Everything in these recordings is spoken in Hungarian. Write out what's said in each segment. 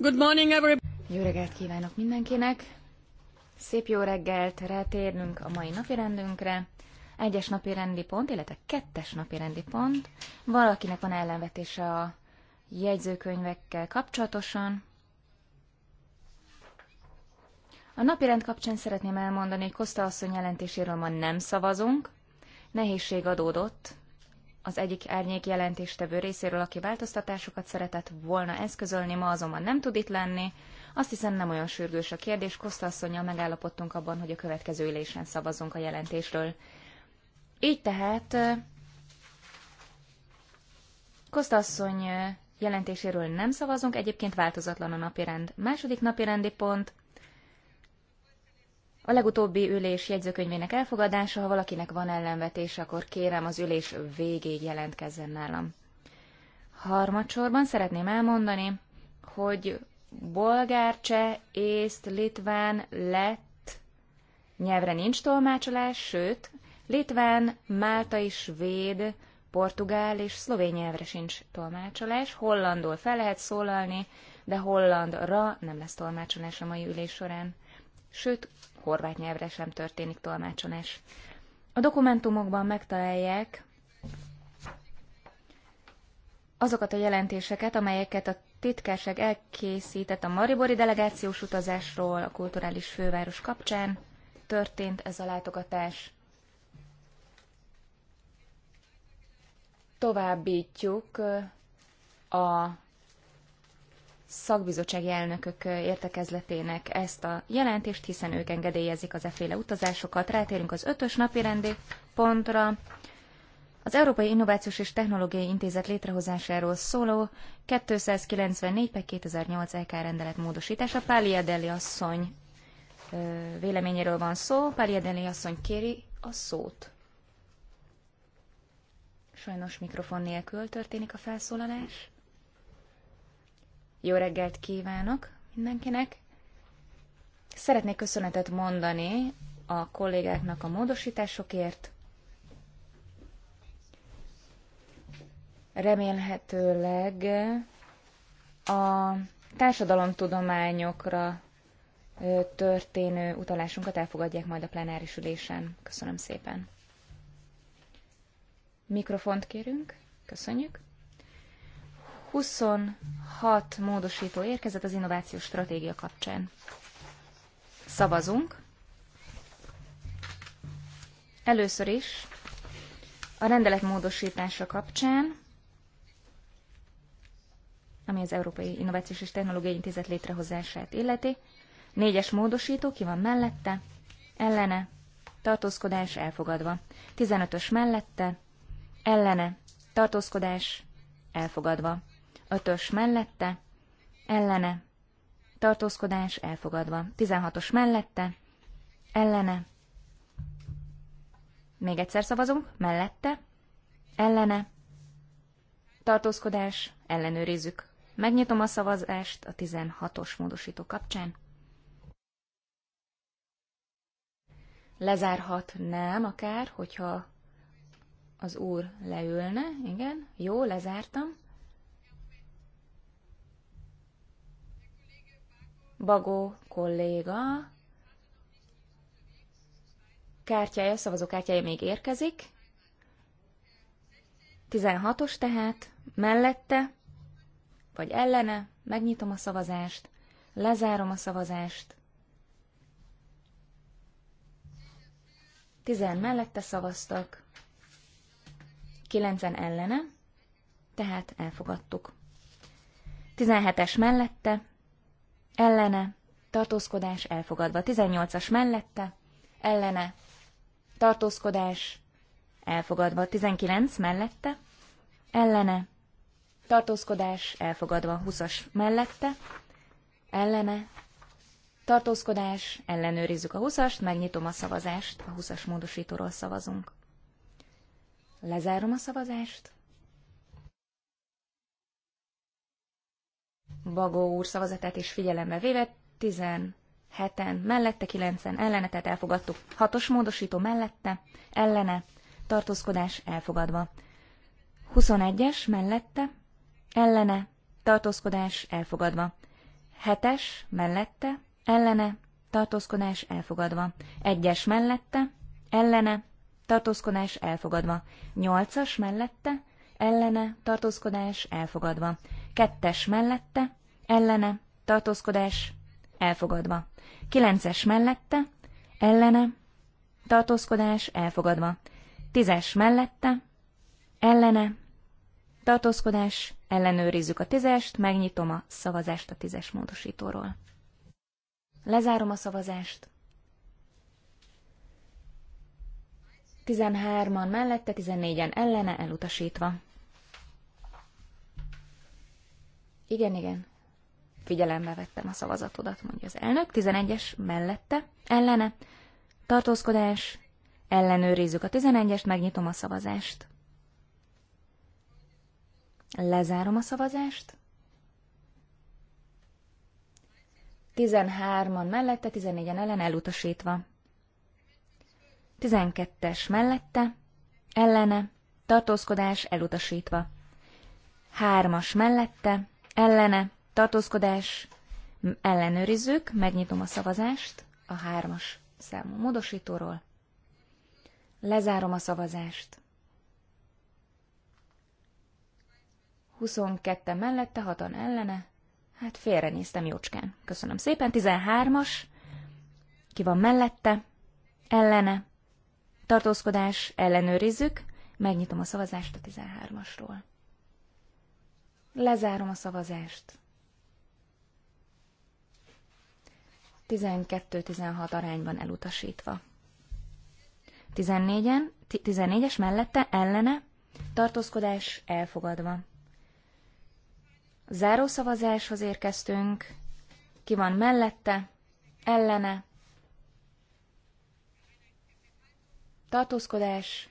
Good morning, everybody. Jó reggelt kívánok mindenkinek! Szép jó reggelt, rátérnünk a mai napi rendünkre. Egyes napi rendi pont, illetve kettes napi rendi pont. Valakinek van ellenvetése a jegyzőkönyvekkel kapcsolatosan. A napi rend kapcsán szeretném elmondani, hogy Koszta asszony jelentéséről ma nem szavazunk. Nehézség adódott az egyik árnyék jelentéstevő részéről, aki változtatásokat szeretett volna eszközölni, ma azonban nem tud itt lenni. Azt hiszem nem olyan sürgős a kérdés, Koszta megállapodtunk abban, hogy a következő ülésen szavazunk a jelentésről. Így tehát Koszta asszony jelentéséről nem szavazunk, egyébként változatlan a napirend. Második napirendi pont, a legutóbbi ülés jegyzőkönyvének elfogadása, ha valakinek van ellenvetése, akkor kérem az ülés végéig jelentkezzen nálam. Harmadsorban szeretném elmondani, hogy bolgár, cseh, észt, litván, lett nyelvre nincs tolmácsolás, sőt, litván, máltai, svéd, portugál és szlovén nyelvre sincs tolmácsolás, hollandul fel lehet szólalni, de hollandra nem lesz tolmácsolás a mai ülés során sőt, horvát nyelvre sem történik tolmácsolás. A dokumentumokban megtalálják azokat a jelentéseket, amelyeket a titkárság elkészített a Maribori delegációs utazásról, a kulturális főváros kapcsán történt ez a látogatás. Továbbítjuk a szakbizottsági elnökök értekezletének ezt a jelentést, hiszen ők engedélyezik az eféle utazásokat. Rátérünk az ötös napi rendi pontra. Az Európai Innovációs és Technológiai Intézet létrehozásáról szóló 294 per 2008 EK rendelet módosítása. Pália Deli asszony véleményéről van szó. Pália Deli asszony kéri a szót. Sajnos mikrofon nélkül történik a felszólalás. Jó reggelt kívánok mindenkinek! Szeretnék köszönetet mondani a kollégáknak a módosításokért. Remélhetőleg a társadalomtudományokra történő utalásunkat elfogadják majd a plenáris ülésen. Köszönöm szépen. Mikrofont kérünk. Köszönjük. 26 módosító érkezett az innovációs stratégia kapcsán. Szavazunk. Először is a rendelet módosítása kapcsán, ami az Európai Innovációs és Technológiai Intézet létrehozását illeti, négyes módosító ki van mellette, ellene, tartózkodás elfogadva. 15-ös mellette, ellene, tartózkodás elfogadva. Ötös mellette, ellene, tartózkodás elfogadva. tizenhatos mellette, ellene, még egyszer szavazunk, mellette, ellene, tartózkodás, ellenőrizzük. Megnyitom a szavazást a 16-os módosító kapcsán. Lezárhatnám akár, hogyha az úr leülne, igen, jó, lezártam. Bagó kolléga kártyája, szavazókártyája még érkezik. 16-os tehát, mellette, vagy ellene, megnyitom a szavazást, lezárom a szavazást. 10 mellette szavaztak, 9 ellene, tehát elfogadtuk. 17-es mellette, ellene, tartózkodás elfogadva. 18-as mellette, ellene, tartózkodás elfogadva. 19 mellette, ellene, tartózkodás elfogadva. 20-as mellette, ellene, tartózkodás, ellenőrizzük a 20-ast, megnyitom a szavazást, a 20-as módosítóról szavazunk. Lezárom a szavazást. Bagó úr szavazatát is figyelembe véve, 17-en mellette, 9-en ellene, tehát elfogadtuk. Hatos módosító mellette, ellene, tartózkodás elfogadva. 21-es mellette, ellene, tartózkodás elfogadva. 7-es mellette, ellene, tartózkodás elfogadva. 1-es mellette, ellene, tartózkodás elfogadva. 8-as mellette, ellene, tartózkodás elfogadva. 2-es mellette, ellene, tartózkodás, elfogadva. Kilences mellette, ellene, tartózkodás, elfogadva. Tízes mellette, ellene, tartózkodás, ellenőrizzük a tízest, megnyitom a szavazást a tízes módosítóról. Lezárom a szavazást. 13-an mellette, 14-en ellene, elutasítva. Igen, igen. Figyelembe vettem a szavazatodat, mondja az elnök. 11-es mellette, ellene. Tartózkodás. Ellenőrizzük a 11-est, megnyitom a szavazást. Lezárom a szavazást. 13-an mellette, 14-en ellen elutasítva. 12-es mellette, ellene, tartózkodás elutasítva. 3-as mellette, ellene, tartózkodás ellenőrizzük, megnyitom a szavazást a hármas számú módosítóról. Lezárom a szavazást. 22 mellette, 6 ellene. Hát félrenéztem jócskán. Köszönöm szépen. 13-as. Ki van mellette? Ellene. Tartózkodás, ellenőrizzük. Megnyitom a szavazást a 13-asról. Lezárom a szavazást. 12-16 arányban elutasítva. 14-en, 14-es mellette ellene tartózkodás elfogadva. Zárószavazáshoz érkeztünk. Ki van mellette? Ellene? Tartózkodás?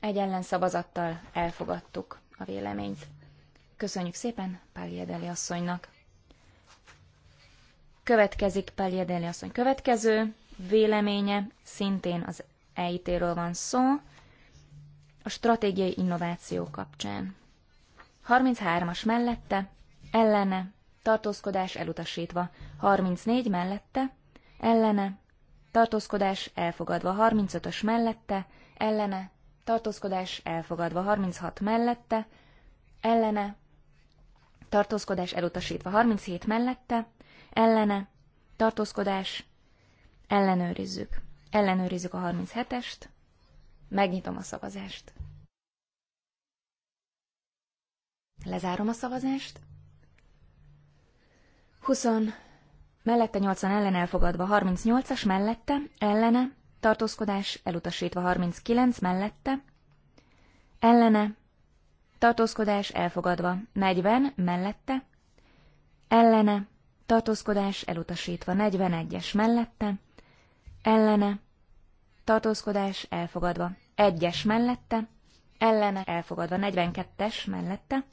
Egy ellen szavazattal elfogadtuk a véleményt. Köszönjük szépen Páli Edeli asszonynak! Következik Peljadeli asszony következő véleménye, szintén az EIT-ről van szó, a stratégiai innováció kapcsán. 33-as mellette, ellene, tartózkodás elutasítva, 34 mellette, ellene, tartózkodás elfogadva, 35-ös mellette, ellene, tartózkodás elfogadva, 36 mellette, ellene, tartózkodás elutasítva, 37 mellette, ellene, tartózkodás, ellenőrizzük. Ellenőrizzük a 37-est, megnyitom a szavazást. Lezárom a szavazást. 20 mellette 80 ellen elfogadva, 38-as mellette, ellene, tartózkodás elutasítva, 39 mellette, ellene, tartózkodás elfogadva, 40 mellette, ellene, tartózkodás elutasítva 41-es mellette, ellene, tartózkodás elfogadva 1-es mellette, ellene, elfogadva 42-es mellette,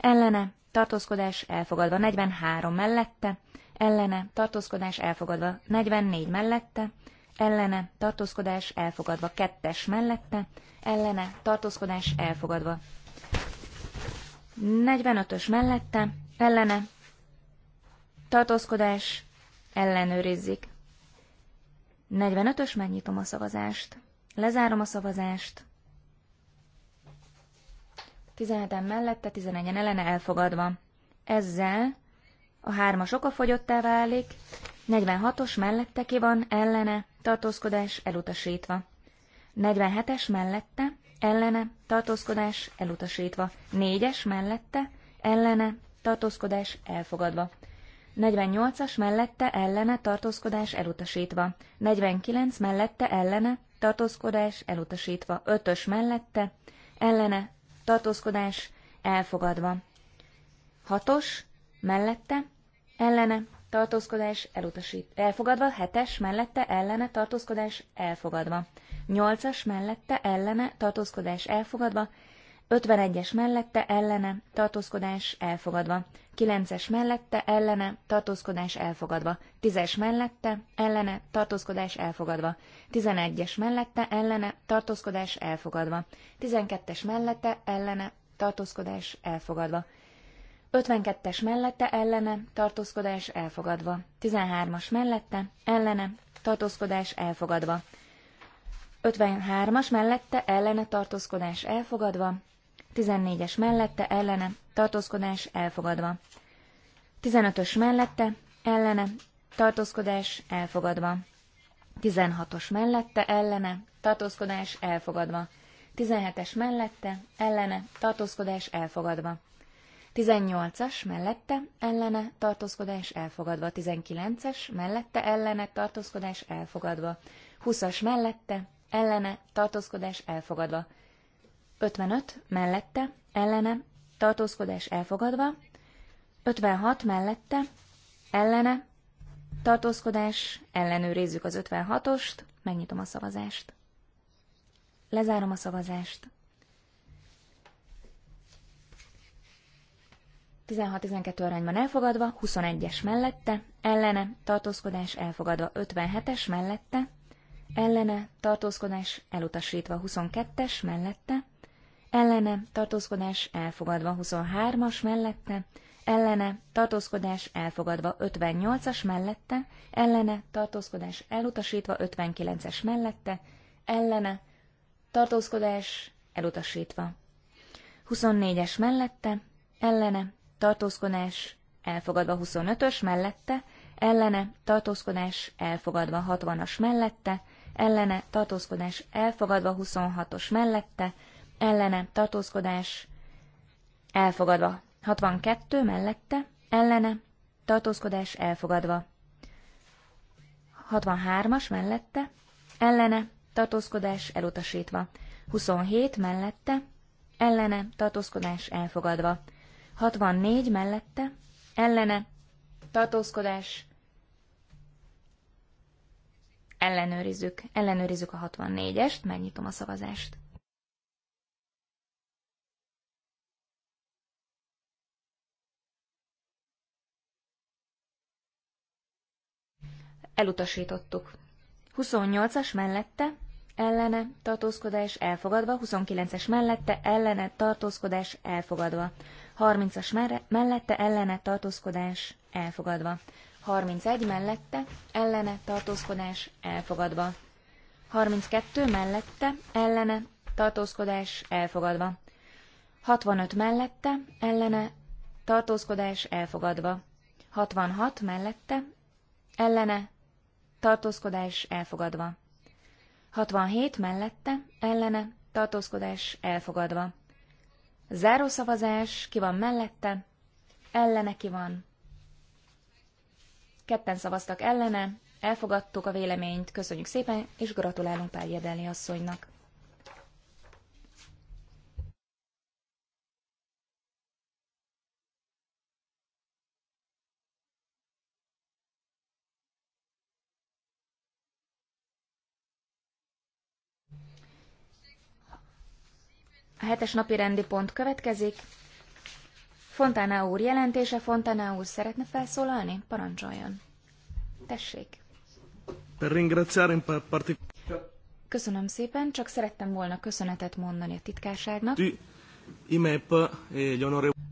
ellene, tartózkodás elfogadva 43 mellette, ellene, tartózkodás elfogadva 44 mellette, ellene, tartózkodás elfogadva 2-es mellette, ellene, tartózkodás elfogadva 45-ös mellette, ellene, tartózkodás, ellenőrizzik. 45-ös, megnyitom a szavazást. Lezárom a szavazást. 17-en mellette, 11-en ellene elfogadva. Ezzel a hármas fogyottá válik, 46-os mellette ki van, ellene, tartózkodás elutasítva. 47-es mellette, ellene, tartózkodás elutasítva. 4-es mellette, ellene, tartózkodás elfogadva. 48-as mellette ellene tartózkodás elutasítva. 49 mellette ellene tartózkodás elutasítva. 5-ös mellette ellene tartózkodás elfogadva. 6-os mellette ellene tartózkodás elutasít, elfogadva, 7-es mellette ellene tartózkodás elfogadva, 8-as mellette ellene tartózkodás elfogadva, 51-es mellette ellene tartózkodás elfogadva, 9-es mellette ellene tartózkodás elfogadva, 10-es mellette ellene tartózkodás elfogadva, 11-es mellette ellene tartózkodás elfogadva, 12-es mellette ellene tartózkodás elfogadva, 52-es mellette ellene tartózkodás elfogadva, 13-as mellette ellene tartózkodás elfogadva, 53-as mellette ellene tartózkodás elfogadva, 14-es mellette, ellene, tartózkodás elfogadva. 15-ös mellette, ellene, tartózkodás elfogadva. 16-os mellette, ellene, tartózkodás elfogadva. 17-es mellette, ellene, tartózkodás elfogadva. 18-as mellette, ellene, tartózkodás elfogadva. 19-es mellette, ellene, tartózkodás elfogadva. 20-as mellette, ellene, tartózkodás elfogadva. 55 mellette, ellene, tartózkodás elfogadva, 56 mellette, ellene, tartózkodás, ellenőrizzük az 56-ost, megnyitom a szavazást. Lezárom a szavazást. 16-12 arányban elfogadva, 21-es mellette, ellene, tartózkodás elfogadva, 57-es mellette, ellene, tartózkodás elutasítva, 22-es mellette, ellene tartózkodás elfogadva 23-as mellette, ellene tartózkodás elfogadva 58-as mellette, ellene tartózkodás elutasítva 59-es mellette, ellene tartózkodás elutasítva. 24-es mellette, ellene tartózkodás elfogadva 25-ös mellette, ellene tartózkodás elfogadva 60-as mellette, ellene tartózkodás elfogadva 26-os mellette, ellene tartózkodás elfogadva. 62 mellette ellene tartózkodás elfogadva. 63-as mellette ellene tartózkodás elutasítva. 27 mellette ellene tartózkodás elfogadva. 64 mellette ellene tartózkodás ellenőrizzük, ellenőrizzük a 64-est, megnyitom a szavazást. Elutasítottuk. 28-as mellette, ellene, tartózkodás elfogadva, 29-es mellette, ellene, tartózkodás elfogadva, 30-as mellette, ellene, tartózkodás elfogadva, 31 mellette, ellene, tartózkodás elfogadva, 32 mellette, ellene, tartózkodás elfogadva, 65 mellette, ellene, tartózkodás elfogadva, 66 mellette, ellene, tartózkodás elfogadva. 67 mellette, ellene, tartózkodás elfogadva. Záró szavazás, ki van mellette, ellene ki van. Ketten szavaztak ellene, elfogadtuk a véleményt, köszönjük szépen, és gratulálunk Pál Jedeli asszonynak. hetes napi rendi pont következik. Fontana úr jelentése. Fontana úr szeretne felszólalni? Parancsoljon. Tessék. Köszönöm szépen, csak szerettem volna köszönetet mondani a titkárságnak.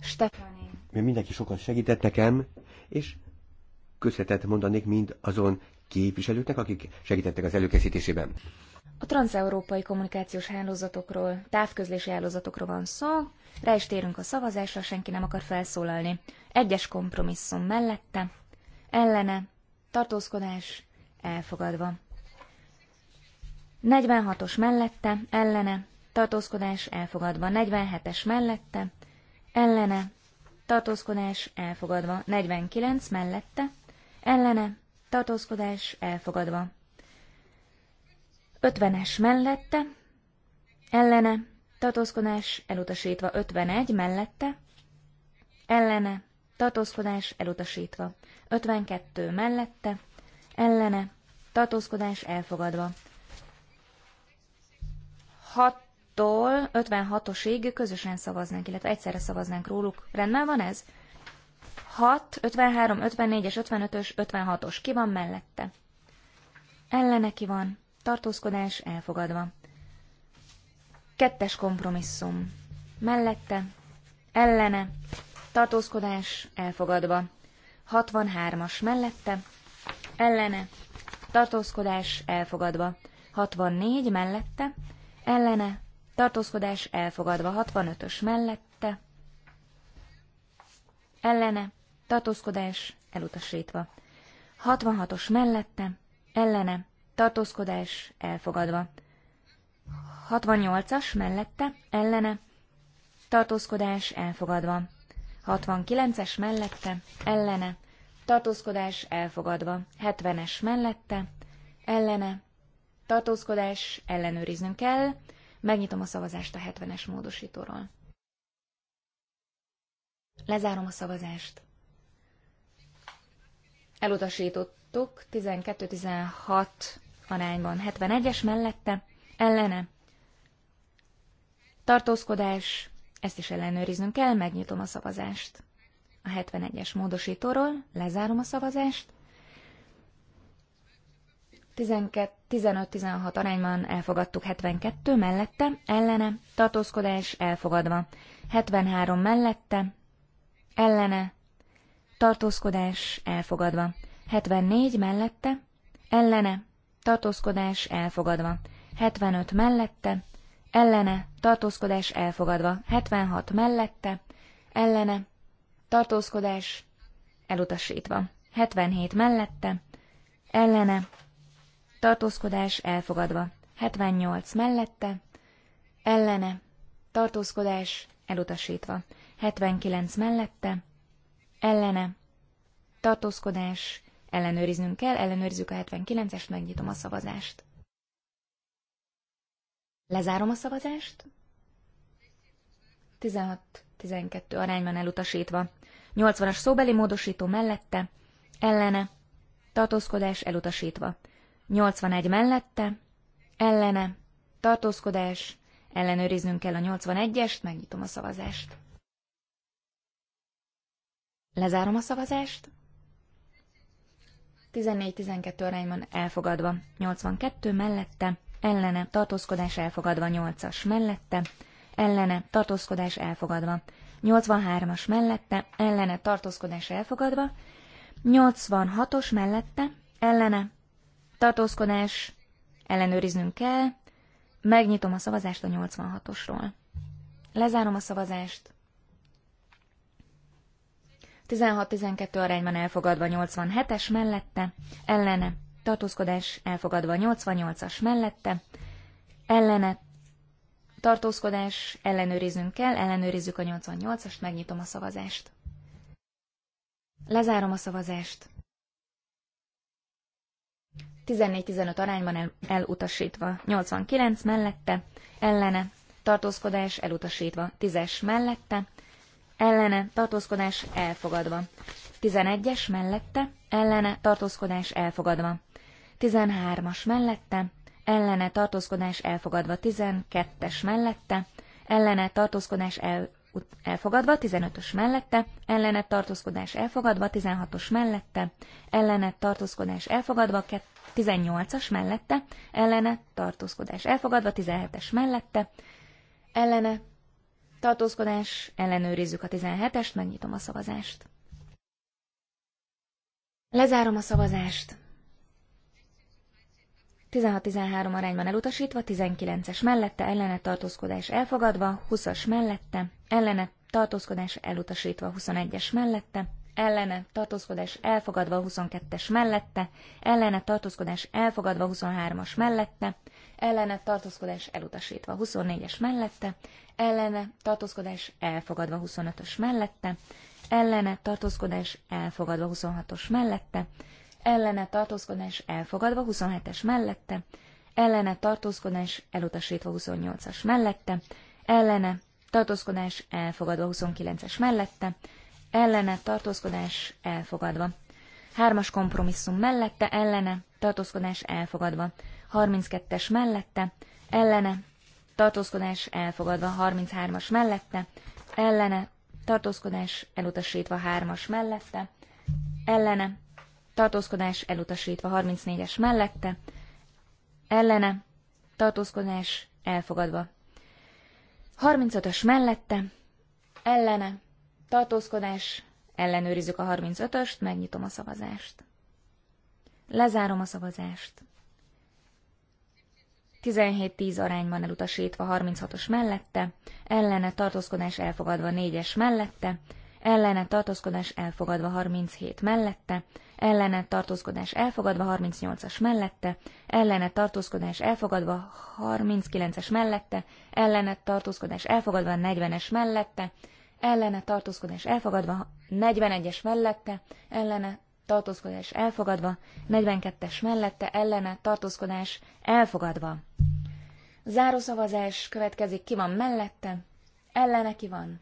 Stefani. Mindenki sokat segített nekem, és köszönetet mondanék mind azon képviselőknek, akik segítettek az előkészítésében. A transeurópai kommunikációs hálózatokról, távközlési hálózatokról van szó, rá is térünk a szavazásra, senki nem akar felszólalni. Egyes kompromisszum mellette, ellene, tartózkodás, elfogadva. 46-os mellette, ellene, tartózkodás, elfogadva. 47-es mellette, ellene, tartózkodás, elfogadva. 49 mellette, ellene, tartózkodás, elfogadva ötvenes mellette, ellene, tartózkodás elutasítva. ötvenegy mellette, ellene, tartózkodás elutasítva. ötvenkettő mellette, ellene, tartózkodás elfogadva. Hattól tól közösen szavaznánk, illetve egyszerre szavaznánk róluk. Rendben van ez? 6, 53, 54 ötvenötös, 55-ös, 56-os. Ki van mellette? Ellene ki van tartózkodás elfogadva. Kettes kompromisszum. Mellette, ellene, tartózkodás elfogadva. 63-as mellette, ellene, tartózkodás elfogadva. 64 mellette, ellene, tartózkodás elfogadva. 65-ös mellette, ellene, tartózkodás elutasítva. 66-os mellette, ellene, tartózkodás elfogadva. 68-as mellette, ellene, tartózkodás elfogadva. 69-es mellette, ellene, tartózkodás elfogadva. 70-es mellette, ellene, tartózkodás ellenőriznünk kell. Megnyitom a szavazást a 70-es módosítóról. Lezárom a szavazást. Elutasítottuk 12-16 arányban. 71-es mellette, ellene. Tartózkodás, ezt is ellenőriznünk kell, megnyitom a szavazást. A 71-es módosítóról lezárom a szavazást. 15-16 arányban elfogadtuk 72 mellette, ellene, tartózkodás elfogadva. 73 mellette, ellene, tartózkodás elfogadva. 74 mellette, ellene, tartózkodás elfogadva. 75 mellette, ellene, tartózkodás elfogadva. 76 mellette, ellene, tartózkodás elutasítva. 77 mellette, ellene, tartózkodás elfogadva. 78 mellette, ellene, tartózkodás elutasítva. 79 mellette, ellene, tartózkodás Ellenőriznünk kell, ellenőrizzük a 79-est, megnyitom a szavazást. Lezárom a szavazást. 16-12 arányban elutasítva. 80-as szóbeli módosító mellette, ellene, tartózkodás elutasítva. 81 mellette, ellene, tartózkodás, ellenőriznünk kell a 81-est, megnyitom a szavazást. Lezárom a szavazást. 14-12 arányban elfogadva, 82 mellette, ellene tartózkodás elfogadva, 8-as mellette, ellene tartózkodás elfogadva, 83-as mellette, ellene tartózkodás elfogadva, 86-os mellette, ellene tartózkodás ellenőriznünk kell, megnyitom a szavazást a 86-osról. Lezárom a szavazást, 16-12 arányban elfogadva 87-es mellette, ellene, tartózkodás elfogadva 88-as mellette, ellene, tartózkodás, ellenőriznünk kell, ellenőrizzük a 88-ast, megnyitom a szavazást. Lezárom a szavazást. 14-15 arányban el, elutasítva, 89 mellette, ellene, tartózkodás elutasítva, 10-es mellette, ellene tartózkodás elfogadva. 11-es mellette, ellene tartózkodás elfogadva. 13-as mellette, ellene tartózkodás elfogadva. 12-es mellette, ellene tartózkodás el, elfogadva, 15-ös mellette, ellene tartózkodás elfogadva, 16-os mellette, ellene tartózkodás elfogadva, 18-as mellette, ellene tartózkodás elfogadva, 17-es mellette, ellene tartózkodás, ellenőrizzük a 17-est, megnyitom a szavazást. Lezárom a szavazást. 16-13 arányban elutasítva, 19-es mellette, ellene tartózkodás elfogadva, 20-as mellette, ellene tartózkodás elutasítva, 21-es mellette, ellene tartózkodás elfogadva, 22-es mellette, ellene tartózkodás elfogadva, 23-as mellette, ellene tartózkodás elutasítva 24-es mellette, ellene tartózkodás elfogadva 25-ös mellette, ellene tartózkodás elfogadva 26-os mellette, ellene tartózkodás elfogadva 27-es mellette, ellene tartózkodás elutasítva 28-as mellette, ellene tartózkodás elfogadva 29-es mellette, ellene tartózkodás elfogadva. Hármas kompromisszum mellette, ellene tartózkodás elfogadva. 32-es mellette, ellene, tartózkodás elfogadva, 33-as mellette, ellene, tartózkodás elutasítva, 3-as mellette, ellene, tartózkodás elutasítva, 34-es mellette, ellene, tartózkodás elfogadva, 35-ös mellette, ellene, tartózkodás, ellenőrizzük a 35-öst, megnyitom a szavazást. Lezárom a szavazást. 17-10 arányban elutasítva 36-os mellette, ellene tartózkodás elfogadva 4-es mellette, ellene tartózkodás elfogadva 37 mellette, ellene tartózkodás elfogadva 38-as mellette, ellene tartózkodás elfogadva 39-es mellette, ellene tartózkodás elfogadva 40-es mellette, ellene tartózkodás elfogadva 41-es mellette, ellene tartózkodás elfogadva, 42-es mellette ellene tartózkodás elfogadva. Zárószavazás következik, ki van mellette, ellene ki van.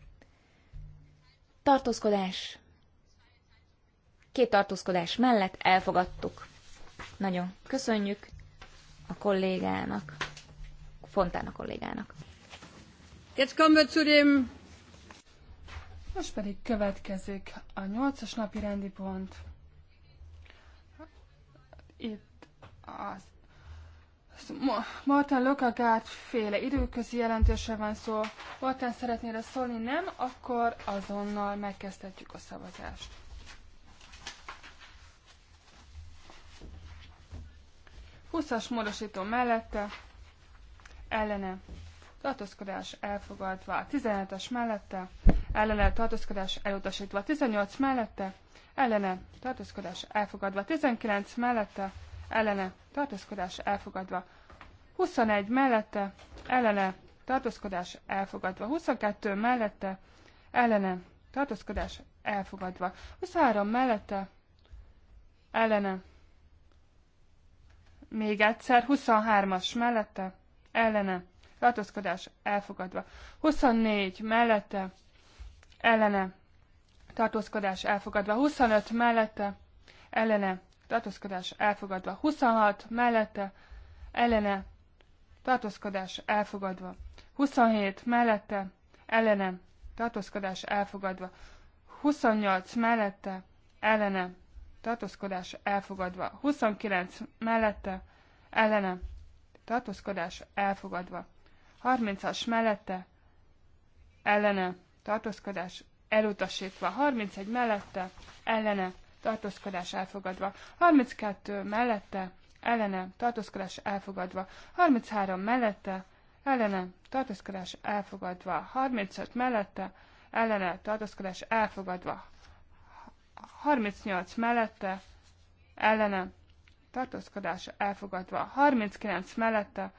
Tartózkodás. Két tartózkodás mellett elfogadtuk. Nagyon köszönjük a kollégának, Fontán a kollégának. Jetzt kommen wir zu dem most pedig következik a nyolcas napi rendi pont itt az Martin Lökagárt féle időközi jelentése van szó. Martin szeretnél szólni? Nem? Akkor azonnal megkezdhetjük a szavazást. Huszas módosító mellette, ellene, tartózkodás elfogadva, 17-es mellette, ellene, tartózkodás elutasítva, 18 mellette, ellene tartózkodás elfogadva, 19 mellette ellene tartózkodás elfogadva, 21 mellette ellene tartózkodás elfogadva, 22 mellette ellene tartózkodás elfogadva, 23 mellette ellene még egyszer, 23-as mellette ellene tartózkodás elfogadva, 24 mellette ellene tartózkodás elfogadva 25 mellette, ellene tartózkodás elfogadva 26 mellette, ellene tartózkodás elfogadva 27 mellette, ellene tartózkodás elfogadva 28 mellette, ellene tartózkodás elfogadva 29 mellette, ellene tartózkodás elfogadva 30-as mellette, ellene tartózkodás elutasítva, 31 mellette, ellene, tartózkodás elfogadva, 32 mellette, ellene, tartózkodás elfogadva, 33 mellette, ellene, tartózkodás elfogadva, 35 mellette, ellene, tartózkodás elfogadva, 38 mellette, ellene, tartózkodás elfogadva, 39 mellette,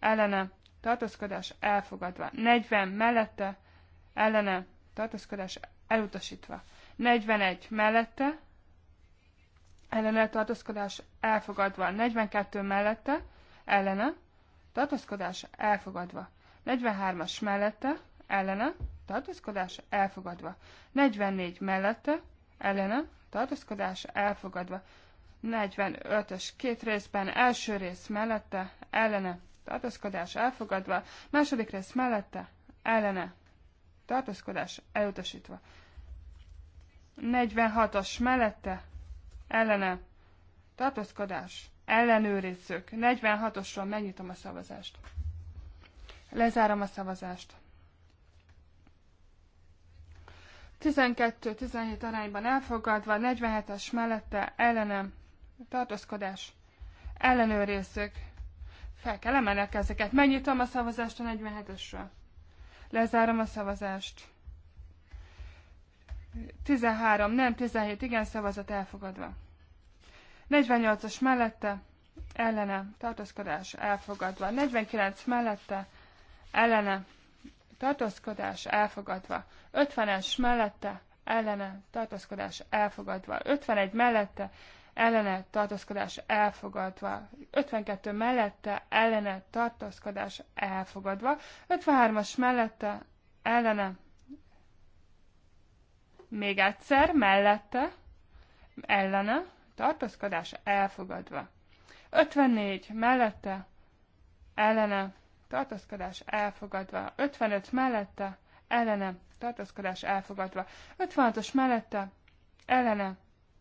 ellene, tartózkodás elfogadva, 40 mellette, ellene, tartózkodás elutasítva. 41 mellette, ellene tartózkodás elfogadva. 42 mellette, ellene tartózkodás elfogadva. 43-as mellette, ellene tartózkodás elfogadva. 44 mellette, ellene tartózkodás elfogadva. 45-ös két részben első rész mellette, ellene tartózkodás elfogadva, második rész mellette, ellene tartózkodás elutasítva. 46-as mellette ellene tartózkodás ellenőrizzük. 46-osról megnyitom a szavazást. Lezárom a szavazást. 12-17 arányban elfogadva, 47-es mellette ellenem tartózkodás ellenőrizzük. Fel kell emelnek ezeket. Megnyitom a szavazást a 47-esről. Lezárom a szavazást. 13, nem, 17, igen, szavazat elfogadva. 48-as mellette, ellene, tartózkodás elfogadva. 49 mellette, ellene, tartózkodás elfogadva. 50-es mellette, ellene, tartózkodás elfogadva. 51 mellette, ellene tartózkodás elfogadva, 52 mellette ellene tartózkodás elfogadva, 53-as mellette ellene még egyszer mellette ellene tartózkodás elfogadva. 54 mellette ellene tartózkodás elfogadva, 55 mellette ellene tartózkodás elfogadva, 56-os mellette ellene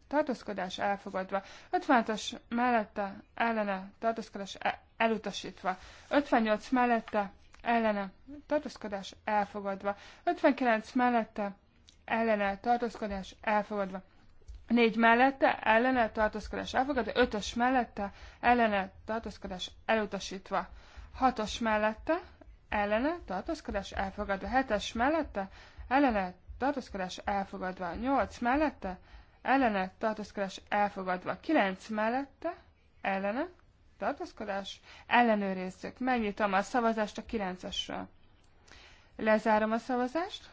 tartózkodás elfogadva, 56-os e- mellette ellene tartózkodás elutasítva, 58 mellette ellene tartózkodás elfogadva, 59 mellette ellene tartózkodás elfogadva, 4 mellette ellene tartózkodás elfogadva, 5-ös mellette ellene tartózkodás elutasítva, 6-os mellette ellene tartózkodás elfogadva, 7-es mellette ellene tartózkodás elfogadva, 8 mellette ellene tartózkodás elfogadva. 9 mellette ellene tartózkodás ellenőrizzük. Megnyitom a szavazást a 9-esről. Lezárom a szavazást.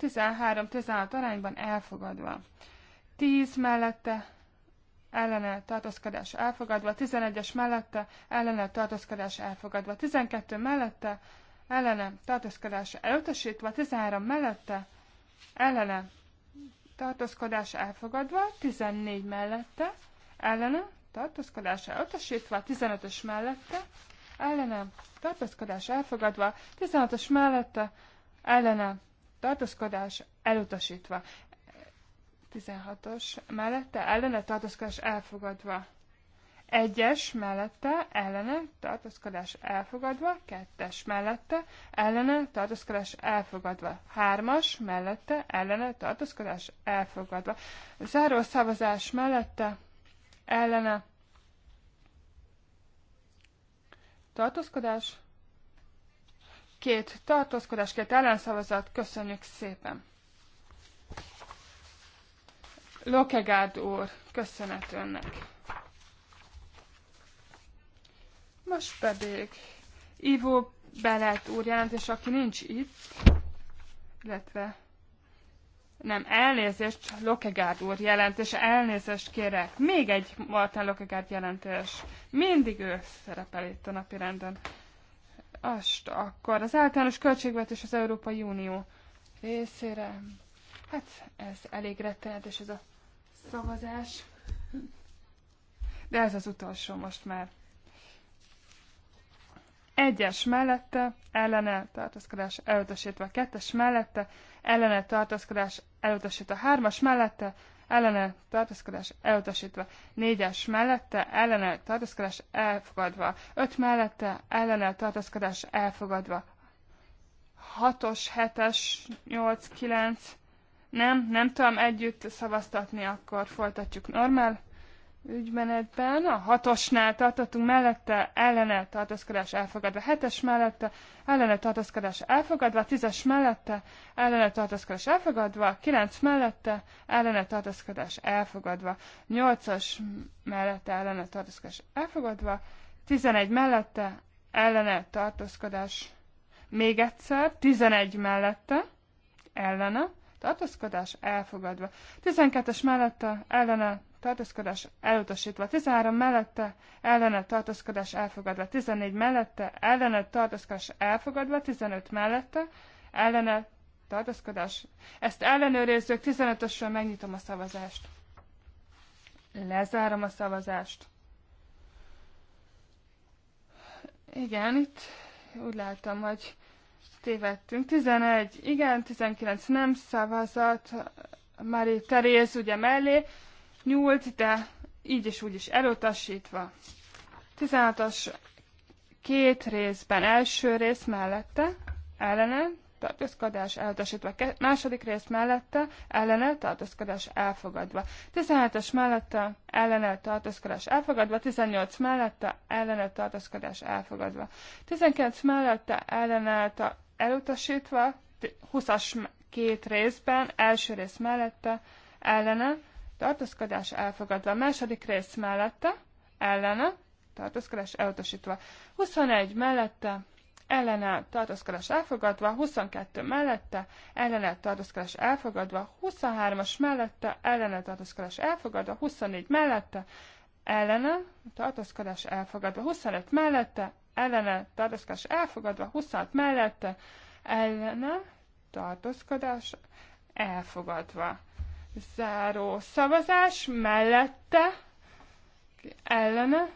13-16 arányban elfogadva. 10 mellette ellene tartózkodás elfogadva, 11-es mellette ellene tartózkodás elfogadva, 12 mellette ellene tartózkodás elutasítva, 13 mellette ellene tartózkodás elfogadva, 14 mellette, ellene, tartózkodás elutasítva, 15-ös mellette, ellene, tartózkodás elfogadva, 16-os mellette, ellene, tartózkodás elutasítva, 16-os mellette, ellene, tartózkodás elfogadva egyes mellette ellene tartózkodás elfogadva, kettes mellette ellene tartózkodás elfogadva, hármas mellette ellene tartózkodás elfogadva. Záró szavazás mellette ellene tartózkodás, két tartózkodás, két ellenszavazat, köszönjük szépen! Lokegárd úr, köszönet önnek! Most pedig Ivo Belet úr jelent, és aki nincs itt, illetve nem, elnézést, Lokegárd úr jelentés, elnézést kérek. Még egy Martin Lokegárd jelentés. Mindig ő szerepel itt a napi renden. Azt akkor az általános költségvetés az Európai Unió részére. Hát ez elég rettenetes ez a szavazás. De ez az utolsó most már egyes mellette ellene tartózkodás elutasítva, kettes mellette ellene tartózkodás elutasítva, hármas mellette ellene tartózkodás elutasítva, négyes mellette ellene tartózkodás elfogadva, öt mellette ellene tartózkodás elfogadva, hatos, hetes, nyolc, kilenc, nem, nem tudom együtt szavaztatni, akkor folytatjuk normál ügymenetben. A hatosnál tartottunk mellette ellene tartózkodás elfogadva, hetes mellette ellene tartózkodás elfogadva, tízes mellette ellene tartózkodás elfogadva, kilenc mellette ellene tartózkodás elfogadva, nyolcas mellette ellene tartózkodás elfogadva, tizenegy mellette ellene tartózkodás még egyszer, tizenegy mellette ellene tartózkodás elfogadva. 12-es mellette ellene tartózkodás elutasítva, 13 mellette, ellene tartózkodás elfogadva, 14 mellette, ellene tartózkodás elfogadva, 15 mellette, ellene tartózkodás. Ezt ellenőrizzük, 15-ösről megnyitom a szavazást. Lezárom a szavazást. Igen, itt úgy láttam, hogy tévedtünk. 11, igen, 19 nem szavazat. Mari Teréz ugye mellé, nyúlt, de így és úgy is elutasítva. 16 as két részben első rész mellette, ellene, tartózkodás elutasítva, második rész mellette, ellene, tartózkodás elfogadva. 17-es mellette, ellene, tartózkodás elfogadva, 18 mellette, ellene, tartózkodás elfogadva. 19 mellette, ellene, elutasítva, 20-as két részben, első rész mellette, ellene, tartózkodás elfogadva. A második rész mellette, ellene, tartózkodás elutasítva. 21 mellette, ellene, tartózkodás elfogadva. 22 mellette, ellene, tartózkodás elfogadva. 23-as mellette, ellene, tartózkodás elfogadva. 24 mellette, ellene, tartózkodás elfogadva. 25 mellette, ellene, tartózkodás elfogadva. 26 mellette, ellene, tartózkodás elfogadva záró szavazás mellette, ellene,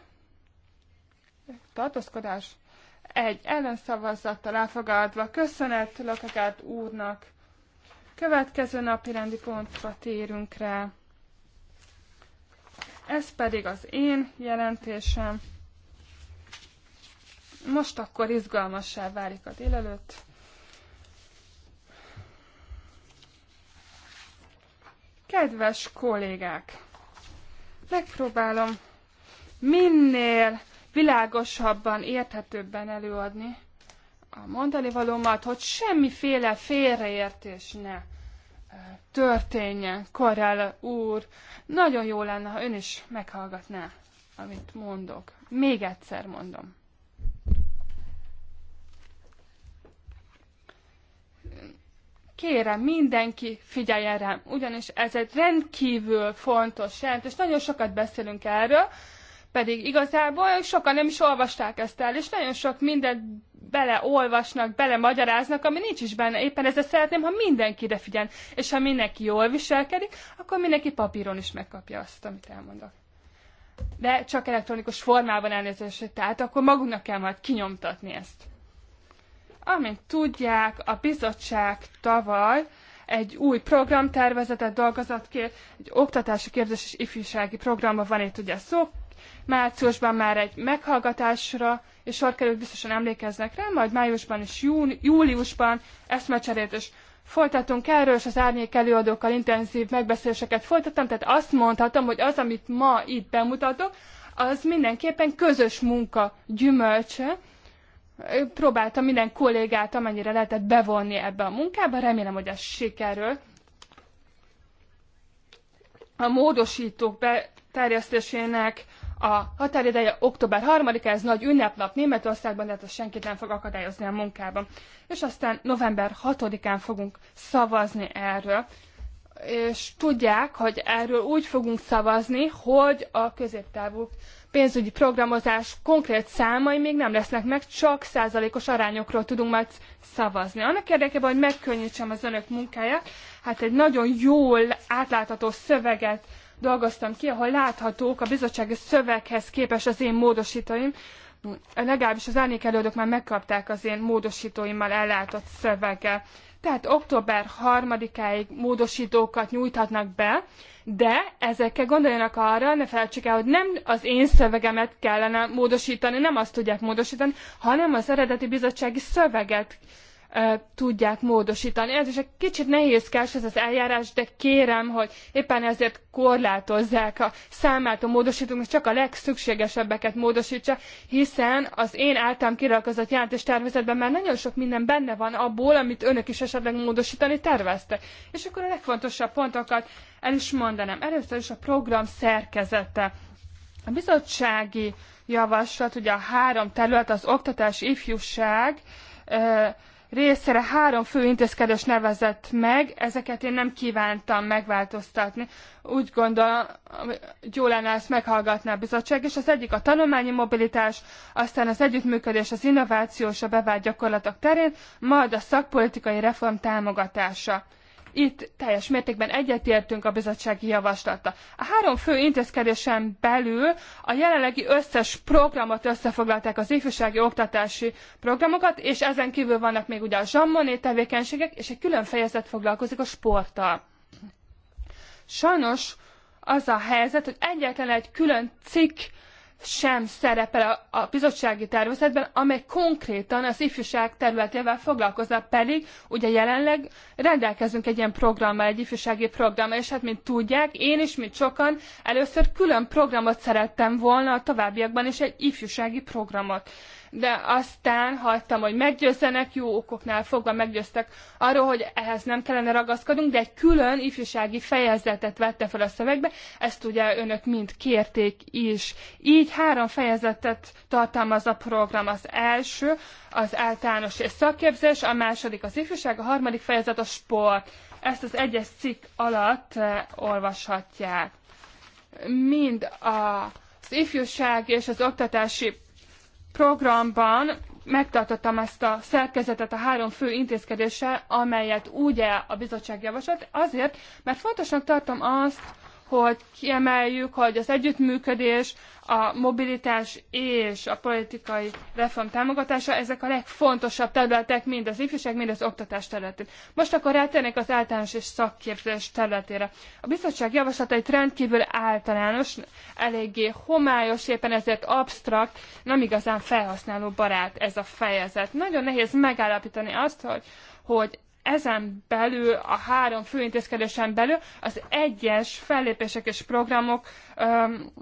tartózkodás, egy ellenszavazattal elfogadva. Köszönet Lakagárd úrnak. Következő napi rendi pontra térünk rá. Ez pedig az én jelentésem. Most akkor izgalmassá válik a délelőtt. Kedves kollégák, megpróbálom minél világosabban, érthetőbben előadni a mondani valómat, hogy semmiféle félreértés ne e, történjen. Korrel úr, nagyon jó lenne, ha ön is meghallgatná, amit mondok. Még egyszer mondom. kérem, mindenki figyeljen rám, ugyanis ez egy rendkívül fontos jelentés. Nagyon sokat beszélünk erről, pedig igazából sokan nem is olvasták ezt el, és nagyon sok mindent beleolvasnak, belemagyaráznak, ami nincs is benne. Éppen ezzel szeretném, ha mindenki ide figyel, és ha mindenki jól viselkedik, akkor mindenki papíron is megkapja azt, amit elmondok. De csak elektronikus formában elnézést, tehát akkor magunknak kell majd kinyomtatni ezt. Amint tudják, a bizottság tavaly egy új programtervezetet dolgozott ki, egy oktatási képzés és ifjúsági programban van itt ugye szó. Márciusban már egy meghallgatásra, és sor került biztosan emlékeznek rá, majd májusban és júni, júliusban eszmecserét is folytatunk erről, és az árnyék előadókkal intenzív megbeszéléseket folytattam, tehát azt mondhatom, hogy az, amit ma itt bemutatok, az mindenképpen közös munka gyümölcse, próbáltam minden kollégát amennyire lehetett bevonni ebbe a munkába, remélem, hogy ez sikerül. A módosítók beterjesztésének a határideje október 3-a, ez nagy ünnepnap Németországban, de hát senkit nem fog akadályozni a munkában. És aztán november 6-án fogunk szavazni erről. És tudják, hogy erről úgy fogunk szavazni, hogy a középtávú pénzügyi programozás konkrét számai még nem lesznek meg, csak százalékos arányokról tudunk majd szavazni. Annak érdekében, hogy megkönnyítsem az önök munkáját, hát egy nagyon jól átlátható szöveget dolgoztam ki, ahol láthatók a bizottsági szöveghez képes az én módosítóim, legalábbis az árnyék előadók már megkapták az én módosítóimmal ellátott szöveget tehát október 3-áig módosítókat nyújthatnak be, de ezekkel gondoljanak arra, ne felejtsék el, hogy nem az én szövegemet kellene módosítani, nem azt tudják módosítani, hanem az eredeti bizottsági szöveget tudják módosítani. Ez is egy kicsit nehézkes ez az eljárás, de kérem, hogy éppen ezért korlátozzák a számát a és csak a legszükségesebbeket módosítsa, hiszen az én általam kirakozott jelentés tervezetben már nagyon sok minden benne van abból, amit önök is esetleg módosítani terveztek. És akkor a legfontosabb pontokat el is mondanám. Először is a program szerkezete. A bizottsági javaslat, ugye a három terület, az oktatás, ifjúság, részére három fő intézkedés nevezett meg, ezeket én nem kívántam megváltoztatni. Úgy gondolom, jó lenne ezt meghallgatni a bizottság, és az egyik a tanulmányi mobilitás, aztán az együttműködés, az innováció és a bevált gyakorlatok terén, majd a szakpolitikai reform támogatása. Itt teljes mértékben egyetértünk a bizottsági javaslata. A három fő intézkedésen belül a jelenlegi összes programot összefoglalták az ifjúsági oktatási programokat, és ezen kívül vannak még ugye a zsammoné tevékenységek, és egy külön fejezet foglalkozik a sporttal. Sajnos az a helyzet, hogy egyetlen egy külön cikk sem szerepel a, a bizottsági tervezetben, amely konkrétan az ifjúság területével foglalkozna, pedig ugye jelenleg rendelkezünk egy ilyen programmal, egy ifjúsági programmal, és hát mint tudják, én is, mint sokan, először külön programot szerettem volna a továbbiakban is egy ifjúsági programot de aztán hagytam, hogy meggyőzzenek, jó okoknál fogva meggyőztek arról, hogy ehhez nem kellene ragaszkodunk, de egy külön ifjúsági fejezetet vette fel a szövegbe, ezt ugye önök mind kérték is. Így három fejezetet tartalmaz a program. Az első az általános és szakképzés, a második az ifjúság, a harmadik fejezet a sport. Ezt az egyes cikk alatt eh, olvashatják. Mind a az ifjúság és az oktatási programban megtartottam ezt a szerkezetet a három fő intézkedéssel, amelyet úgy a bizottság javasolt, azért, mert fontosnak tartom azt, hogy kiemeljük, hogy az együttműködés, a mobilitás és a politikai reform támogatása, ezek a legfontosabb területek mind az ifjúság, mind az oktatás területén. Most akkor rátérnék az általános és szakképzés területére. A bizottság javaslatait rendkívül általános, eléggé homályos, éppen ezért absztrakt, nem igazán felhasználó barát ez a fejezet. Nagyon nehéz megállapítani azt, hogy, hogy ezen belül, a három főintézkedésen belül az egyes fellépések és programok öm,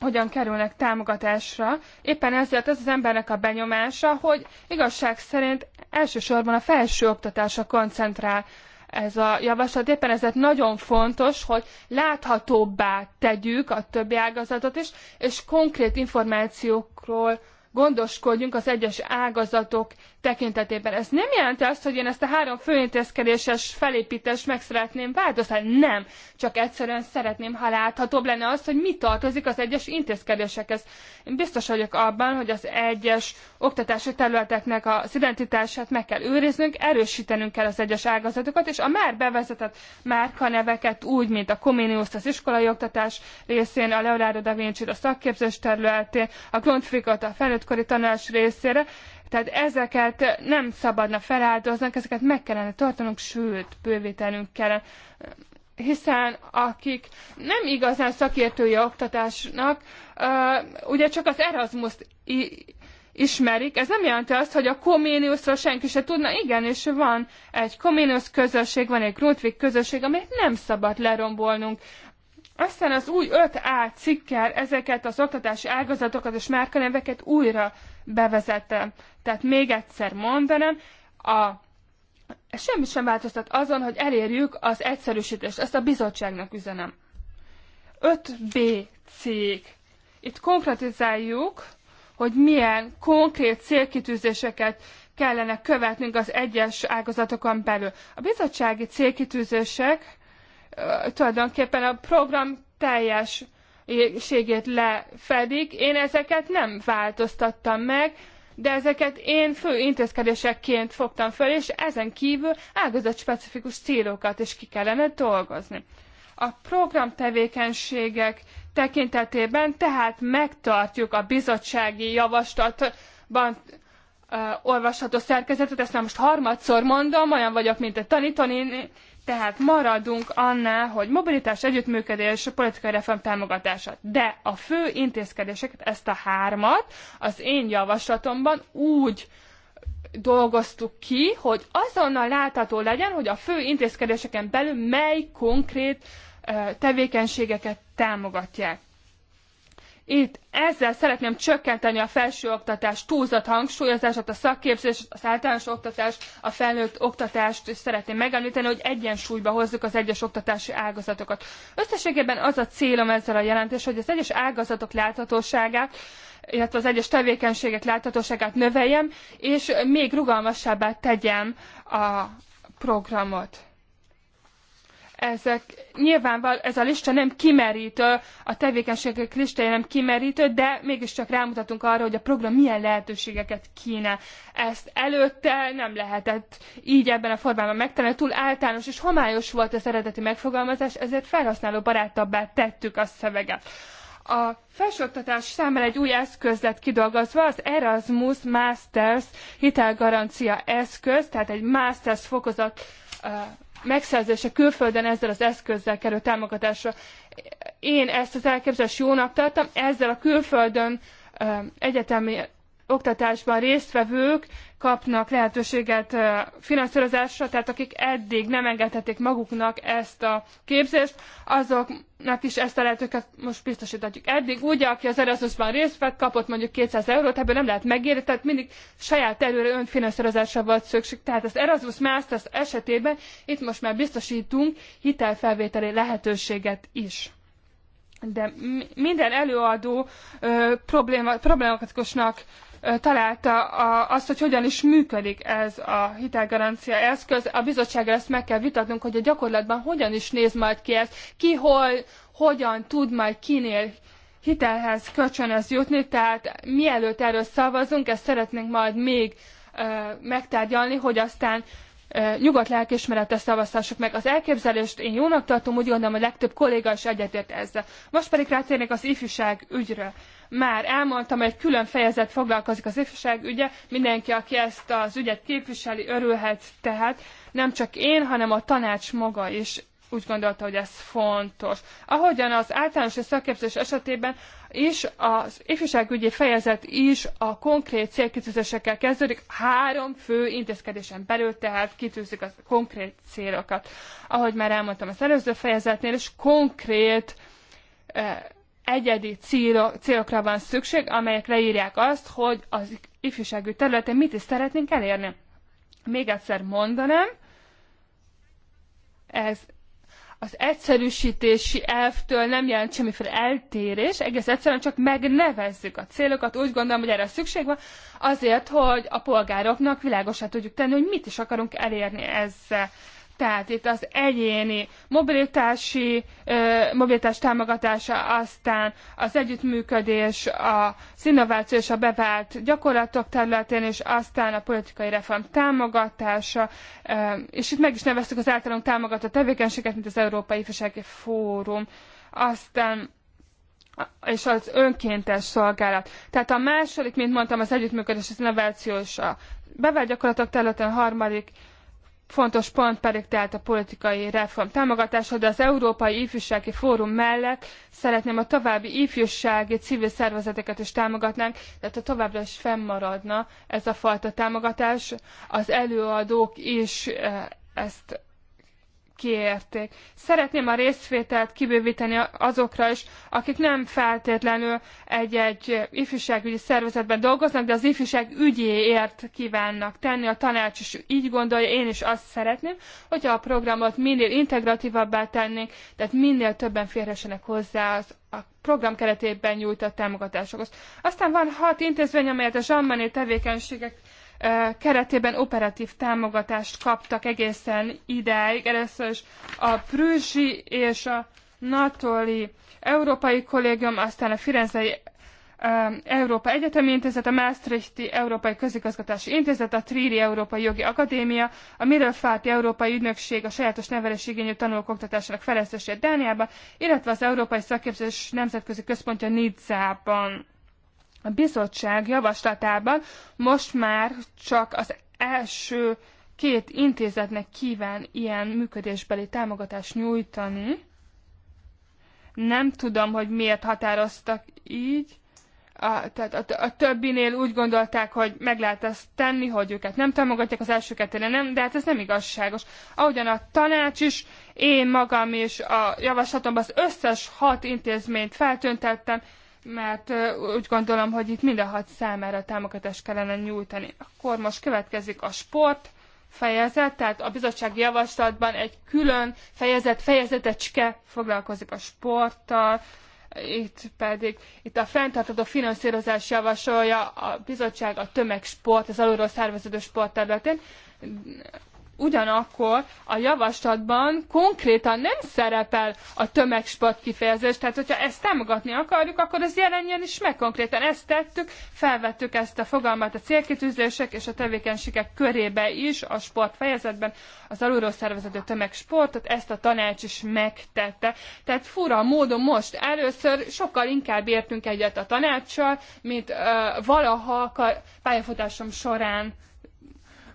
hogyan kerülnek támogatásra. Éppen ezért az az embernek a benyomása, hogy igazság szerint elsősorban a felső oktatásra koncentrál ez a javaslat. Éppen ezért nagyon fontos, hogy láthatóbbá tegyük a többi ágazatot is, és konkrét információkról gondoskodjunk az egyes ágazatok tekintetében. Ez nem jelenti azt, hogy én ezt a három főintézkedéses felépítést meg szeretném változtatni. Nem. Csak egyszerűen szeretném, ha láthatóbb lenne az, hogy mi tartozik az egyes intézkedésekhez. Én biztos vagyok abban, hogy az egyes oktatási területeknek az identitását meg kell őriznünk, erősítenünk kell az egyes ágazatokat, és a már bevezetett márkaneveket úgy, mint a Comenius az iskolai oktatás részén, a Leonardo da Vinci a szakképzés területén, a Grundfrikot a felnőttkori tanulás részére, tehát ezeket nem szabadna feláldoznak, ezeket meg kellene tartanunk, sőt, bővítenünk kellene hiszen akik nem igazán szakértői oktatásnak, ugye csak az Erasmus-t ismerik. Ez nem jelenti azt, hogy a Koméniuszról senki se tudna. Igen, és van egy koméniusz közösség, van egy Grundtvig közösség, amit nem szabad lerombolnunk. Aztán az új 5A cikkel ezeket az oktatási ágazatokat és márkaneveket újra bevezettem. Tehát még egyszer mondanám, a semmi sem változtat azon, hogy elérjük az egyszerűsítést. Ezt a bizottságnak üzenem. 5B cég. Itt konkretizáljuk, hogy milyen konkrét célkitűzéseket kellene követnünk az egyes ágazatokon belül. A bizottsági célkitűzések tulajdonképpen a program teljes személyiségét lefedik. Én ezeket nem változtattam meg, de ezeket én fő intézkedésekként fogtam fel, és ezen kívül ágazat specifikus célokat is ki kellene dolgozni. A programtevékenységek tekintetében tehát megtartjuk a bizottsági javaslatban olvasható szerkezetet, ezt nem most harmadszor mondom, olyan vagyok, mint a tanítani, tehát maradunk annál, hogy mobilitás, együttműködés, politikai reform támogatása. De a fő intézkedéseket, ezt a hármat az én javaslatomban úgy dolgoztuk ki, hogy azonnal látható legyen, hogy a fő intézkedéseken belül mely konkrét tevékenységeket támogatják itt ezzel szeretném csökkenteni a felsőoktatás túlzott hangsúlyozását, a szakképzés, az általános oktatást, a felnőtt oktatást és szeretném megemlíteni, hogy egyensúlyba hozzuk az egyes oktatási ágazatokat. Összességében az a célom ezzel a jelentés, hogy az egyes ágazatok láthatóságát illetve az egyes tevékenységek láthatóságát növeljem, és még rugalmasabbá tegyem a programot ezek nyilvánval ez a lista nem kimerítő, a tevékenységek listája nem kimerítő, de mégiscsak rámutatunk arra, hogy a program milyen lehetőségeket kínál. Ezt előtte nem lehetett így ebben a formában megtenni túl általános és homályos volt az eredeti megfogalmazás, ezért felhasználó barátabbá tettük a szöveget. A felsőoktatás számára egy új eszköz lett kidolgozva, az Erasmus Masters hitelgarancia eszköz, tehát egy Masters fokozat megszerzése külföldön ezzel az eszközzel kerül támogatásra. Én ezt az elképzelést jónak tartom, ezzel a külföldön egyetemi oktatásban résztvevők kapnak lehetőséget finanszírozásra, tehát akik eddig nem engedhetik maguknak ezt a képzést, azoknak is ezt a lehetőséget most biztosítatjuk. Eddig ugye, aki az Erasmusban részt vett, kapott mondjuk 200 eurót, ebből nem lehet megérni, tehát mindig saját erőre önfinanszírozásra volt szükség. Tehát az Erasmus Master esetében itt most már biztosítunk hitelfelvételi lehetőséget is de minden előadó ö, problematikusnak találta a, azt, hogy hogyan is működik ez a hitelgarancia eszköz. A bizottsággal ezt meg kell vitatnunk, hogy a gyakorlatban hogyan is néz majd ki ez, ki hol, hogyan tud majd kinél hitelhez, kölcsönhez jutni, tehát mielőtt erről szavazunk, ezt szeretnénk majd még ö, megtárgyalni, hogy aztán nyugodt lelkismeretes szavazhassuk meg. Az elképzelést én jónak tartom, úgy gondolom, a legtöbb kolléga is egyetért ezzel. Most pedig rátérnék az ifjúság ügyre. Már elmondtam, hogy egy külön fejezet foglalkozik az ifjúság ügye, mindenki, aki ezt az ügyet képviseli, örülhet tehát, nem csak én, hanem a tanács maga is úgy gondolta, hogy ez fontos. Ahogyan az általános és szakképzés esetében is az ifjúságügyi fejezet is a konkrét célkitűzésekkel kezdődik, három fő intézkedésen belül, tehát kitűzik a konkrét célokat. Ahogy már elmondtam az előző fejezetnél, és konkrét eh, egyedi célok, célokra van szükség, amelyek leírják azt, hogy az ifjúságügy területén mit is szeretnénk elérni. Még egyszer mondanám, ez az egyszerűsítési elvtől nem jelent semmiféle eltérés, egész egyszerűen csak megnevezzük a célokat, úgy gondolom, hogy erre szükség van, azért, hogy a polgároknak világosá tudjuk tenni, hogy mit is akarunk elérni ezzel. Tehát itt az egyéni mobilitási, mobilitás támogatása, aztán az együttműködés, a innováció és a bevált gyakorlatok területén, és aztán a politikai reform támogatása, és itt meg is neveztük az általunk támogatott tevékenységet, mint az Európai Ifjúsági Fórum. Aztán és az önkéntes szolgálat. Tehát a második, mint mondtam, az együttműködés, az innováció és a bevált gyakorlatok területen, a harmadik fontos pont pedig tehát a politikai reform támogatása, de az Európai Ifjúsági Fórum mellett szeretném a további ifjúsági civil szervezeteket is támogatnánk, tehát a továbbra is fennmaradna ez a fajta támogatás. Az előadók is eh, ezt kiérték. Szeretném a részvételt kibővíteni azokra is, akik nem feltétlenül egy-egy ifjúságügyi szervezetben dolgoznak, de az ifjúság ügyéért kívánnak tenni. A tanács is így gondolja, én is azt szeretném, hogyha a programot minél integratívabbá tennénk, tehát minél többen férhessenek hozzá az a program keretében nyújtott támogatásokhoz. Aztán van hat intézmény, amelyet a zsammani tevékenységek keretében operatív támogatást kaptak egészen idáig. Először is a Prüzsi és a Natoli Európai Kollégium, aztán a Firenzei Európa Egyetemi Intézet, a Maastrichti Európai Közigazgatási Intézet, a Tríri Európai Jogi Akadémia, a Middelfáti Európai Ügynökség a sajátos nevelésigényű tanulók oktatásának fejlesztését Dániában, illetve az Európai Szakképzés Nemzetközi Központja Nizzában a bizottság javaslatában most már csak az első két intézetnek kíván ilyen működésbeli támogatást nyújtani. Nem tudom, hogy miért határoztak így. A, tehát a, a többinél úgy gondolták, hogy meg lehet ezt tenni, hogy őket nem támogatják, az első kettőre nem, de hát ez nem igazságos. Ahogyan a tanács is, én magam is a javaslatomban az összes hat intézményt feltöntettem, mert úgy gondolom, hogy itt mind a hat számára támogatást kellene nyújtani. Akkor most következik a sport fejezet, tehát a bizottsági javaslatban egy külön fejezet, fejezetecske foglalkozik a sporttal, itt pedig itt a fenntartató finanszírozás javasolja a bizottság a tömegsport, az alulról szerveződő sport területén, ugyanakkor a javaslatban konkrétan nem szerepel a tömegsport kifejezés, tehát hogyha ezt támogatni akarjuk, akkor ez jelenjen is meg konkrétan. Ezt tettük, felvettük ezt a fogalmat a célkitűzések és a tevékenységek körébe is, a sportfejezetben az alulról szervezető tömegsportot, ezt a tanács is megtette. Tehát fura módon most először sokkal inkább értünk egyet a tanácssal, mint uh, valaha pályafutásom során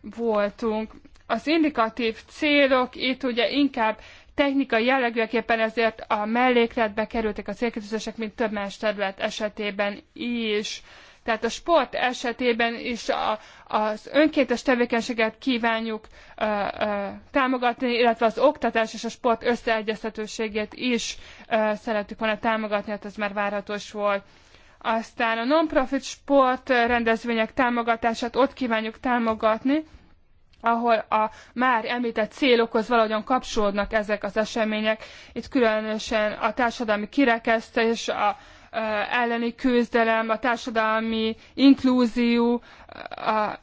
voltunk. Az indikatív célok itt ugye inkább technikai jellegűek, éppen ezért a mellékletbe kerültek a célkitűzések, mint több más terület esetében is. Tehát a sport esetében is a, az önkéntes tevékenységet kívánjuk ö, ö, támogatni, illetve az oktatás és a sport összeegyeztetőségét is ö, szeretük volna támogatni, hát ez már várhatós volt. Aztán a non-profit sport rendezvények támogatását ott kívánjuk támogatni, ahol a már említett célokhoz valahogyan kapcsolódnak ezek az események. Itt különösen a társadalmi kirekesztés, a, elleni küzdelem, a társadalmi inklúzió, a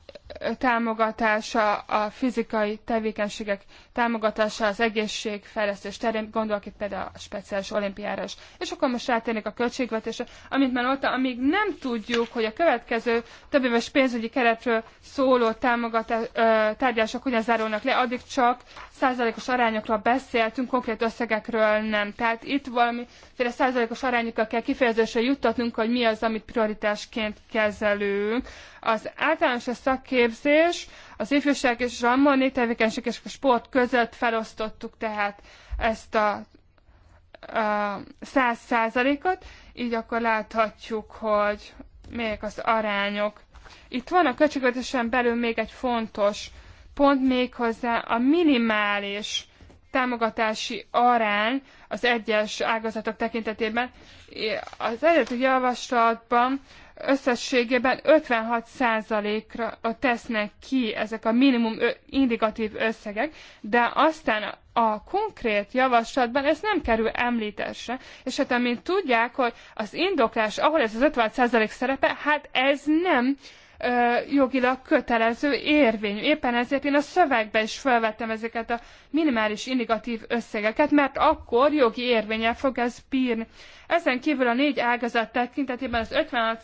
támogatása, a fizikai tevékenységek támogatása, az egészségfejlesztés terén, gondolok itt például a speciális olimpiára is. És akkor most rátérnék a költségvetésre, amit már mondtam, amíg nem tudjuk, hogy a következő több éves pénzügyi keretről szóló támogatás, tárgyások hogyan zárulnak le, addig csak százalékos arányokról beszéltünk, konkrét összegekről nem. Tehát itt valamiféle százalékos arányokkal kell kifejezésre juttatnunk, hogy mi az, amit prioritásként kezelünk. Az általános a szaké képzés, az ifjúság és a moni tevékenység és a sport között felosztottuk tehát ezt a száz százalékot, így akkor láthatjuk, hogy melyek az arányok. Itt van a költségvetésen belül még egy fontos pont méghozzá a minimális támogatási arány az egyes ágazatok tekintetében. Az eredeti javaslatban összességében 56%-ra tesznek ki ezek a minimum indikatív összegek, de aztán a konkrét javaslatban ez nem kerül említésre. És hát amint tudják, hogy az indoklás, ahol ez az 56% szerepe, hát ez nem jogilag kötelező érvényű. Éppen ezért én a szövegbe is felvettem ezeket a minimális indikatív összegeket, mert akkor jogi érvényel fog ez bírni. Ezen kívül a négy ágazat tekintetében az 56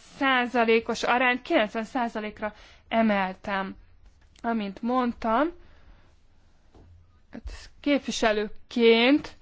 os arányt 90 ra emeltem. Amint mondtam, hát képviselőként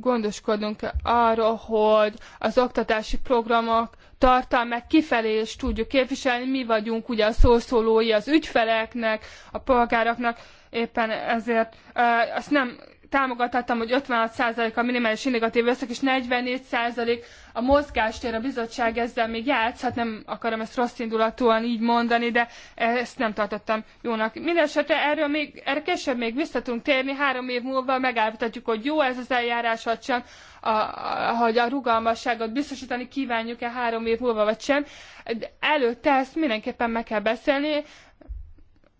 gondoskodnunk arról, hogy az oktatási programok tartalmát kifelé is tudjuk képviselni. Mi vagyunk ugye a szószólói az ügyfeleknek, a polgároknak, éppen ezért e, azt nem támogathattam, hogy 56% a minimális negatív összeg, és 44% a mozgástér, a bizottság ezzel még játszhat, nem akarom ezt rossz indulatúan így mondani, de ezt nem tartottam jónak. Mindenesetre erről még, erre később még visszatunk térni, három év múlva megállapítatjuk, hogy jó ez az eljárás, vagy sem, a, a, hogy a rugalmasságot biztosítani kívánjuk-e három év múlva, vagy sem. De előtte ezt mindenképpen meg kell beszélni,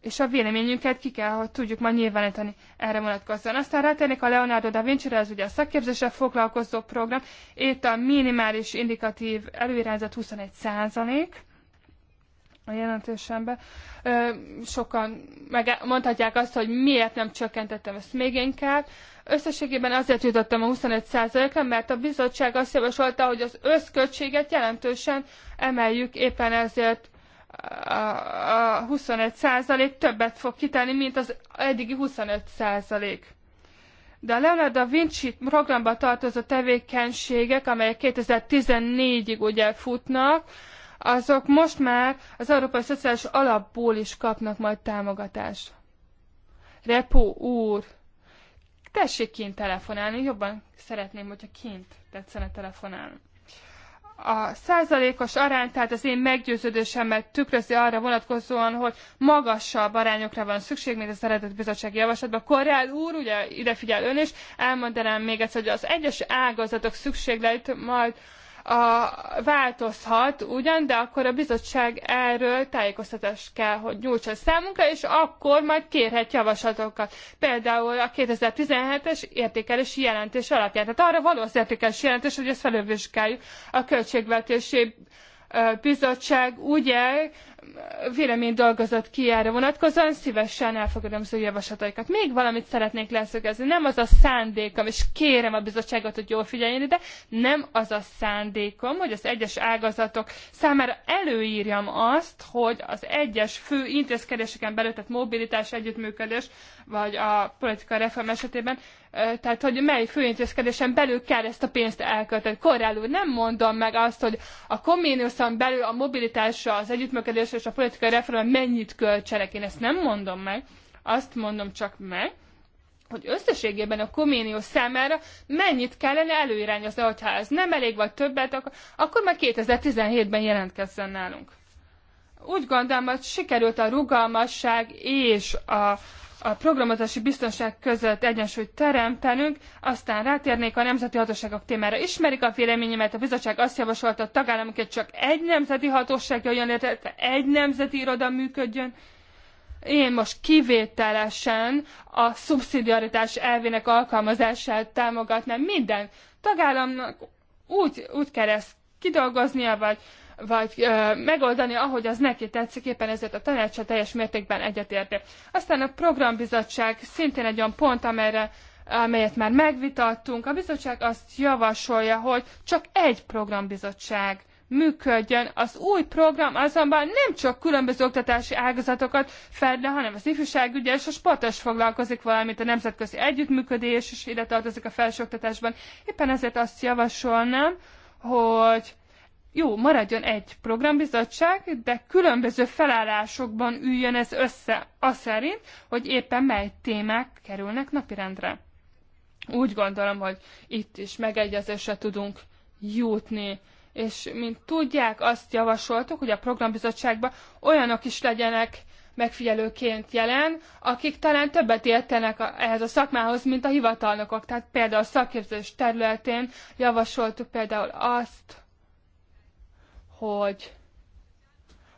és a véleményünket ki kell, hogy tudjuk majd nyilvánítani erre vonatkozóan. Aztán rátérnék a Leonardo da Vinci-re, ez ugye a szakképzéssel foglalkozó program. Itt a minimális indikatív előirányzat 21 százalék a jelentésemben. Sokan meg mondhatják azt, hogy miért nem csökkentettem ezt még inkább. Összességében azért jutottam a 25%-ra, mert a bizottság azt javasolta, hogy az összköltséget jelentősen emeljük, éppen ezért a, 25 százalék többet fog kitenni, mint az eddigi 25 százalék. De a Leonardo da Vinci programba tartozó tevékenységek, amelyek 2014-ig ugye futnak, azok most már az Európai Szociális Alapból is kapnak majd támogatást. Repó úr, tessék kint telefonálni, jobban szeretném, hogyha kint tetszene telefonálni a százalékos arány, tehát az én meggyőződésemet tükrözi arra vonatkozóan, hogy magasabb arányokra van szükség, mint az eredeti bizottsági javaslatban. Korrál úr, ugye ide figyel ön is, elmondanám még egyszer, hogy az egyes ágazatok szükségleit majd a, változhat ugyan, de akkor a bizottság erről tájékoztatást kell, hogy nyújtson számunkra, és akkor majd kérhet javaslatokat. Például a 2017-es értékelési jelentés alapján. Tehát arra való az értékelési jelentés, hogy ezt felülvizsgáljuk a költségvetési bizottság ugye vélemény dolgozott ki erre vonatkozóan, szívesen elfogadom az ő javaslataikat. Még valamit szeretnék leszögezni. Nem az a szándékom, és kérem a bizottságot, hogy jól figyeljen ide, nem az a szándékom, hogy az egyes ágazatok számára előírjam azt, hogy az egyes fő intézkedéseken belül, tehát mobilitás, együttműködés, vagy a politika reform esetében, tehát hogy mely főintézkedésen belül kell ezt a pénzt elkölteni. Korrál úr, nem mondom meg azt, hogy a kommuniuszon belül a mobilitásra, az együttműködés költségvetés és a politikai reformra mennyit költsenek. Én ezt nem mondom meg, azt mondom csak meg, hogy összességében a Koménió számára mennyit kellene előirányozni, hogyha ez nem elég vagy többet, akkor, akkor már 2017-ben jelentkezzen nálunk. Úgy gondolom, hogy sikerült a rugalmasság és a, a programozási biztonság között egyensúlyt teremtenünk, aztán rátérnék a nemzeti hatóságok témára. Ismerik a véleményemet, a bizottság azt javasolta, a tagállamokat csak egy nemzeti hatóság jöjjön létre, egy nemzeti iroda működjön. Én most kivételesen a szubszidiaritás elvének alkalmazását támogatnám minden tagállamnak úgy, úgy kell ezt kidolgoznia, vagy vagy ö, megoldani, ahogy az neki tetszik, éppen ezért a tanácsa teljes mértékben egyetérte. Aztán a programbizottság szintén egy olyan pont, amelyre amelyet már megvitattunk. A bizottság azt javasolja, hogy csak egy programbizottság működjön. Az új program azonban nem csak különböző oktatási ágazatokat fedne, hanem az ifjúságügyel és a sportos foglalkozik, valamint a nemzetközi együttműködés is ide tartozik a felsőoktatásban. Éppen ezért azt javasolnám, hogy jó, maradjon egy programbizottság, de különböző felállásokban üljön ez össze, az szerint, hogy éppen mely témák kerülnek napirendre. Úgy gondolom, hogy itt is megegyezésre tudunk jutni. És mint tudják, azt javasoltuk, hogy a programbizottságban olyanok is legyenek megfigyelőként jelen, akik talán többet értenek ehhez a szakmához, mint a hivatalnokok. Tehát például a szakképzés területén javasoltuk például azt, hogy,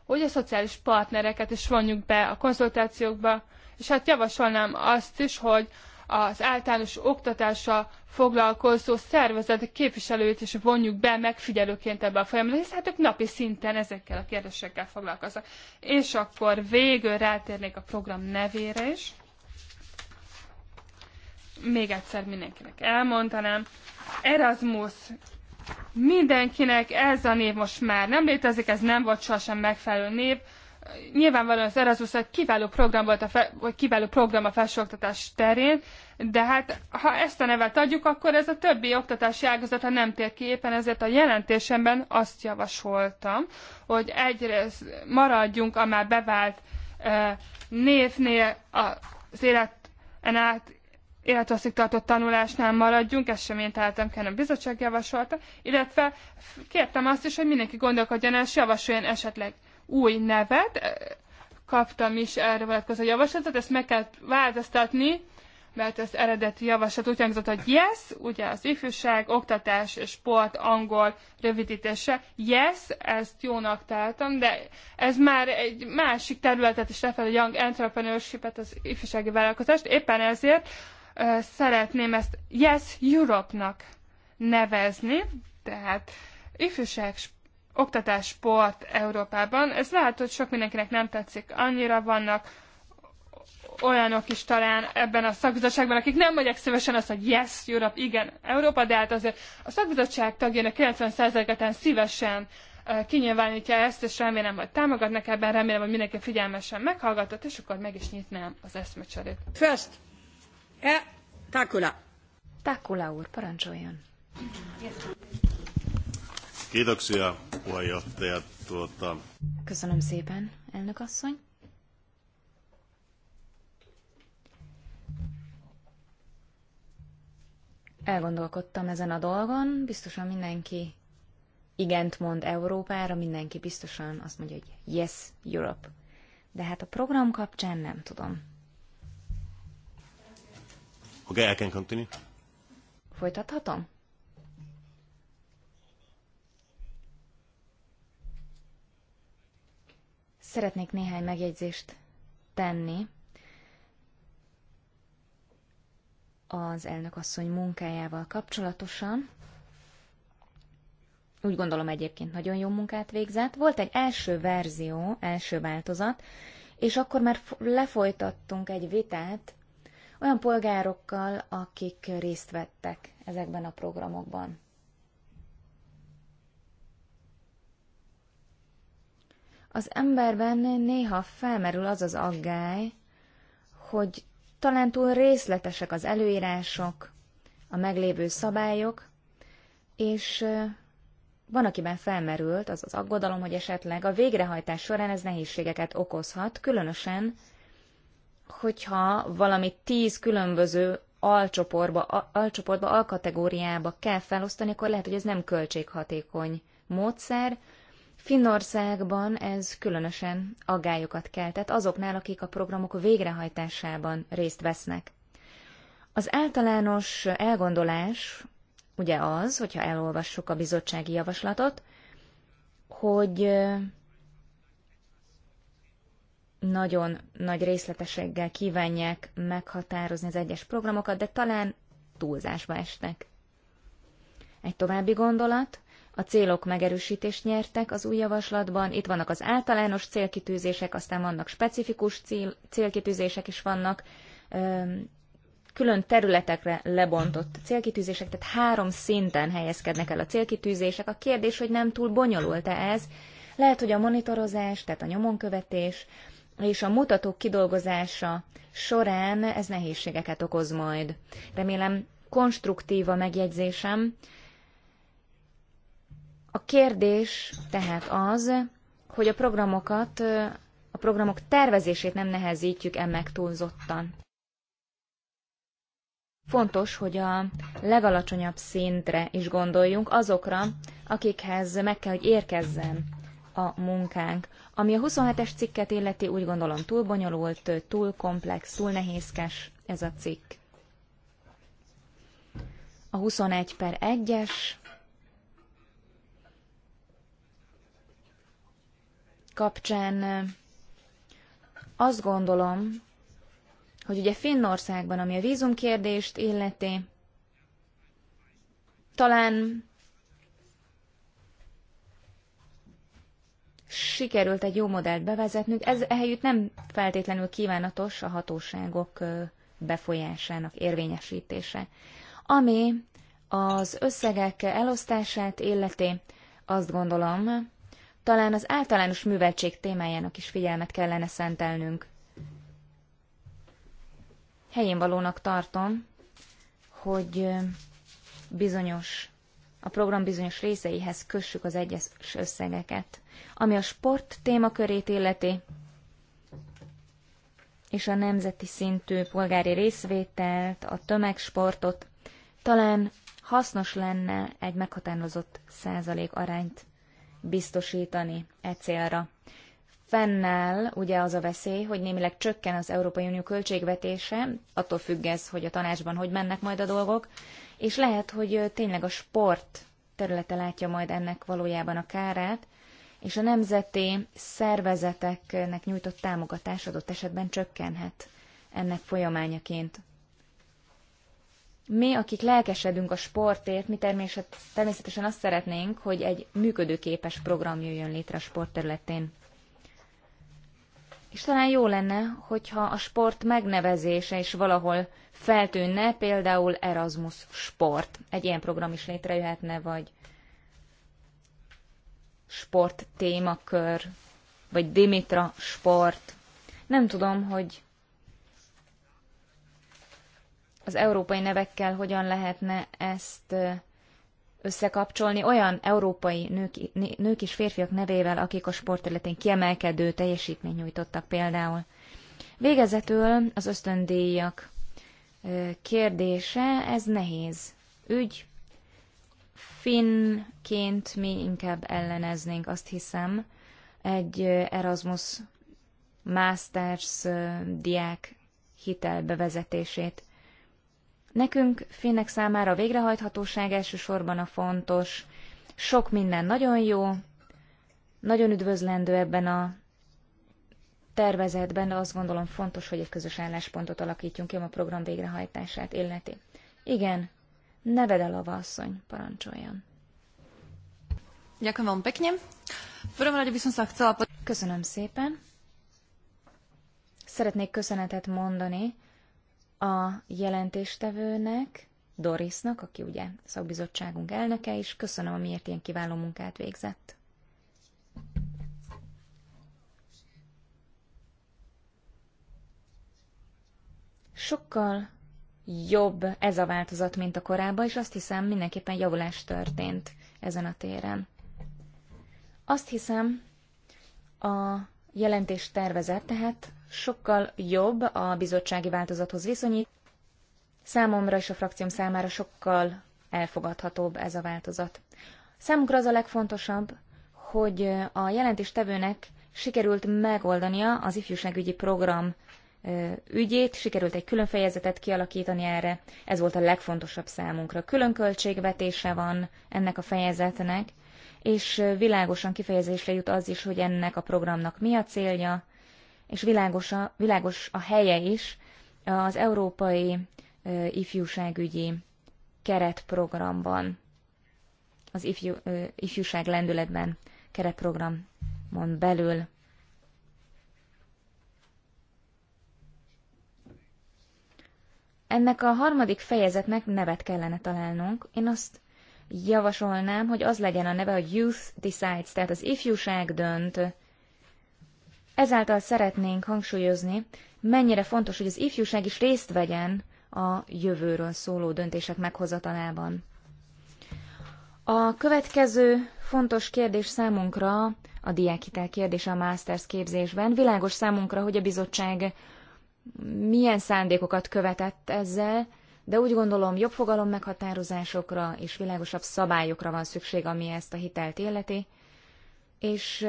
hogy a szociális partnereket is vonjuk be a konzultációkba, és hát javasolnám azt is, hogy az általános oktatással foglalkozó szervezetek képviselőit is vonjuk be megfigyelőként ebbe a folyamatba, hiszen hát ők napi szinten ezekkel a kérdésekkel foglalkoznak. És akkor végül rátérnék a program nevére is. Még egyszer mindenkinek elmondanám. Erasmus Mindenkinek ez a név most már nem létezik, ez nem volt sohasem megfelelő név. Nyilvánvalóan az Erasmus egy kiváló program volt, a fe, vagy kiváló program a felsőoktatás terén, de hát ha ezt a nevet adjuk, akkor ez a többi oktatási ágazata nem tér ki, éppen ezért a jelentésemben azt javasoltam, hogy egyre maradjunk a már bevált eh, névnél az élet, át élethosszig tartott tanulásnál maradjunk, ezt sem én találtam kell, a bizottság javasolta, illetve kértem azt is, hogy mindenki gondolkodjon el, és javasoljon esetleg új nevet, kaptam is erre vonatkozó javaslatot, ezt meg kell változtatni, mert az eredeti javaslat úgy hangzott, hogy yes, ugye az ifjúság, oktatás, sport, angol rövidítése, yes, ezt jónak találtam, de ez már egy másik területet is lefelé, a young entrepreneurship-et, az ifjúsági vállalkozást, éppen ezért szeretném ezt Yes Europe-nak nevezni, tehát ifjúság oktatás sport Európában. Ez lehet, hogy sok mindenkinek nem tetszik annyira, vannak olyanok is talán ebben a szakbizottságban, akik nem mondják szívesen azt, hogy yes, Europe, igen, Európa, de hát azért a szakbizottság tagjának 90%-án szívesen kinyilvánítja ezt, és remélem, hogy támogatnak ebben, remélem, hogy mindenki figyelmesen meghallgatott, és akkor meg is nyitnám az eszmecserét. First, E, Takula. Takula úr, parancsoljon. Kiitoksia, puheenjohtaja. Tuota... Köszönöm szépen, elnök asszony. Elgondolkodtam ezen a dolgon, biztosan mindenki igent mond Európára, mindenki biztosan azt mondja, hogy yes, Europe. De hát a program kapcsán nem tudom. Okay, I can continue. Folytathatom? Szeretnék néhány megjegyzést tenni az asszony munkájával kapcsolatosan. Úgy gondolom egyébként nagyon jó munkát végzett. Volt egy első verzió, első változat, és akkor már lefolytattunk egy vitát olyan polgárokkal, akik részt vettek ezekben a programokban. Az emberben néha felmerül az az aggály, hogy talán túl részletesek az előírások, a meglévő szabályok, és van, akiben felmerült az az aggodalom, hogy esetleg a végrehajtás során ez nehézségeket okozhat, különösen hogyha valami tíz különböző alcsoportba, alcsoportba, alkategóriába kell felosztani, akkor lehet, hogy ez nem költséghatékony módszer. Finnországban ez különösen aggályokat keltett azoknál, akik a programok végrehajtásában részt vesznek. Az általános elgondolás ugye az, hogyha elolvassuk a bizottsági javaslatot, hogy nagyon nagy részletességgel kívánják meghatározni az egyes programokat, de talán túlzásba esnek. Egy további gondolat, a célok megerősítést nyertek az új javaslatban, itt vannak az általános célkitűzések, aztán vannak specifikus cél, célkitűzések is vannak, öm, külön területekre lebontott célkitűzések, tehát három szinten helyezkednek el a célkitűzések. A kérdés, hogy nem túl bonyolult-e ez, lehet, hogy a monitorozás, tehát a nyomonkövetés, és a mutatók kidolgozása során ez nehézségeket okoz majd. Remélem konstruktív a megjegyzésem. A kérdés tehát az, hogy a programokat, a programok tervezését nem nehezítjük meg túlzottan Fontos, hogy a legalacsonyabb szintre is gondoljunk azokra, akikhez meg kell, hogy érkezzen a munkánk. Ami a 27-es cikket illeti, úgy gondolom túl bonyolult, túl komplex, túl nehézkes ez a cikk. A 21 per 1-es kapcsán azt gondolom, hogy ugye Finnországban, ami a vízumkérdést illeti, talán sikerült egy jó modellt bevezetnünk, ez ehelyütt nem feltétlenül kívánatos a hatóságok befolyásának érvényesítése. Ami az összegek elosztását illeti, azt gondolom, talán az általános műveltség témájának is figyelmet kellene szentelnünk. Helyén valónak tartom, hogy bizonyos a program bizonyos részeihez kössük az egyes összegeket. Ami a sport témakörét illeti, és a nemzeti szintű polgári részvételt, a tömegsportot, talán hasznos lenne egy meghatározott százalék arányt biztosítani e célra. Fennáll ugye az a veszély, hogy némileg csökken az Európai Unió költségvetése, attól függ ez, hogy a tanácsban hogy mennek majd a dolgok, és lehet, hogy tényleg a sport területe látja majd ennek valójában a kárát, és a nemzeti szervezeteknek nyújtott támogatás adott esetben csökkenhet ennek folyamányaként. Mi, akik lelkesedünk a sportért, mi természetesen azt szeretnénk, hogy egy működőképes program jöjjön létre a sport területén. És talán jó lenne, hogyha a sport megnevezése is valahol feltűnne, például Erasmus Sport. Egy ilyen program is létrejöhetne, vagy sport témakör, vagy Dimitra sport. Nem tudom, hogy az európai nevekkel hogyan lehetne ezt összekapcsolni olyan európai nők, nők és férfiak nevével, akik a sportterületén kiemelkedő teljesítmény nyújtottak például. Végezetül az ösztöndíjak kérdése, ez nehéz ügy. Finnként mi inkább elleneznénk, azt hiszem, egy Erasmus Masters diák hitelbevezetését. Nekünk, finnek számára a végrehajthatóság elsősorban a fontos. Sok minden nagyon jó, nagyon üdvözlendő ebben a tervezetben, de azt gondolom fontos, hogy egy közös álláspontot alakítjunk ki, a program végrehajtását illeti. Igen, neved a lava asszony, parancsoljon. Ďakujem vám pekne. V prvom rade by som sa chcela... Köszönöm szépen. Szeretnék köszönetet mondani a jelentéstevőnek, Dorisnak, aki ugye szakbizottságunk elnöke, és köszönöm, amiért ilyen kiváló munkát végzett. Sokkal jobb ez a változat, mint a korábban, és azt hiszem mindenképpen javulás történt ezen a téren. Azt hiszem, a jelentés tervezett, tehát sokkal jobb a bizottsági változathoz viszonyít. Számomra és a frakcióm számára sokkal elfogadhatóbb ez a változat. Számunkra az a legfontosabb, hogy a jelentéstevőnek sikerült megoldania az ifjúságügyi program ügyét, sikerült egy külön fejezetet kialakítani erre, ez volt a legfontosabb számunkra. Külön költségvetése van ennek a fejezetnek, és világosan kifejezésre jut az is, hogy ennek a programnak mi a célja, és világos a, világos a helye is az európai ö, ifjúságügyi keretprogramban, az ifjú, ö, ifjúság lendületben keretprogramon belül. Ennek a harmadik fejezetnek nevet kellene találnunk. Én azt javasolnám, hogy az legyen a neve, hogy Youth Decides, tehát az ifjúság dönt, Ezáltal szeretnénk hangsúlyozni, mennyire fontos, hogy az ifjúság is részt vegyen a jövőről szóló döntések meghozatalában. A következő fontos kérdés számunkra a diákhitel kérdése a Masters képzésben. Világos számunkra, hogy a bizottság milyen szándékokat követett ezzel, de úgy gondolom jobb fogalom meghatározásokra és világosabb szabályokra van szükség, ami ezt a hitelt életi, és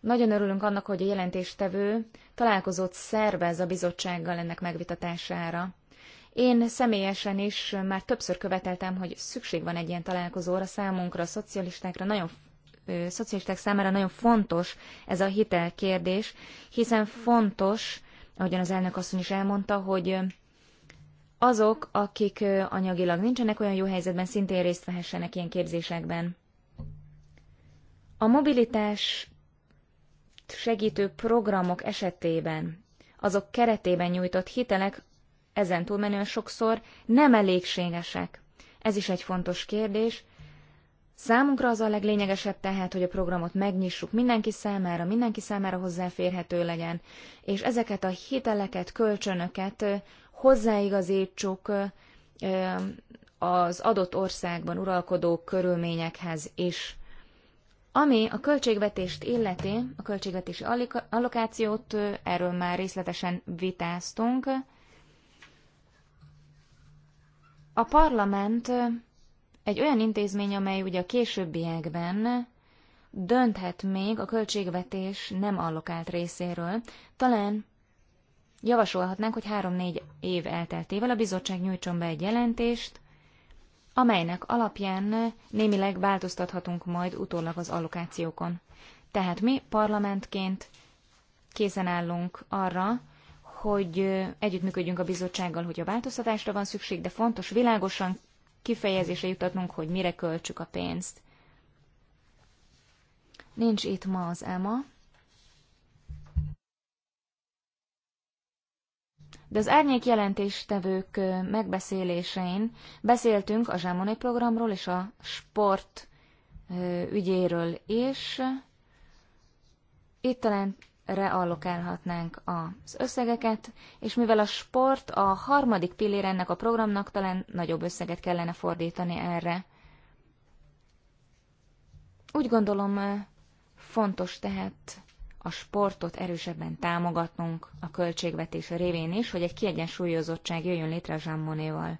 nagyon örülünk annak, hogy a jelentéstevő találkozót szervez a bizottsággal ennek megvitatására. Én személyesen is már többször követeltem, hogy szükség van egy ilyen találkozóra számunkra, a szocialistákra nagyon szocialisták számára nagyon fontos ez a hitelkérdés, hiszen fontos, ahogyan az elnök asszony is elmondta, hogy azok, akik anyagilag nincsenek olyan jó helyzetben, szintén részt vehessenek ilyen képzésekben. A mobilitás segítő programok esetében, azok keretében nyújtott hitelek ezen túlmenően sokszor nem elégségesek. Ez is egy fontos kérdés. Számunkra az a leglényegesebb tehát, hogy a programot megnyissuk mindenki számára, mindenki számára hozzáférhető legyen, és ezeket a hiteleket, kölcsönöket hozzáigazítsuk az adott országban uralkodó körülményekhez is. Ami a költségvetést illeti, a költségvetési allokációt, erről már részletesen vitáztunk. A parlament egy olyan intézmény, amely ugye a későbbiekben dönthet még a költségvetés nem allokált részéről. Talán javasolhatnánk, hogy három-négy év elteltével a bizottság nyújtson be egy jelentést, amelynek alapján némileg változtathatunk majd utólag az allokációkon. Tehát mi parlamentként készen állunk arra, hogy együttműködjünk a bizottsággal, hogy a változtatásra van szükség, de fontos világosan kifejezésre jutatnunk, hogy mire költsük a pénzt. Nincs itt ma az EMA, De az árnyék jelentéstevők megbeszélésein beszéltünk a Zsámoni programról és a sport ügyéről is. Itt talán reallokálhatnánk az összegeket, és mivel a sport a harmadik pillér ennek a programnak, talán nagyobb összeget kellene fordítani erre. Úgy gondolom, fontos tehát a sportot erősebben támogatnunk a költségvetés révén is, hogy egy kiegyensúlyozottság jöjjön létre a Zsámmonéval.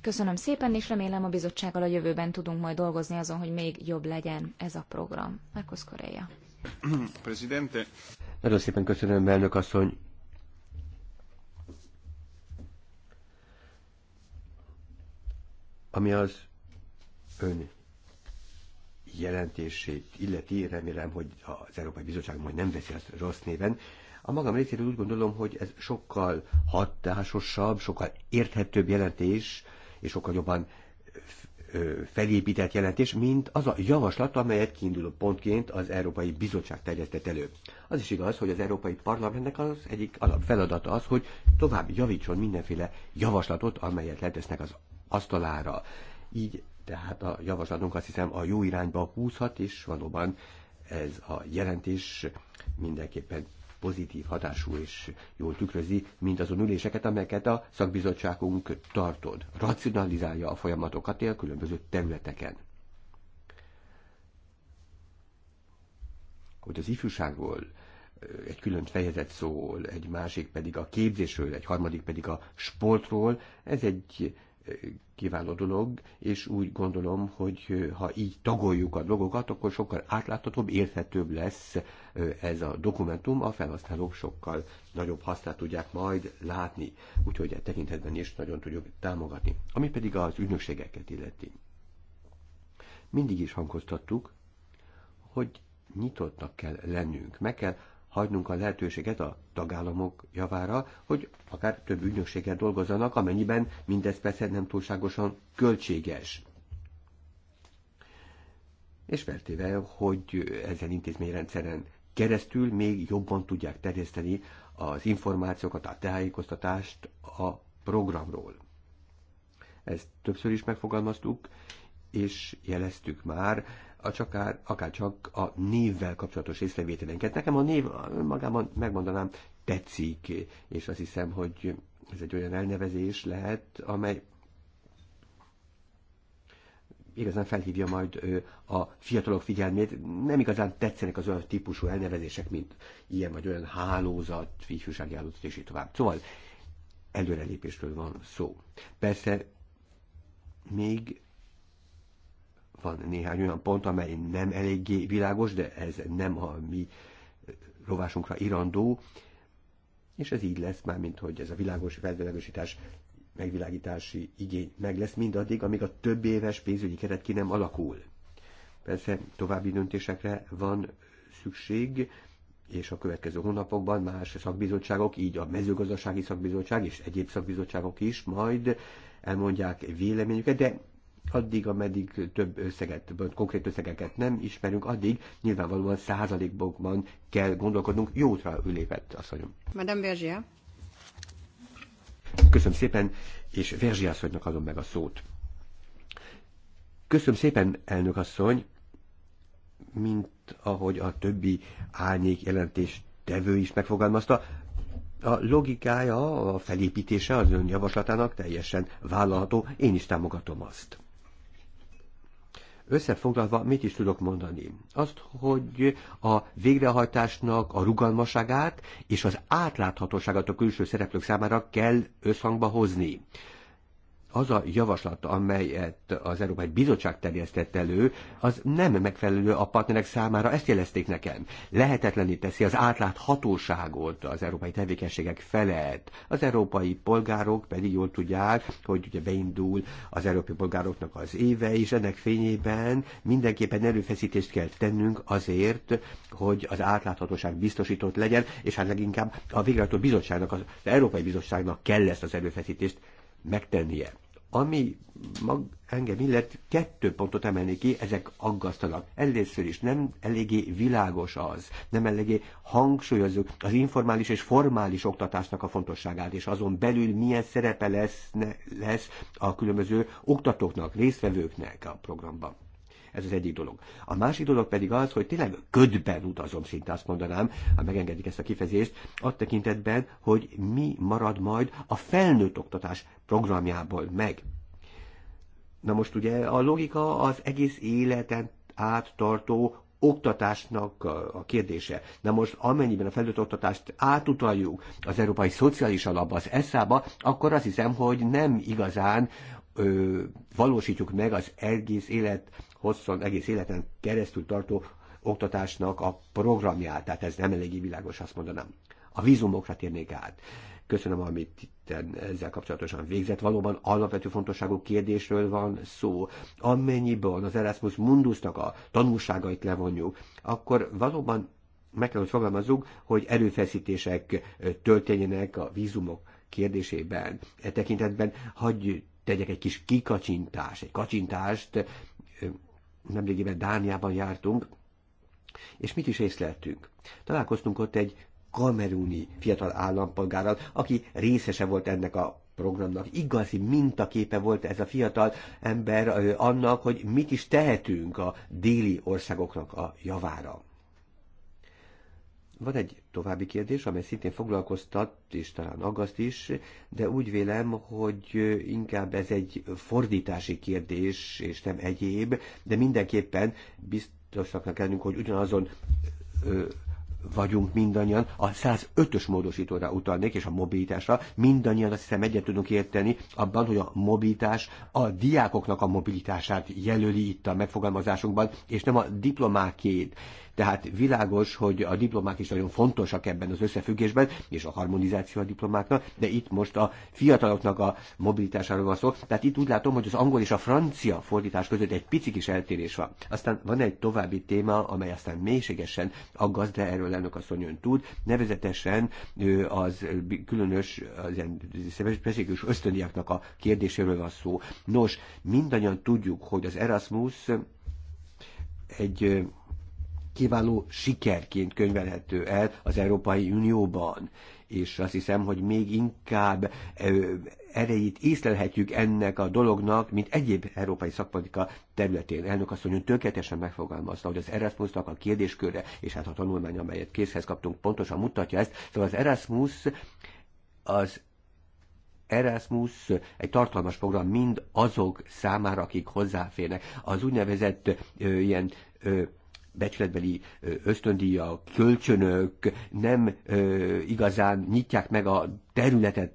Köszönöm szépen, és remélem a bizottsággal a jövőben tudunk majd dolgozni azon, hogy még jobb legyen ez a program. Márkusz Koreja. Presidente. Nagyon szépen köszönöm, elnök asszony. Ami az ön jelentését illeti, remélem, hogy az Európai Bizottság majd nem veszi azt rossz néven. A magam részéről úgy gondolom, hogy ez sokkal hatásosabb, sokkal érthetőbb jelentés, és sokkal jobban felépített jelentés, mint az a javaslat, amelyet kiinduló pontként az Európai Bizottság terjesztett elő. Az is igaz, hogy az Európai Parlamentnek az egyik alapfeladata az, hogy tovább javítson mindenféle javaslatot, amelyet letesznek az asztalára. Így tehát a javaslatunk azt hiszem a jó irányba húzhat, és valóban ez a jelentés mindenképpen pozitív hatású és jól tükrözi mindazon üléseket, amelyeket a szakbizottságunk tartod. Racionalizálja a folyamatokat él különböző területeken. Hogy az ifjúságról egy külön fejezet szól, egy másik pedig a képzésről, egy harmadik pedig a sportról, ez egy kiváló dolog, és úgy gondolom, hogy ha így tagoljuk a dolgokat, akkor sokkal átláthatóbb, érthetőbb lesz ez a dokumentum, a felhasználók sokkal nagyobb hasznát tudják majd látni, úgyhogy a e tekintetben is nagyon tudjuk támogatni. Ami pedig az ügynökségeket illeti. Mindig is hangoztattuk, hogy nyitottnak kell lennünk, meg kell hagynunk a lehetőséget a tagállamok javára, hogy akár több ügynökséget dolgozzanak, amennyiben mindez persze nem túlságosan költséges. És feltéve, hogy ezen intézményrendszeren keresztül még jobban tudják terjeszteni az információkat, a tájékoztatást a programról. Ezt többször is megfogalmaztuk, és jeleztük már, a csakár, akár csak a névvel kapcsolatos észrevételénket. Nekem a név magában megmondanám tetszik, és azt hiszem, hogy ez egy olyan elnevezés lehet, amely igazán felhívja majd a fiatalok figyelmét. Nem igazán tetszenek az olyan típusú elnevezések, mint ilyen vagy olyan hálózat, ifjúsági hálózat, és így tovább. Szóval előrelépésről van szó. Persze még van néhány olyan pont, amely nem eléggé világos, de ez nem a mi rovásunkra irandó, és ez így lesz már, mint hogy ez a világos felvilágosítás megvilágítási igény meg lesz mindaddig, amíg a több éves pénzügyi keret ki nem alakul. Persze további döntésekre van szükség, és a következő hónapokban más szakbizottságok, így a mezőgazdasági szakbizottság és egyéb szakbizottságok is majd elmondják véleményüket, de addig, ameddig több összeget, konkrét összegeket nem ismerünk, addig nyilvánvalóan százalékban kell gondolkodnunk. Jótra ülépett, asszonyom. Madame Vergia. Köszönöm szépen, és Verzsia asszonynak adom meg a szót. Köszönöm szépen, elnök asszony, mint ahogy a többi árnyék jelentés tevő is megfogalmazta, a logikája, a felépítése az ön javaslatának teljesen vállalható, én is támogatom azt. Összefoglalva mit is tudok mondani? Azt, hogy a végrehajtásnak a rugalmaságát és az átláthatóságát a külső szereplők számára kell összhangba hozni az a javaslat, amelyet az Európai Bizottság terjesztett elő, az nem megfelelő a partnerek számára, ezt jelezték nekem. Lehetetlené teszi az átláthatóságot az európai tevékenységek felett. Az európai polgárok pedig jól tudják, hogy ugye beindul az európai polgároknak az éve, és ennek fényében mindenképpen előfeszítést kell tennünk azért, hogy az átláthatóság biztosított legyen, és hát leginkább a végrehajtó bizottságnak, az Európai Bizottságnak kell ezt az előfeszítést megtennie. Ami mag, engem illet, kettő pontot emelni ki, ezek aggasztanak. Először is nem eléggé világos az, nem eléggé hangsúlyozunk az informális és formális oktatásnak a fontosságát, és azon belül milyen szerepe lesz, ne, lesz a különböző oktatóknak, résztvevőknek a programban. Ez az egyik dolog. A másik dolog pedig az, hogy tényleg ködben utazom, szinte azt mondanám, ha megengedik ezt a kifejezést, a tekintetben, hogy mi marad majd a felnőtt oktatás programjából meg. Na most ugye a logika az egész életen áttartó oktatásnak a kérdése. Na most amennyiben a felnőtt oktatást átutaljuk az Európai Szociális Alapba, az ESZÁ-ba, akkor azt hiszem, hogy nem igazán ö, valósítjuk meg az egész élet hosszon, egész életen keresztül tartó oktatásnak a programját. Tehát ez nem eléggé világos, azt mondanám. A vízumokra térnék át. Köszönöm, amit itt ezzel kapcsolatosan végzett. Valóban alapvető fontosságú kérdésről van szó. Amennyiben az Erasmus Mundusnak a tanulságait levonjuk, akkor valóban meg kell, hogy fogalmazzuk, hogy erőfeszítések történjenek a vízumok kérdésében. E tekintetben hagyjuk tegyek egy kis kikacsintást, egy kacsintást, nemrégiben Dániában jártunk, és mit is észleltünk? Találkoztunk ott egy kameruni fiatal állampolgárral, aki részese volt ennek a programnak. Igazi mintaképe volt ez a fiatal ember annak, hogy mit is tehetünk a déli országoknak a javára. Van egy további kérdés, amely szintén foglalkoztat, és talán agaszt is, de úgy vélem, hogy inkább ez egy fordítási kérdés, és nem egyéb, de mindenképpen biztosnak kellünk, hogy ugyanazon ö, vagyunk mindannyian, a 105-ös módosítóra utalnék, és a mobilitásra, mindannyian azt hiszem egyet tudunk érteni abban, hogy a mobilitás a diákoknak a mobilitását jelöli itt a megfogalmazásunkban, és nem a diplomákét. Tehát világos, hogy a diplomák is nagyon fontosak ebben az összefüggésben, és a harmonizáció a diplomáknak, de itt most a fiataloknak a mobilitásáról van szó. Tehát itt úgy látom, hogy az angol és a francia fordítás között egy pici kis eltérés van. Aztán van egy további téma, amely aztán mélységesen aggaszt, de erről elnök a ön tud, nevezetesen az különös az ilyen ösztöndiaknak a kérdéséről van szó. Nos, mindannyian tudjuk, hogy az Erasmus egy kiváló sikerként könyvelhető el az Európai Unióban. És azt hiszem, hogy még inkább erejét észlelhetjük ennek a dolognak, mint egyéb európai szakpolitika területén. Elnök azt mondja, tökéletesen megfogalmazta, hogy az Erasmusnak a kérdéskörre, és hát a tanulmány, amelyet készhez kaptunk, pontosan mutatja ezt. Szóval az Erasmus az Erasmus egy tartalmas program mind azok számára, akik hozzáférnek. Az úgynevezett ö, ilyen ö, becsületbeli ösztöndíja, kölcsönök nem igazán nyitják meg a területet,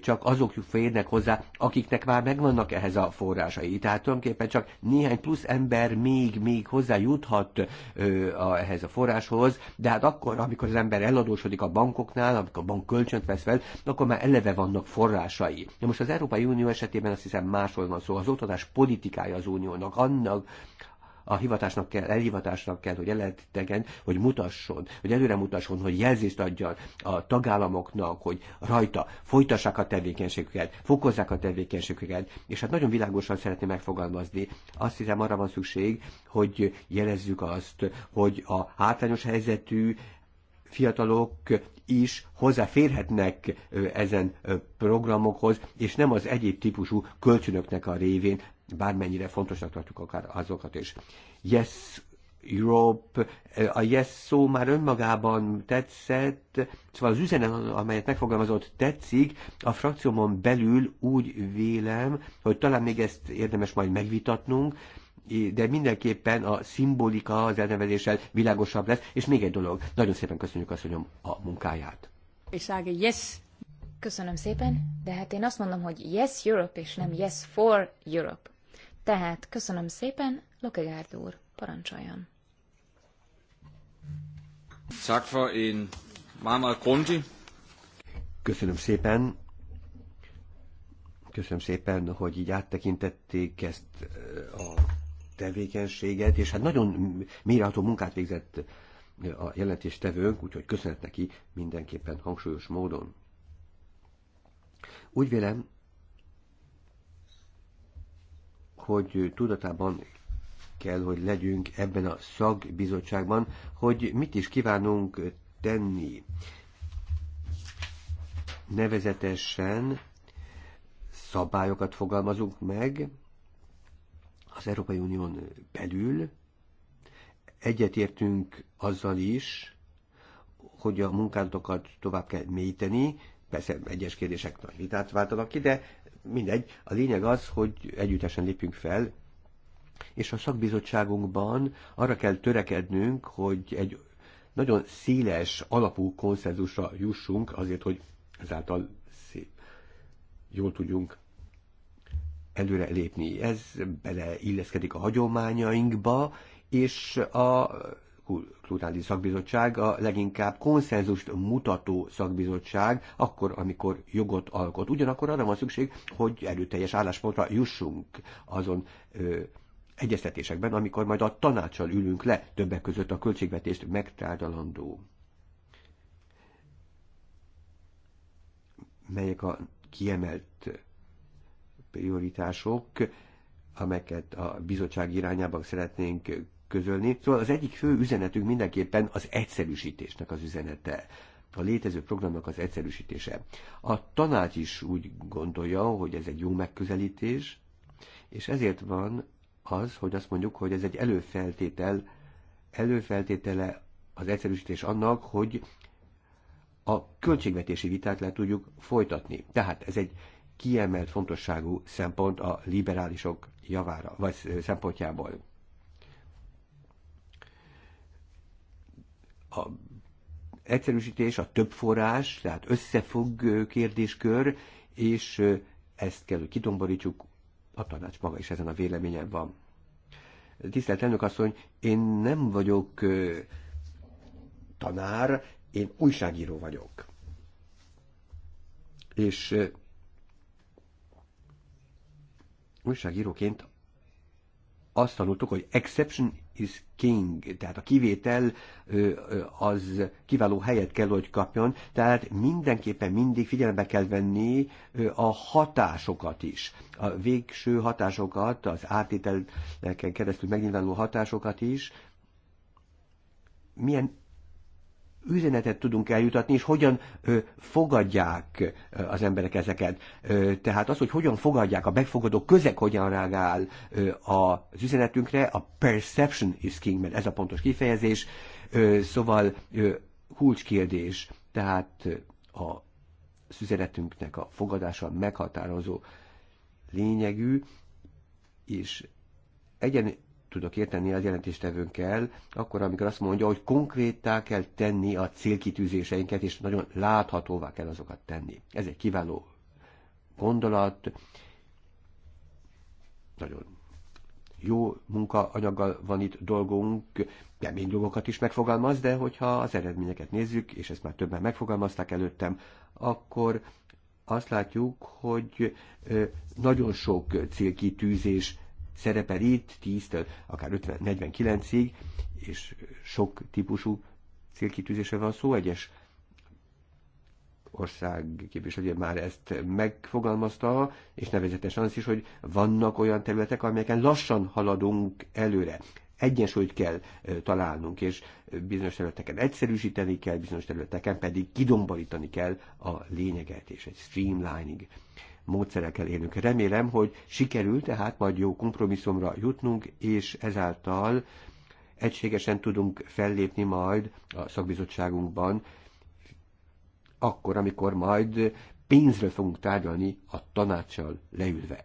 csak azok férnek hozzá, akiknek már megvannak ehhez a forrásai. Tehát tulajdonképpen csak néhány plusz ember még, még hozzájuthat ehhez a forráshoz, de hát akkor, amikor az ember eladósodik a bankoknál, amikor a bank kölcsönt vesz fel, akkor már eleve vannak forrásai. Na most az Európai Unió esetében azt hiszem máshol van szó, az oktatás politikája az uniónak, annak a hivatásnak kell, elhivatásnak kell, hogy eletegen, hogy mutasson, hogy előre mutasson, hogy jelzést adjon a tagállamoknak, hogy rajta folytassák a tevékenységüket, fokozzák a tevékenységüket, és hát nagyon világosan szeretném megfogalmazni. Azt hiszem arra van szükség, hogy jelezzük azt, hogy a hátrányos helyzetű fiatalok is hozzáférhetnek ezen programokhoz, és nem az egyéb típusú kölcsönöknek a révén, bármennyire fontosnak tartjuk akár azokat is. Yes, Europe, a yes szó már önmagában tetszett, szóval az üzenet, amelyet megfogalmazott, tetszik, a frakciómon belül úgy vélem, hogy talán még ezt érdemes majd megvitatnunk, de mindenképpen a szimbolika az elnevezéssel világosabb lesz. És még egy dolog, nagyon szépen köszönjük azt hogy a munkáját. És yes! Köszönöm szépen, de hát én azt mondom, hogy yes Europe, és nem yes for Europe. Tehát köszönöm szépen, Lokegárd úr, parancsoljon. Tak for en meget, meget grundig. Köszönöm szépen. Köszönöm szépen, hogy így áttekintették ezt eh, a tevékenységet, és hát nagyon mérható munkát végzett a jelentéstevőnk, úgyhogy köszönet neki mindenképpen hangsúlyos módon. Úgy vélem, hogy tudatában kell, hogy legyünk ebben a szagbizottságban, hogy mit is kívánunk tenni. Nevezetesen szabályokat fogalmazunk meg, az Európai Unión belül egyetértünk azzal is, hogy a munkálatokat tovább kell mélyíteni, persze egyes kérdések nagy vitát váltanak ki, de mindegy, a lényeg az, hogy együttesen lépjünk fel, és a szakbizottságunkban arra kell törekednünk, hogy egy nagyon széles alapú konszenzusra jussunk, azért, hogy ezáltal szép, jól tudjunk előre lépni. Ez beleilleszkedik a hagyományainkba, és a Kulturális Szakbizottság a leginkább konszenzust mutató szakbizottság, akkor, amikor jogot alkot. Ugyanakkor arra van szükség, hogy előteljes álláspontra jussunk azon ö, egyeztetésekben, amikor majd a tanácsal ülünk le, többek között a költségvetést megtárgyalandó. Melyek a kiemelt prioritások, amelyeket a bizottság irányában szeretnénk közölni. Szóval az egyik fő üzenetünk mindenképpen az egyszerűsítésnek az üzenete a létező programnak az egyszerűsítése. A tanács is úgy gondolja, hogy ez egy jó megközelítés, és ezért van az, hogy azt mondjuk, hogy ez egy előfeltétel, előfeltétele az egyszerűsítés annak, hogy a költségvetési vitát le tudjuk folytatni. Tehát ez egy kiemelt fontosságú szempont a liberálisok javára, vagy szempontjából. A egyszerűsítés, a több forrás, tehát összefog kérdéskör, és ezt kell, hogy kitomborítsuk, a tanács maga is ezen a véleményen van. Tisztelt elnök asszony, én nem vagyok tanár, én újságíró vagyok. És újságíróként azt tanultuk, hogy exception is king, tehát a kivétel az kiváló helyet kell, hogy kapjon, tehát mindenképpen mindig figyelembe kell venni a hatásokat is, a végső hatásokat, az átételeken keresztül megnyilvánuló hatásokat is, milyen üzenetet tudunk eljutatni, és hogyan ö, fogadják az emberek ezeket. Ö, tehát az, hogy hogyan fogadják, a megfogadó közeg hogyan reagál ö, az üzenetünkre, a perception is king, mert ez a pontos kifejezés, ö, szóval ö, kulcskérdés, tehát a üzenetünknek a fogadása meghatározó lényegű, és egyen tudok érteni az jelentéstevőnkkel, akkor amikor azt mondja, hogy konkrétá kell tenni a célkitűzéseinket, és nagyon láthatóvá kell azokat tenni. Ez egy kiváló gondolat, nagyon jó munkaanyaggal van itt dolgunk, kemény dolgokat is megfogalmaz, de hogyha az eredményeket nézzük, és ezt már többen megfogalmazták előttem, akkor azt látjuk, hogy nagyon sok célkitűzés szerepel itt 10-től akár 50-49-ig, és sok típusú célkitűzésre van szó, egyes ország képviselője már ezt megfogalmazta, és nevezetesen az is, hogy vannak olyan területek, amelyeken lassan haladunk előre. Egyensúlyt kell találnunk, és bizonyos területeken egyszerűsíteni kell, bizonyos területeken pedig kidombolítani kell a lényeget, és egy streamlining módszerekkel élünk. Remélem, hogy sikerül tehát majd jó kompromisszumra jutnunk, és ezáltal egységesen tudunk fellépni majd a szakbizottságunkban, akkor, amikor majd pénzről fogunk tárgyalni a tanácssal leülve.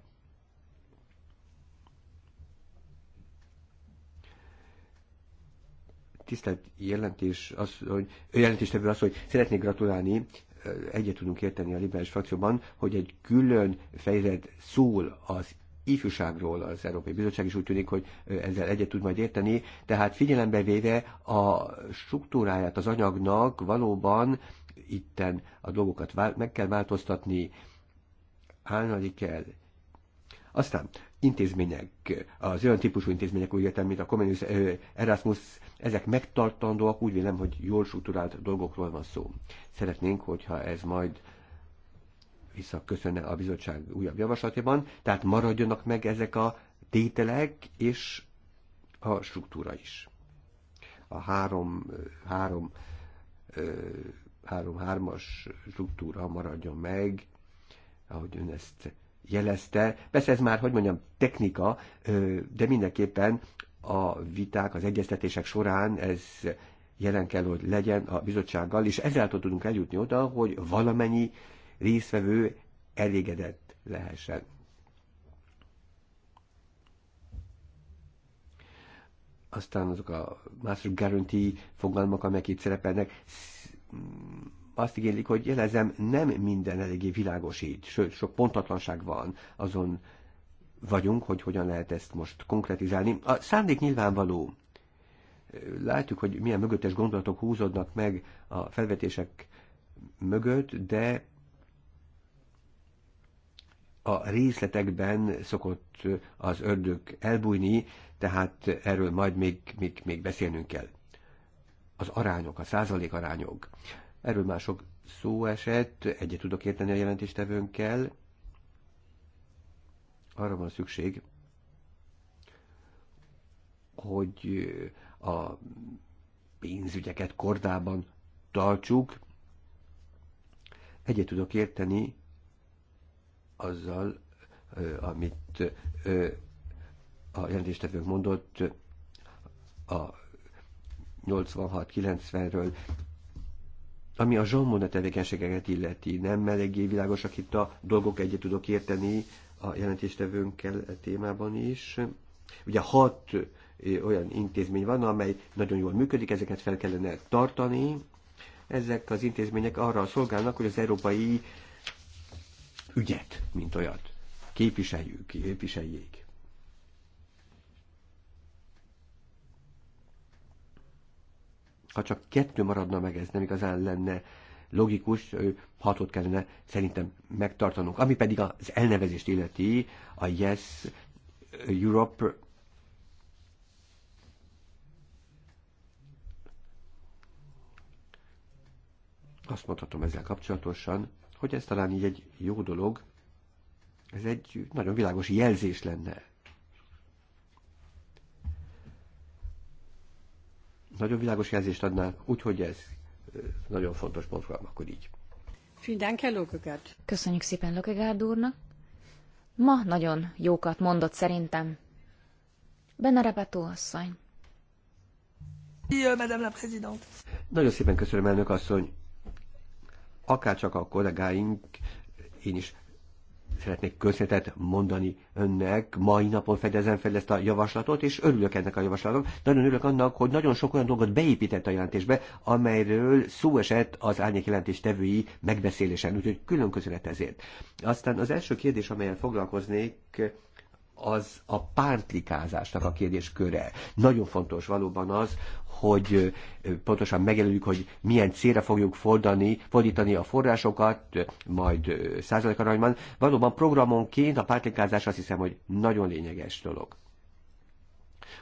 tisztelt jelentés az, hogy, jelentéstevő az, hogy szeretnék gratulálni egyet tudunk érteni a liberális frakcióban, hogy egy külön fejezet szól az ifjúságról az Európai Bizottság is úgy tűnik, hogy ezzel egyet tud majd érteni, tehát figyelembe véve a struktúráját az anyagnak valóban itten a dolgokat meg kell változtatni, állni kell. Aztán intézmények, az olyan típusú intézmények, úgy értem, mint a Comenius Erasmus ezek megtartandóak, úgy vélem, hogy jól struktúrált dolgokról van szó. Szeretnénk, hogyha ez majd visszaköszönne a bizottság újabb javaslatjában, tehát maradjanak meg ezek a tételek és a struktúra is. A három, három, három hármas struktúra maradjon meg, ahogy ön ezt jelezte. Persze ez már, hogy mondjam, technika, de mindenképpen a viták, az egyeztetések során ez jelen kell, hogy legyen a bizottsággal, és ezzel tudunk eljutni oda, hogy valamennyi résztvevő elégedett lehessen. Aztán azok a master guarantee fogalmak, amelyek itt szerepelnek, azt igénylik, hogy jelezem, nem minden eléggé világosít, sőt, sok pontatlanság van azon vagyunk, hogy hogyan lehet ezt most konkretizálni. A szándék nyilvánvaló. Látjuk, hogy milyen mögöttes gondolatok húzódnak meg a felvetések mögött, de a részletekben szokott az ördög elbújni, tehát erről majd még, még, még beszélnünk kell. Az arányok, a százalék arányok. Erről már sok szó esett, egyet tudok érteni a jelentéstevőnkkel, arra van szükség, hogy a pénzügyeket kordában tartsuk. Egyet tudok érteni azzal, amit a jelentéstevők mondott a 86-90-ről, ami a zsammona tevékenységeket illeti, nem eléggé világosak itt a dolgok, egyet tudok érteni a jelentéstevőnkkel e témában is. Ugye hat olyan intézmény van, amely nagyon jól működik, ezeket fel kellene tartani. Ezek az intézmények arra szolgálnak, hogy az európai ügyet, mint olyat, képviseljük, képviseljék. Ha csak kettő maradna meg, ez nem igazán lenne logikus hatot kellene szerintem megtartanunk. Ami pedig az elnevezést illeti, a Yes Europe azt mondhatom ezzel kapcsolatosan, hogy ez talán így egy jó dolog, ez egy nagyon világos jelzés lenne. Nagyon világos jelzést adnál, úgyhogy ez nagyon fontos program, akkor így. Köszönjük szépen Lökegárd úrnak. Ma nagyon jókat mondott szerintem. Benne Repetó asszony. Euh, Madame la Présidente. Nagyon szépen köszönöm, elnök asszony. Akárcsak a kollégáink, én is szeretnék köszönetet mondani önnek. Mai napon fedezem fel ezt a javaslatot, és örülök ennek a javaslatnak. Nagyon örülök annak, hogy nagyon sok olyan dolgot beépített a jelentésbe, amelyről szó esett az árnyék jelentés tevői megbeszélésen. Úgyhogy külön köszönet ezért. Aztán az első kérdés, amelyen foglalkoznék, az a pártlikázásnak a kérdésköre. Nagyon fontos valóban az, hogy pontosan megjelöljük, hogy milyen célra fogjuk fordani, fordítani a forrásokat, majd százalék aranyban. Valóban programonként a pártlikázás azt hiszem, hogy nagyon lényeges dolog.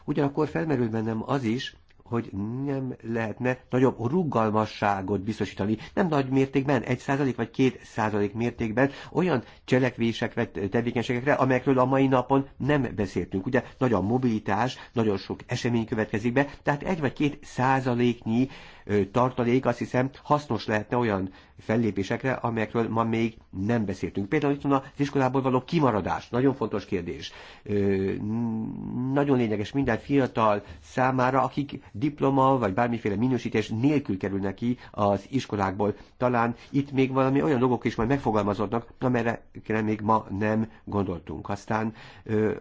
Ugyanakkor felmerül bennem az is, hogy nem lehetne nagyobb rugalmasságot biztosítani, nem nagy mértékben, 1% vagy 2% mértékben olyan cselekvésekre, tevékenységekre, amelyekről a mai napon nem beszéltünk. Ugye nagy a mobilitás, nagyon sok esemény következik be, tehát egy vagy két százaléknyi tartalék azt hiszem hasznos lehetne olyan fellépésekre, amelyekről ma még nem beszéltünk. Például itt van az iskolából való kimaradás, nagyon fontos kérdés. Nagyon lényeges minden fiatal számára, akik diploma vagy bármiféle minősítés nélkül kerülnek ki az iskolákból. Talán itt még valami olyan dolgok is majd megfogalmazódnak, amelyekre még ma nem gondoltunk. Aztán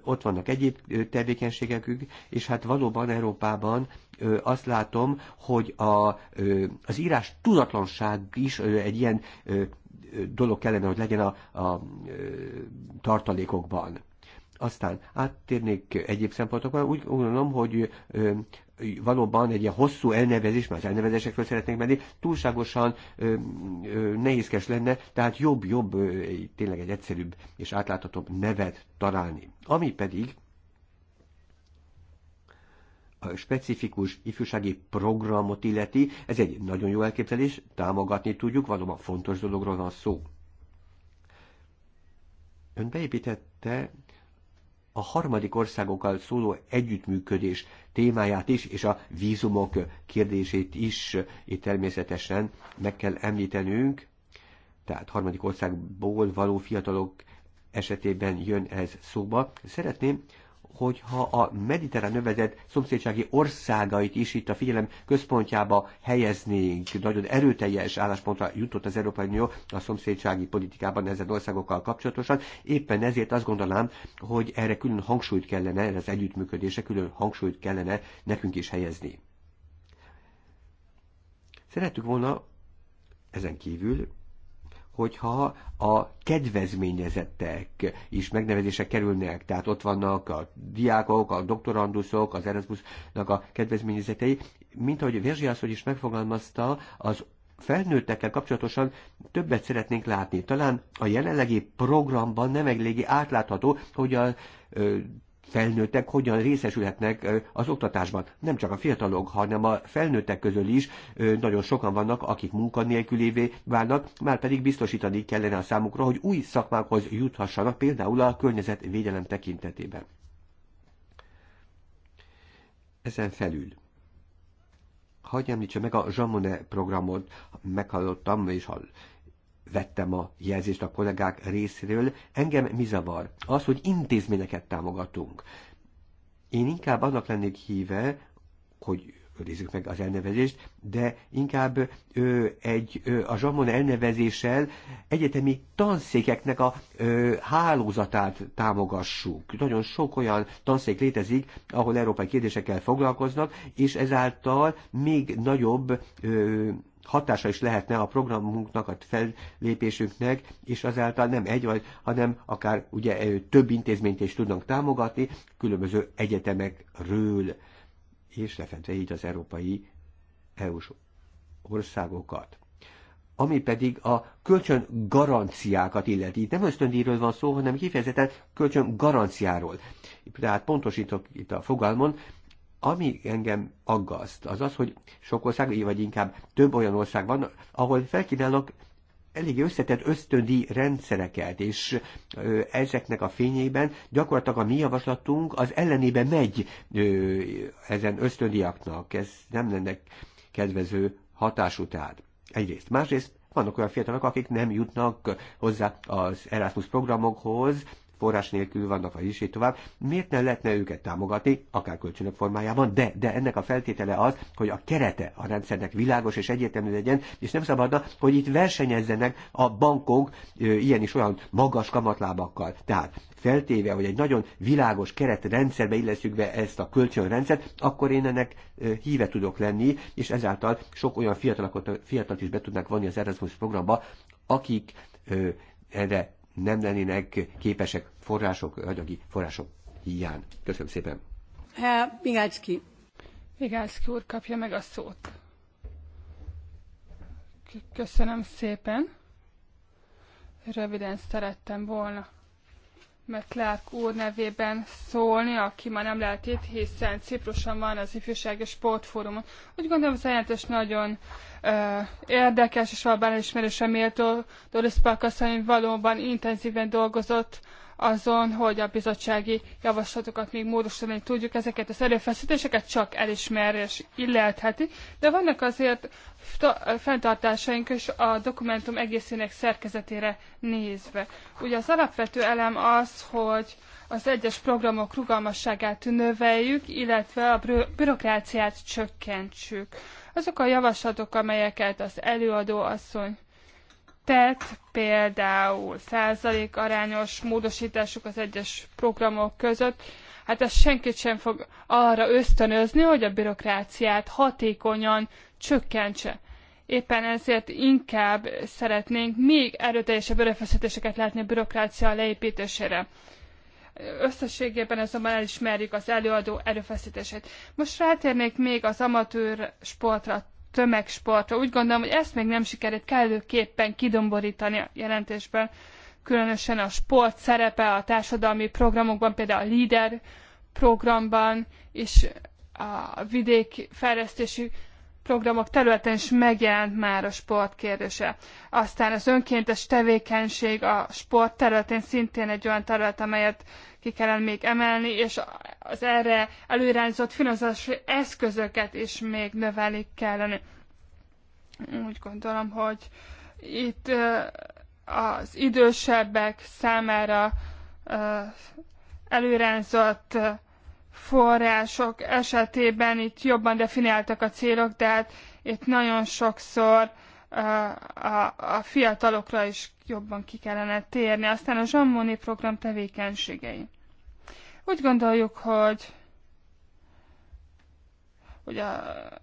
ott vannak egyéb tevékenységekük, és hát valóban Európában azt látom, hogy a, az írás tudatlanság is egy ilyen dolog kellene, hogy legyen a, a tartalékokban. Aztán áttérnék egyéb szempontokra, úgy gondolom, hogy ö, valóban egy ilyen hosszú elnevezés, mert az elnevezésekről szeretnék menni, túlságosan ö, ö, nehézkes lenne, tehát jobb-jobb, tényleg egy egyszerűbb és átláthatóbb nevet találni. Ami pedig a specifikus ifjúsági programot illeti, ez egy nagyon jó elképzelés, támogatni tudjuk, valóban fontos dologról van szó. Ön beépítette a harmadik országokkal szóló együttműködés témáját is, és a vízumok kérdését is itt természetesen meg kell említenünk, tehát harmadik országból való fiatalok esetében jön ez szóba. Szeretném, hogyha a mediterrán növezet szomszédsági országait is itt a figyelem központjába helyeznénk. Nagyon erőteljes álláspontra jutott az Európai Unió a szomszédsági politikában ezen országokkal kapcsolatosan. Éppen ezért azt gondolnám, hogy erre külön hangsúlyt kellene, erre az együttműködése külön hangsúlyt kellene nekünk is helyezni. Szerettük volna ezen kívül hogyha a kedvezményezettek is megnevezése kerülnek, tehát ott vannak a diákok, a doktoranduszok, az Erasmusnak a kedvezményezetei, mint ahogy Verzsi asszony is megfogalmazta, az felnőttekkel kapcsolatosan többet szeretnénk látni. Talán a jelenlegi programban nem eléggé átlátható, hogy a felnőttek hogyan részesülhetnek az oktatásban. Nem csak a fiatalok, hanem a felnőttek közül is nagyon sokan vannak, akik munkanélkülévé válnak, már pedig biztosítani kellene a számukra, hogy új szakmákhoz juthassanak, például a környezetvédelem tekintetében. Ezen felül hagyj említse meg a Zsamone programot, meghallottam és hall, vettem a jelzést a kollégák részéről. Engem mi zavar? Az, hogy intézményeket támogatunk. Én inkább annak lennék híve, hogy őrizzük meg az elnevezést, de inkább ö, egy ö, a zsamon elnevezéssel egyetemi tanszékeknek a ö, hálózatát támogassuk. Nagyon sok olyan tanszék létezik, ahol európai kérdésekkel foglalkoznak, és ezáltal még nagyobb ö, hatása is lehetne a programunknak, a fellépésünknek, és azáltal nem egy, vagy, hanem akár ugye több intézményt is tudnak támogatni, különböző egyetemekről, és lefentve így az európai EU-s országokat ami pedig a kölcsön garanciákat illeti. Itt nem ösztöndíjról van szó, hanem kifejezetten kölcsön garanciáról. Tehát pontosítok itt a fogalmon, ami engem aggaszt, az az, hogy sok ország, vagy inkább több olyan ország van, ahol felkínálnak elég összetett ösztöndi rendszereket, és ö, ezeknek a fényében gyakorlatilag a mi javaslatunk az ellenébe megy ö, ezen ösztöndiaknak. Ez nem lenne kedvező hatású tehát. Egyrészt. Másrészt vannak olyan fiatalok, akik nem jutnak hozzá az Erasmus programokhoz, forrás nélkül vannak, vagy is így tovább. Miért ne lehetne őket támogatni, akár kölcsönök formájában, de, de ennek a feltétele az, hogy a kerete a rendszernek világos és egyértelmű legyen, és nem szabadna, hogy itt versenyezzenek a bankok ilyen is olyan magas kamatlábakkal. Tehát feltéve, hogy egy nagyon világos keretrendszerbe illeszük be ezt a kölcsönrendszert, akkor én ennek híve tudok lenni, és ezáltal sok olyan fiatalokat, fiatalt is be tudnak vonni az Erasmus programba, akik ö, erre nem lennének képesek források, anyagi források hiány. Köszönöm szépen. Migácski. Migácski úr kapja meg a szót. Köszönöm szépen. Röviden szerettem volna McClark úr nevében szólni, aki ma nem lehet itt, hiszen Cipruson van az ifjúsági sportfórumon. Úgy gondolom, az jelentés nagyon érdekes, és valóban elismerésre méltó. Doris Park asszony valóban intenzíven dolgozott azon, hogy a bizottsági javaslatokat még módosítani tudjuk, ezeket az erőfeszítéseket csak elismerés illetheti, de vannak azért fenntartásaink is a dokumentum egészének szerkezetére nézve. Ugye az alapvető elem az, hogy az egyes programok rugalmasságát növeljük, illetve a bürokráciát csökkentsük. Azok a javaslatok, amelyeket az előadó asszony tett, például százalék arányos módosításuk az egyes programok között, hát ez senkit sem fog arra ösztönözni, hogy a bürokráciát hatékonyan csökkentse. Éppen ezért inkább szeretnénk még erőteljesebb erőfeszítéseket látni a bürokrácia leépítésére. Összességében azonban elismerjük az előadó erőfeszítését. Most rátérnék még az amatőr sportra tömegsportra. Úgy gondolom, hogy ezt még nem sikerült kellőképpen kidomborítani a jelentésben, különösen a sport szerepe a társadalmi programokban, például a LEADER programban, és a vidéki fejlesztési programok területen is megjelent már a sport kérdése. Aztán az önkéntes tevékenység a sport területén szintén egy olyan terület, amelyet ki kellene még emelni, és az erre előirányzott finanszírozási eszközöket is még növelik kellene. Úgy gondolom, hogy itt az idősebbek számára előirányzott források esetében itt jobban definiáltak a célok, de hát itt nagyon sokszor a, a fiatalokra is jobban ki kellene térni. Aztán a Zsammoni program tevékenységei. Úgy gondoljuk, hogy hogy, a,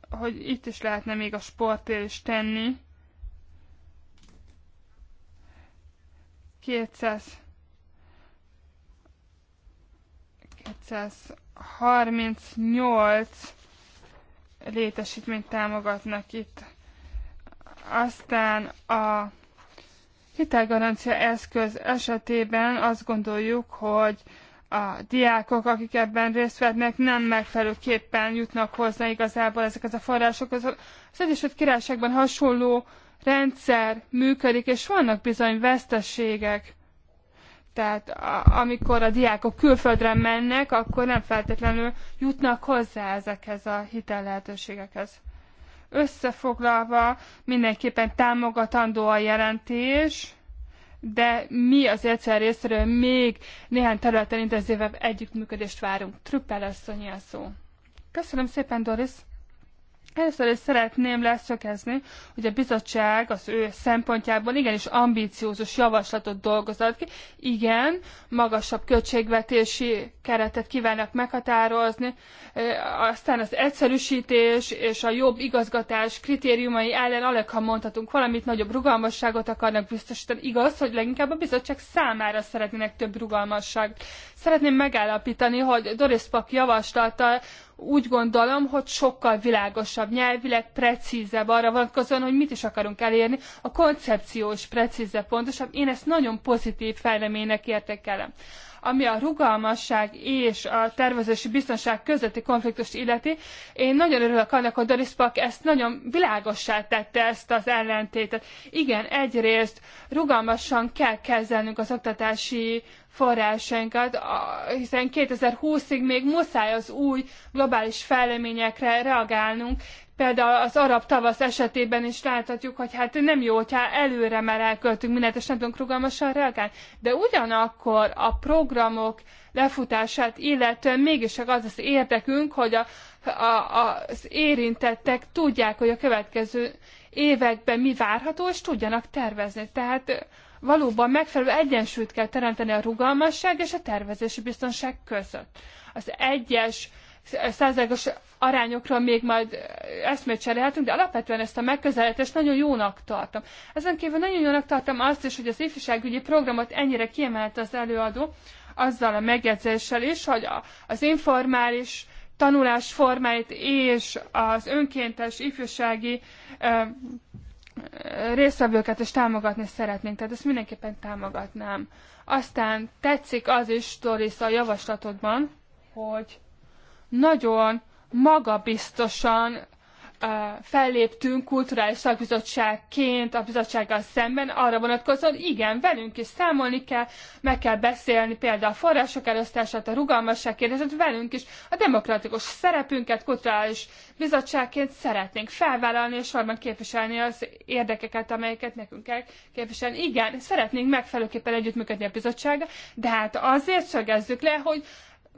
hogy itt is lehetne még a sportért is tenni. 200 200 38 létesítményt támogatnak itt. Aztán a hitelgarancia eszköz esetében azt gondoljuk, hogy a diákok, akik ebben részt vennek, nem megfelelőképpen jutnak hozzá igazából ezekhez a forrásokhoz. Az Egyesült Királyságban hasonló rendszer működik, és vannak bizony veszteségek tehát a, amikor a diákok külföldre mennek, akkor nem feltétlenül jutnak hozzá ezekhez a hitel lehetőségekhez. Összefoglalva mindenképpen támogatandó a jelentés, de mi az egyszer részéről még néhány területen intenzívebb együttműködést várunk. Trüppel asszonyi a szó. Köszönöm szépen, Doris! Először is szeretném leszökezni, hogy a bizottság az ő szempontjából igenis ambíciózus javaslatot dolgozott ki. Igen, magasabb költségvetési keretet kívánnak meghatározni, aztán az egyszerűsítés és a jobb igazgatás kritériumai ellen alig, ha mondhatunk valamit, nagyobb rugalmasságot akarnak biztosítani. Igaz, hogy leginkább a bizottság számára szeretnének több rugalmasság. Szeretném megállapítani, hogy Doris Pak javaslata úgy gondolom, hogy sokkal világosabb, nyelvileg precízebb arra vonatkozóan, hogy mit is akarunk elérni. A koncepció is precízebb, pontosabb. Én ezt nagyon pozitív fejleménynek értékelem ami a rugalmasság és a tervezési biztonság közötti konfliktust illeti. Én nagyon örülök annak, hogy Doris Park ezt nagyon világossá tette ezt az ellentétet. Igen, egyrészt rugalmasan kell kezelnünk az oktatási forrásainkat, hiszen 2020-ig még muszáj az új globális fejleményekre reagálnunk. Például az arab tavasz esetében is láthatjuk, hogy hát nem jó, hogyha előre már elköltünk mindent, és nem tudunk rugalmasan reagálni. De ugyanakkor a programok lefutását illetően mégis az az érdekünk, hogy a, a, az érintettek tudják, hogy a következő években mi várható, és tudjanak tervezni. Tehát valóban megfelelő egyensúlyt kell teremteni a rugalmasság és a tervezési biztonság között. Az egyes százalékos arányokról még majd eszmét cserélhetünk, de alapvetően ezt a megközelítést nagyon jónak tartom. Ezen kívül nagyon jónak tartom azt is, hogy az ifjúságügyi programot ennyire kiemelte az előadó, azzal a megjegyzéssel is, hogy a, az informális tanulás formáit és az önkéntes ifjúsági ö, résztvevőket is támogatni szeretnénk, tehát ezt mindenképpen támogatnám. Aztán tetszik az is, Doris, a javaslatodban, hogy nagyon magabiztosan felléptünk kulturális szakbizottságként a bizottsággal szemben arra vonatkozóan, igen, velünk is számolni kell, meg kell beszélni például a források elosztását, a rugalmasság kérdését, velünk is a demokratikus szerepünket kulturális bizottságként szeretnénk felvállalni és sorban képviselni az érdekeket, amelyeket nekünk kell képviselni. Igen, szeretnénk megfelelőképpen együttműködni a bizottsággal, de hát azért szögezzük le, hogy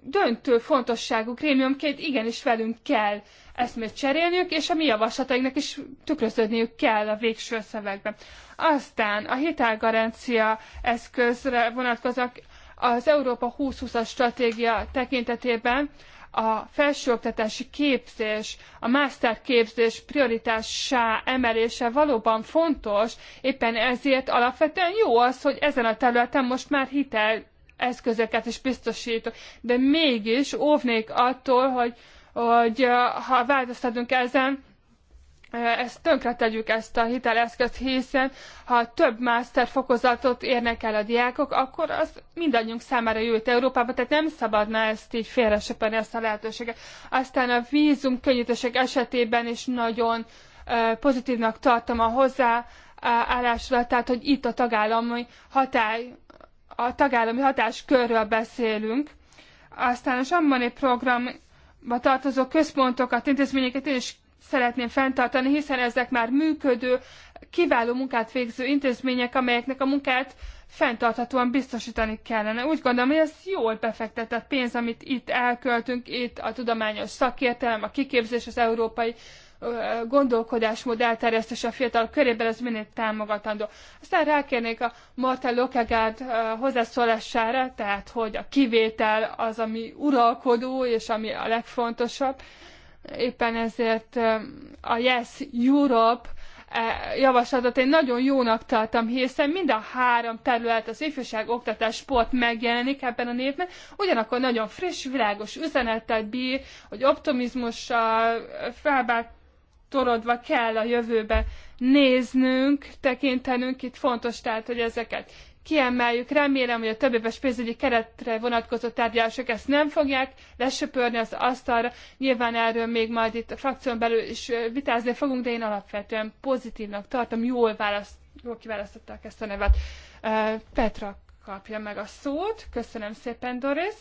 döntő fontosságú krémiumként igenis velünk kell eszmét cserélniük, és a mi javaslatainknak is tükröződniük kell a végső szövegben. Aztán a hitelgarancia eszközre vonatkoznak az Európa 2020-as stratégia tekintetében a felsőoktatási képzés, a master képzés prioritássá emelése valóban fontos, éppen ezért alapvetően jó az, hogy ezen a területen most már hitel eszközöket is biztosítok. De mégis óvnék attól, hogy, hogy ha változtatunk ezen, ezt tönkre tegyük ezt a hiteleszközt, hiszen ha több master fokozatot érnek el a diákok, akkor az mindannyiunk számára jött Európába, tehát nem szabadna ezt így félresöpörni ezt a lehetőséget. Aztán a vízum könnyítések esetében is nagyon pozitívnak tartom a hozzá tehát hogy itt a tagállami hatály a tagállami hatáskörről beszélünk. Aztán a Sammani programba tartozó központokat, intézményeket én is szeretném fenntartani, hiszen ezek már működő, kiváló munkát végző intézmények, amelyeknek a munkát fenntarthatóan biztosítani kellene. Úgy gondolom, hogy ez jól befektetett pénz, amit itt elköltünk, itt a tudományos szakértelem, a kiképzés, az európai gondolkodásmód elterjesztése a fiatalok körében, ez minél támogatandó. Aztán rákérnék a Marta Lokegárd hozzászólására, tehát hogy a kivétel az, ami uralkodó, és ami a legfontosabb. Éppen ezért a Yes Europe javaslatot én nagyon jónak tartom, hiszen mind a három terület, az ifjúság, oktatás, sport megjelenik ebben a névben, ugyanakkor nagyon friss, világos üzenettel bír, hogy optimizmussal, felbált torodva kell a jövőbe néznünk, tekintenünk. Itt fontos tehát, hogy ezeket kiemeljük. Remélem, hogy a több éves pénzügyi keretre vonatkozó tárgyalások ezt nem fogják lesöpörni az asztalra. Nyilván erről még majd itt a frakción belül is vitázni fogunk, de én alapvetően pozitívnak tartom, jól, választ, jól kiválasztották ezt a nevet. Petra kapja meg a szót. Köszönöm szépen, Doris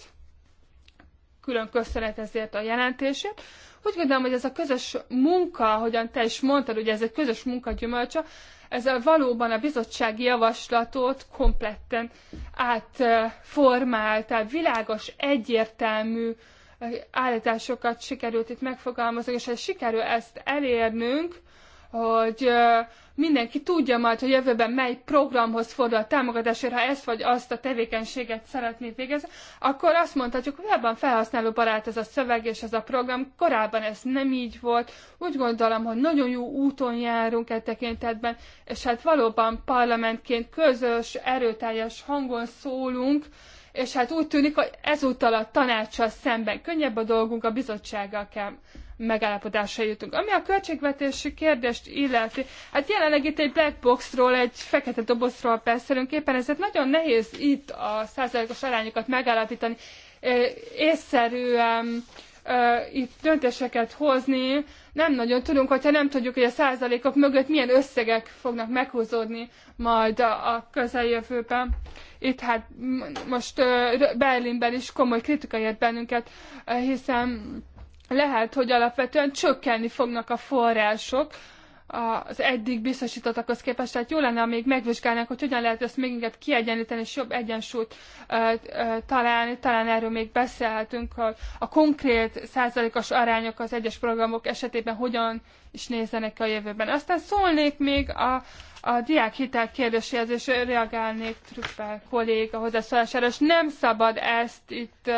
külön köszönet ezért a jelentését. Úgy gondolom, hogy ez a közös munka, hogyan te is mondtad, hogy ez egy közös munka gyümölcse, ezzel valóban a bizottsági javaslatot kompletten tehát világos, egyértelmű eh, állításokat sikerült itt megfogalmazni, és ha sikerül ezt elérnünk, hogy mindenki tudja majd, hogy jövőben mely programhoz fordul a támogatásért, ha ezt vagy azt a tevékenységet szeretné végezni, akkor azt mondhatjuk, hogy abban felhasználó barát ez a szöveg és ez a program. Korábban ez nem így volt. Úgy gondolom, hogy nagyon jó úton járunk e tekintetben, és hát valóban parlamentként közös, erőteljes hangon szólunk, és hát úgy tűnik, hogy ezúttal a tanácssal szemben könnyebb a dolgunk, a bizottsággal kell megállapodásra jutunk. Ami a költségvetési kérdést illeti, hát jelenleg itt egy black boxról, egy fekete dobozról beszélünk éppen, ezért nagyon nehéz itt a százalékos arányokat megállapítani, észszerűen itt döntéseket hozni, nem nagyon tudunk, hogyha nem tudjuk, hogy a százalékok mögött milyen összegek fognak meghúzódni majd a, a közeljövőben. Itt hát most Berlinben is komoly kritika ért bennünket, hiszen lehet, hogy alapvetően csökkenni fognak a források az eddig biztosítottakhoz képest. Tehát jó lenne, még megvizsgálnánk, hogy hogyan lehet ezt még inkább kiegyenlíteni, és jobb egyensúlyt ö, ö, találni. Talán erről még beszélhetünk, hogy a konkrét százalékos arányok az egyes programok esetében hogyan is nézzenek a jövőben. Aztán szólnék még a, a diákhitel kérdéséhez, és reagálnék Trüppel kolléga hozzászólására, és nem szabad ezt itt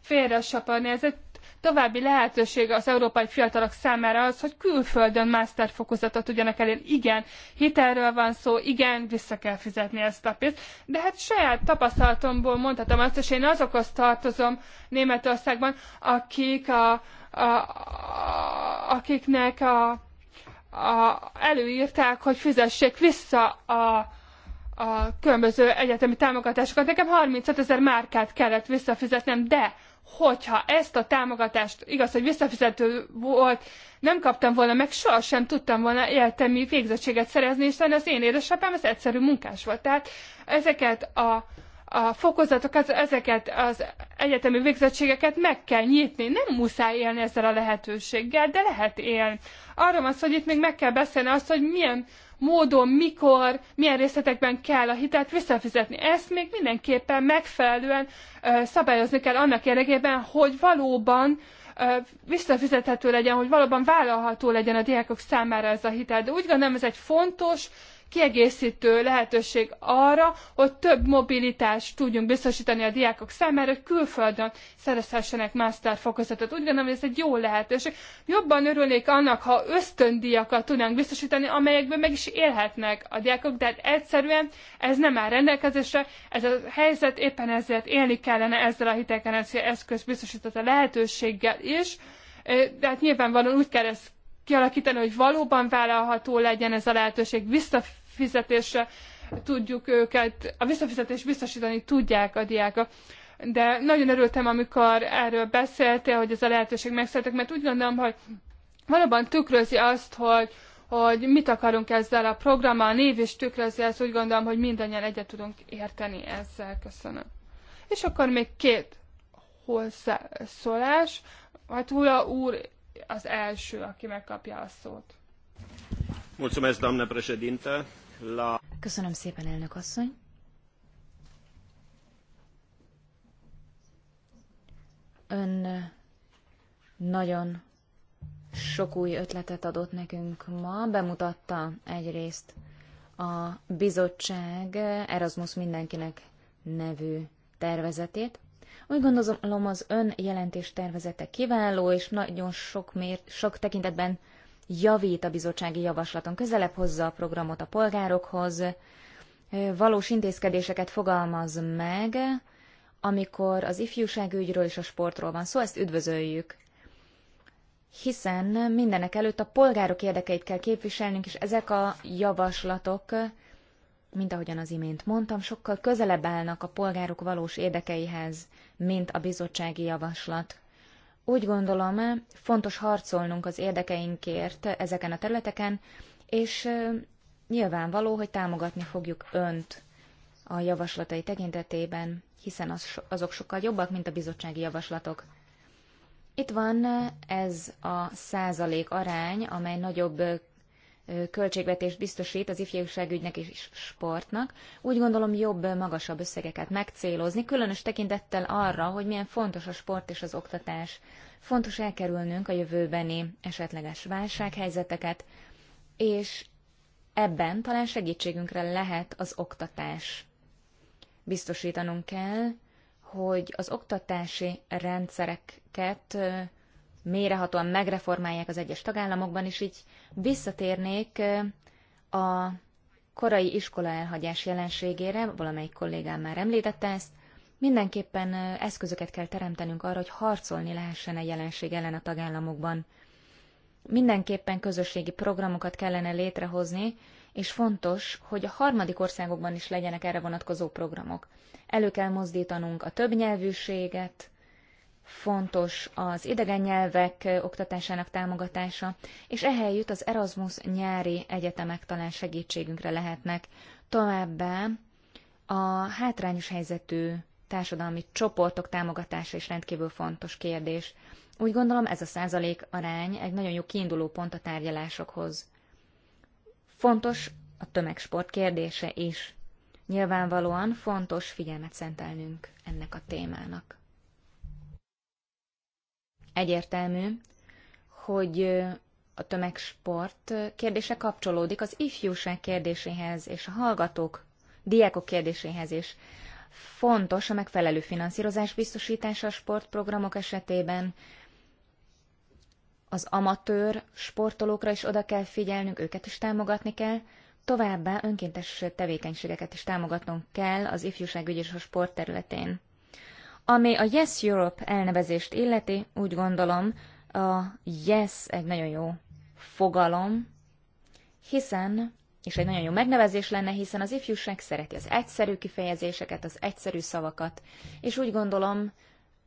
félre saparni. Ez egy További lehetőség az európai fiatalok számára az, hogy külföldön masterfokozatot tudjanak elérni. Igen, hitelről van szó, igen, vissza kell fizetni ezt a pénzt, de hát saját tapasztalatomból mondhatom azt, és én azokhoz tartozom Németországban, akik a, a, a akiknek a, a, előírták, hogy fizessék vissza a a különböző egyetemi támogatásokat. Nekem 35 ezer márkát kellett visszafizetnem, de hogyha ezt a támogatást, igaz, hogy visszafizető volt, nem kaptam volna meg, sohasem tudtam volna egyetemi végzettséget szerezni, hiszen az én édesapám az egyszerű munkás volt. Tehát ezeket a, a fokozatokat, ezeket az egyetemi végzettségeket meg kell nyitni. Nem muszáj élni ezzel a lehetőséggel, de lehet élni. Arról van szó, hogy itt még meg kell beszélni azt, hogy milyen módon, mikor, milyen részletekben kell a hitelt visszafizetni. Ezt még mindenképpen megfelelően szabályozni kell annak érdekében, hogy valóban visszafizethető legyen, hogy valóban vállalható legyen a diákok számára ez a hitel. De úgy gondolom, ez egy fontos kiegészítő lehetőség arra, hogy több mobilitást tudjunk biztosítani a diákok számára, hogy külföldön szerezhessenek master fokozatot. Úgy gondolom, hogy ez egy jó lehetőség. Jobban örülnék annak, ha ösztöndíjakat tudnánk biztosítani, amelyekből meg is élhetnek a diákok, de hát egyszerűen ez nem áll rendelkezésre, ez a helyzet éppen ezért élni kellene ezzel a hitelkerencia eszköz a lehetőséggel is, de hát nyilvánvalóan úgy kell ezt kialakítani, hogy valóban vállalható legyen ez a lehetőség, vissza visszafizetésre tudjuk őket, a visszafizetést biztosítani tudják a diákok. De nagyon örültem, amikor erről beszéltél, hogy ez a lehetőség megszületett, mert úgy gondolom, hogy valóban tükrözi azt, hogy, hogy mit akarunk ezzel a programmal, a név is tükrözi ezt, úgy gondolom, hogy mindannyian egyet tudunk érteni ezzel. Köszönöm. És akkor még két hozzászólás. Hát Hula úr az első, aki megkapja a szót. Mulțumesc, doamnă președintă la... Köszönöm szépen, elnök asszony. Ön eh, nagyon sok új ötletet adott nekünk ma, bemutatta egyrészt a bizottság eh, Erasmus mindenkinek nevű tervezetét. Úgy gondolom, az ön jelentés tervezete kiváló, és nagyon sok, mér, sok tekintetben javít a bizottsági javaslaton, közelebb hozza a programot a polgárokhoz, valós intézkedéseket fogalmaz meg, amikor az ifjúságügyről és a sportról van szó, szóval ezt üdvözöljük. Hiszen mindenek előtt a polgárok érdekeit kell képviselnünk, és ezek a javaslatok, mint ahogyan az imént mondtam, sokkal közelebb állnak a polgárok valós érdekeihez, mint a bizottsági javaslat. Úgy gondolom, fontos harcolnunk az érdekeinkért ezeken a területeken, és nyilvánvaló, hogy támogatni fogjuk önt a javaslatai tekintetében, hiszen az, azok sokkal jobbak, mint a bizottsági javaslatok. Itt van ez a százalék arány, amely nagyobb költségvetést biztosít az ifjúságügynek és sportnak, úgy gondolom jobb, magasabb összegeket megcélozni, különös tekintettel arra, hogy milyen fontos a sport és az oktatás. Fontos elkerülnünk a jövőbeni esetleges válsághelyzeteket, és ebben talán segítségünkre lehet az oktatás. Biztosítanunk kell, hogy az oktatási rendszereket mérehatóan megreformálják az egyes tagállamokban, és így visszatérnék a korai iskola elhagyás jelenségére, valamelyik kollégám már említette ezt, mindenképpen eszközöket kell teremtenünk arra, hogy harcolni lehessen a jelenség ellen a tagállamokban. Mindenképpen közösségi programokat kellene létrehozni, és fontos, hogy a harmadik országokban is legyenek erre vonatkozó programok. Elő kell mozdítanunk a többnyelvűséget, fontos az idegen nyelvek oktatásának támogatása, és ehelyütt az Erasmus nyári egyetemek talán segítségünkre lehetnek. Továbbá a hátrányos helyzetű társadalmi csoportok támogatása is rendkívül fontos kérdés. Úgy gondolom ez a százalék arány egy nagyon jó kiinduló pont a tárgyalásokhoz. Fontos a tömegsport kérdése is. Nyilvánvalóan fontos figyelmet szentelnünk ennek a témának. Egyértelmű, hogy a tömegsport kérdése kapcsolódik az ifjúság kérdéséhez és a hallgatók, diákok kérdéséhez is. Fontos a megfelelő finanszírozás biztosítása a sportprogramok esetében, az amatőr sportolókra is oda kell figyelnünk, őket is támogatni kell, továbbá önkéntes tevékenységeket is támogatnunk kell az ifjúság és a sport területén. Ami a Yes Europe elnevezést illeti, úgy gondolom, a Yes egy nagyon jó fogalom, hiszen, és egy nagyon jó megnevezés lenne, hiszen az ifjúság szereti az egyszerű kifejezéseket, az egyszerű szavakat, és úgy gondolom,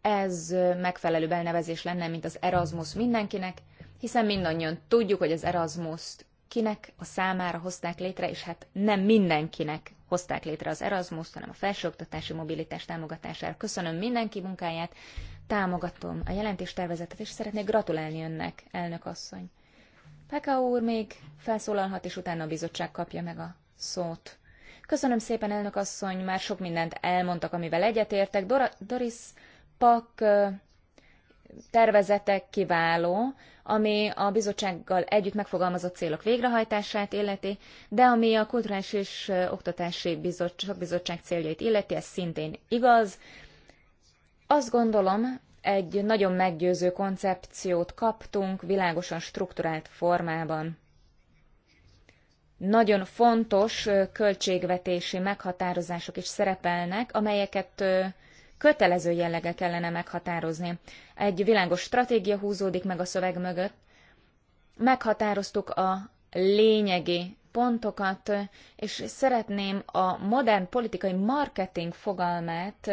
ez megfelelő elnevezés lenne, mint az Erasmus mindenkinek, hiszen mindannyian tudjuk, hogy az Erasmus-t kinek a számára hozták létre, és hát nem mindenkinek hozták létre az Erasmus, hanem a felsőoktatási mobilitás támogatására. Köszönöm mindenki munkáját, támogatom a jelentéstervezetet, és szeretnék gratulálni önnek, elnök asszony. Peka úr még felszólalhat, és utána a bizottság kapja meg a szót. Köszönöm szépen, elnök asszony, már sok mindent elmondtak, amivel egyetértek. Dora- Doris Pak tervezete kiváló, ami a bizottsággal együtt megfogalmazott célok végrehajtását illeti, de ami a Kulturális és Oktatási Bizottság, bizottság céljait illeti, ez szintén igaz. Azt gondolom, egy nagyon meggyőző koncepciót kaptunk, világosan strukturált formában. Nagyon fontos költségvetési meghatározások is szerepelnek, amelyeket kötelező jellege kellene meghatározni. Egy világos stratégia húzódik meg a szöveg mögött. Meghatároztuk a lényegi pontokat, és szeretném a modern politikai marketing fogalmát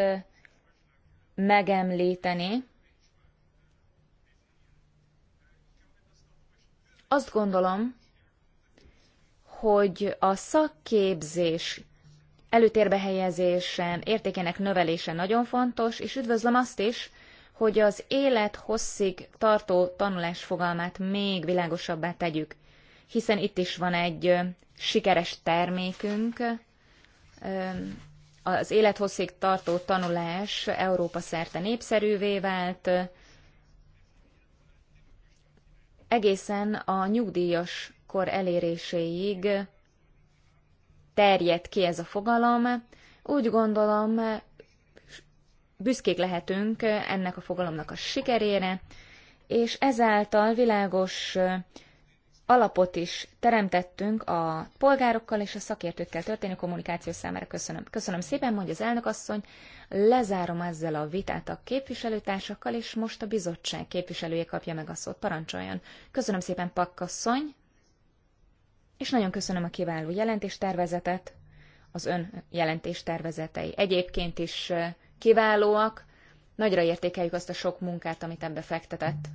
megemlíteni. Azt gondolom, hogy a szakképzés előtérbe helyezésen, értékének növelése nagyon fontos, és üdvözlöm azt is, hogy az élet hosszig tartó tanulás fogalmát még világosabbá tegyük, hiszen itt is van egy sikeres termékünk, az élethosszig tartó tanulás Európa szerte népszerűvé vált, egészen a nyugdíjas kor eléréséig terjed ki ez a fogalom. Úgy gondolom, büszkék lehetünk ennek a fogalomnak a sikerére, és ezáltal világos alapot is teremtettünk a polgárokkal és a szakértőkkel történő kommunikáció számára. Köszönöm. Köszönöm szépen, mondja az elnökasszony. Lezárom ezzel a vitát a képviselőtársakkal, és most a bizottság képviselője kapja meg a szót. Parancsoljon. Köszönöm szépen, pakkasszony és nagyon köszönöm a kiváló jelentéstervezetet, az ön jelentéstervezetei egyébként is kiválóak, nagyra értékeljük azt a sok munkát, amit ebbe fektetett.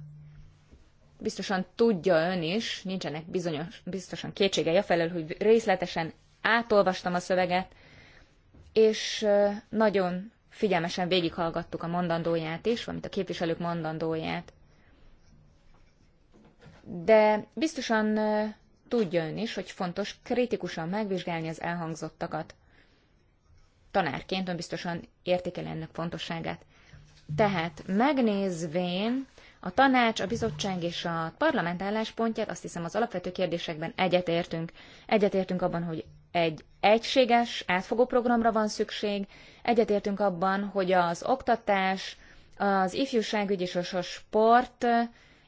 Biztosan tudja ön is, nincsenek bizonyos, biztosan kétségei felől, hogy részletesen átolvastam a szöveget, és nagyon figyelmesen végighallgattuk a mondandóját is, valamint a képviselők mondandóját. De biztosan Tudja ön is, hogy fontos kritikusan megvizsgálni az elhangzottakat. Tanárként ön biztosan értékel ennek fontosságát. Tehát megnézvén a tanács, a bizottság és a parlament álláspontját, azt hiszem az alapvető kérdésekben egyetértünk. Egyetértünk abban, hogy egy egységes, átfogó programra van szükség, egyetértünk abban, hogy az oktatás, az ifjúságügy és a sport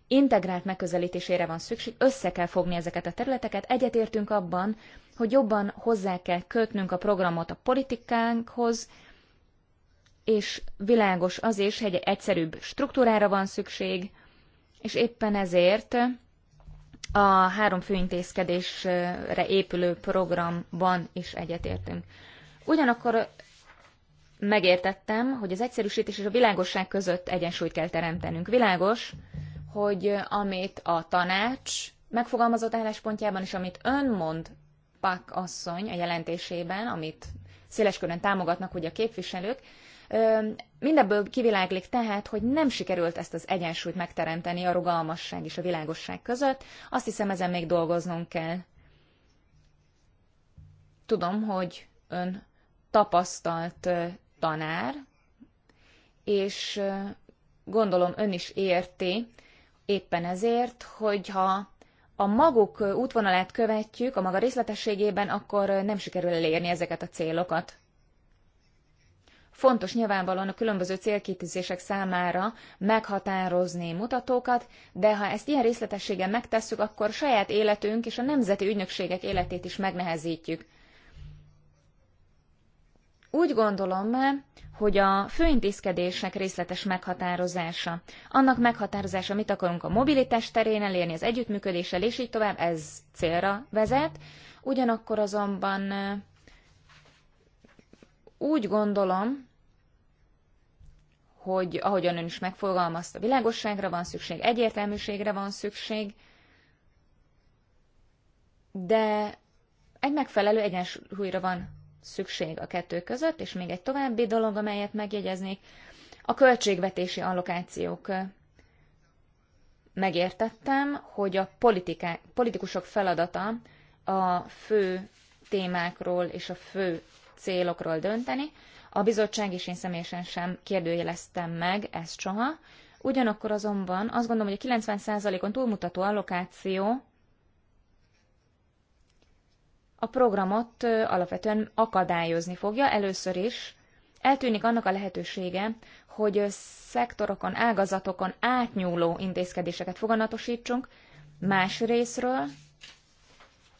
integrált megközelítésére van szükség, össze kell fogni ezeket a területeket. Egyetértünk abban, hogy jobban hozzá kell kötnünk a programot a politikánkhoz, és világos az is, hogy egy egyszerűbb struktúrára van szükség, és éppen ezért a három főintézkedésre épülő programban is egyetértünk. Ugyanakkor megértettem, hogy az egyszerűsítés és a világosság között egyensúlyt kell teremtenünk. Világos, hogy amit a tanács megfogalmazott álláspontjában, és amit ön mond, Pak asszony a jelentésében, amit széleskörön támogatnak hogy a képviselők, mindebből kiviláglik tehát, hogy nem sikerült ezt az egyensúlyt megteremteni a rugalmasság és a világosság között. Azt hiszem, ezen még dolgoznunk kell. Tudom, hogy ön tapasztalt tanár, és gondolom ön is érti, éppen ezért, hogyha a maguk útvonalát követjük, a maga részletességében, akkor nem sikerül elérni ezeket a célokat. Fontos nyilvánvalóan a különböző célkitűzések számára meghatározni mutatókat, de ha ezt ilyen részletességgel megtesszük, akkor saját életünk és a nemzeti ügynökségek életét is megnehezítjük. Úgy gondolom, eh, hogy a főintézkedések részletes meghatározása, annak meghatározása, mit akarunk a mobilitás terén elérni, az együttműködéssel, és így tovább, ez célra vezet. Ugyanakkor azonban eh, úgy gondolom, hogy ahogyan ön is megfogalmazta, világosságra van szükség, egyértelműségre van szükség, de egy megfelelő egyensúlyra van szükség a kettő között, és még egy további dolog, amelyet megjegyeznék, a költségvetési allokációk. Megértettem, hogy a politiká, politikusok feladata a fő témákról és a fő célokról dönteni. A bizottság és én személyesen sem kérdőjeleztem meg ezt soha. Ugyanakkor azonban azt gondolom, hogy a 90%-on túlmutató allokáció a programot alapvetően akadályozni fogja. Először is eltűnik annak a lehetősége, hogy szektorokon, ágazatokon átnyúló intézkedéseket foganatosítsunk, másrésztről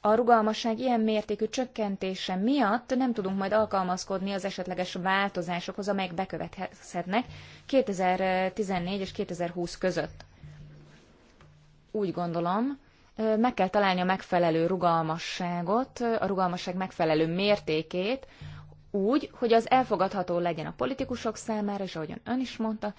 a rugalmasság ilyen mértékű csökkentése miatt nem tudunk majd alkalmazkodni az esetleges változásokhoz, amelyek bekövetkezhetnek 2014 és 2020 között. Úgy gondolom, meg kell találni a megfelelő rugalmasságot, a rugalmasság megfelelő mértékét, úgy, hogy az elfogadható legyen a politikusok számára, és ahogyan ön is mondta,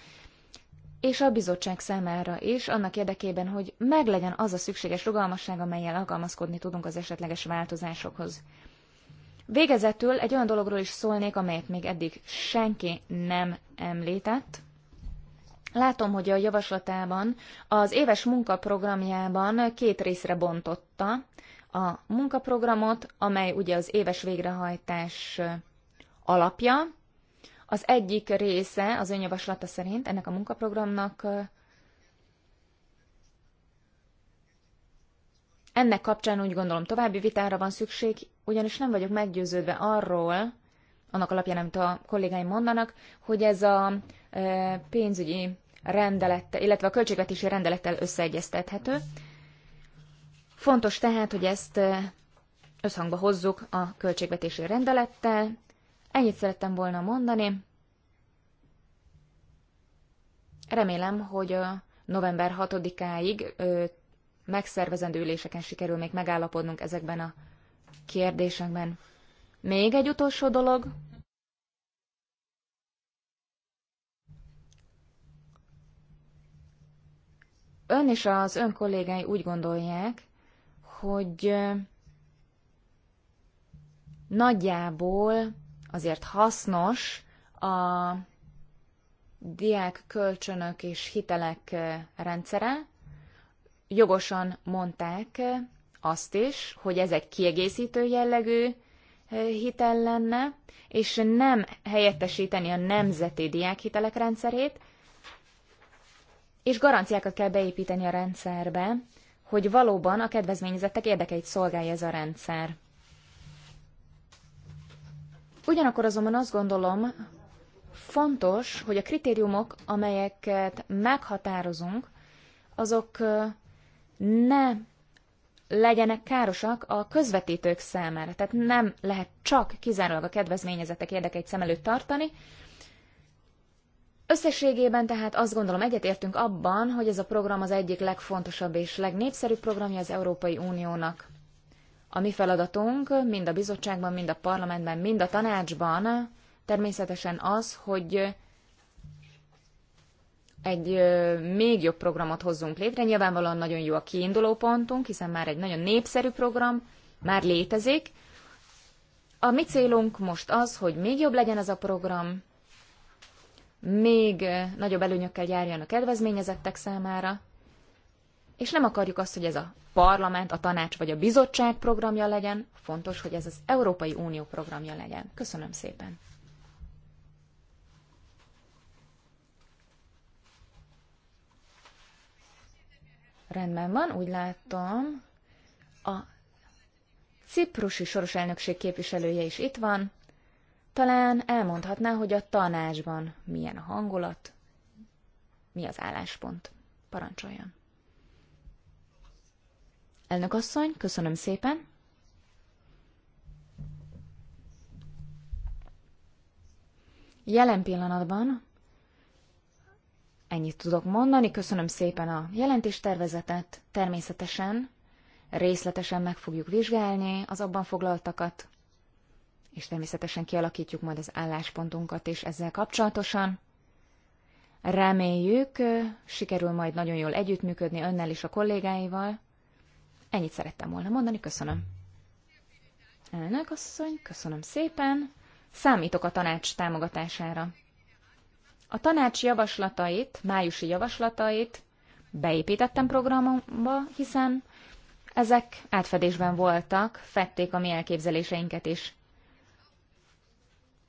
és a bizottság számára is, annak érdekében, hogy meglegyen az a szükséges rugalmasság, amelyel alkalmazkodni tudunk az esetleges változásokhoz. Végezetül egy olyan dologról is szólnék, amelyet még eddig senki nem említett, Látom, hogy a javaslatában az éves munkaprogramjában két részre bontotta a munkaprogramot, amely ugye az éves végrehajtás alapja. Az egyik része az önjavaslata szerint ennek a munkaprogramnak Ennek kapcsán úgy gondolom további vitára van szükség, ugyanis nem vagyok meggyőződve arról, annak alapján, amit a kollégáim mondanak, hogy ez a pénzügyi rendelettel, illetve a költségvetési rendelettel összeegyeztethető. Fontos tehát, hogy ezt összhangba hozzuk a költségvetési rendelettel. Ennyit szerettem volna mondani. Remélem, hogy a november 6-áig megszervezendő üléseken sikerül még megállapodnunk ezekben a kérdésekben. Még egy utolsó dolog, Ön és az ön kollégái úgy gondolják, hogy nagyjából azért hasznos a diák kölcsönök és hitelek rendszere. Jogosan mondták azt is, hogy ez egy kiegészítő jellegű hitel lenne, és nem helyettesíteni a nemzeti diákhitelek rendszerét, és garanciákat kell beépíteni a rendszerbe, hogy valóban a kedvezményezettek érdekeit szolgálja ez a rendszer. Ugyanakkor azonban azt gondolom, fontos, hogy a kritériumok, amelyeket meghatározunk, azok ne legyenek károsak a közvetítők számára. Tehát nem lehet csak kizárólag a kedvezményezettek érdekeit szem előtt tartani, Összességében tehát azt gondolom egyetértünk abban, hogy ez a program az egyik legfontosabb és legnépszerűbb programja az Európai Uniónak. A mi feladatunk mind a bizottságban, mind a parlamentben, mind a tanácsban természetesen az, hogy egy még jobb programot hozzunk létre. Nyilvánvalóan nagyon jó a kiinduló pontunk, hiszen már egy nagyon népszerű program, már létezik. A mi célunk most az, hogy még jobb legyen ez a program, még nagyobb előnyökkel járjon a kedvezményezettek számára, és nem akarjuk azt, hogy ez a parlament, a tanács vagy a bizottság programja legyen, fontos, hogy ez az Európai Unió programja legyen. Köszönöm szépen! Rendben van, úgy látom. A ciprusi soros elnökség képviselője is itt van. Talán elmondhatná, hogy a tanácsban milyen a hangulat, mi az álláspont. Parancsoljon. Elnök asszony, köszönöm szépen. Jelen pillanatban ennyit tudok mondani. Köszönöm szépen a jelentéstervezetet. Természetesen részletesen meg fogjuk vizsgálni az abban foglaltakat és természetesen kialakítjuk majd az álláspontunkat is ezzel kapcsolatosan. Reméljük, sikerül majd nagyon jól együttműködni önnel és a kollégáival. Ennyit szerettem volna mondani, köszönöm. Elnök asszony, köszönöm szépen. Számítok a tanács támogatására. A tanács javaslatait, májusi javaslatait beépítettem programomba, hiszen ezek átfedésben voltak, fették a mi elképzeléseinket is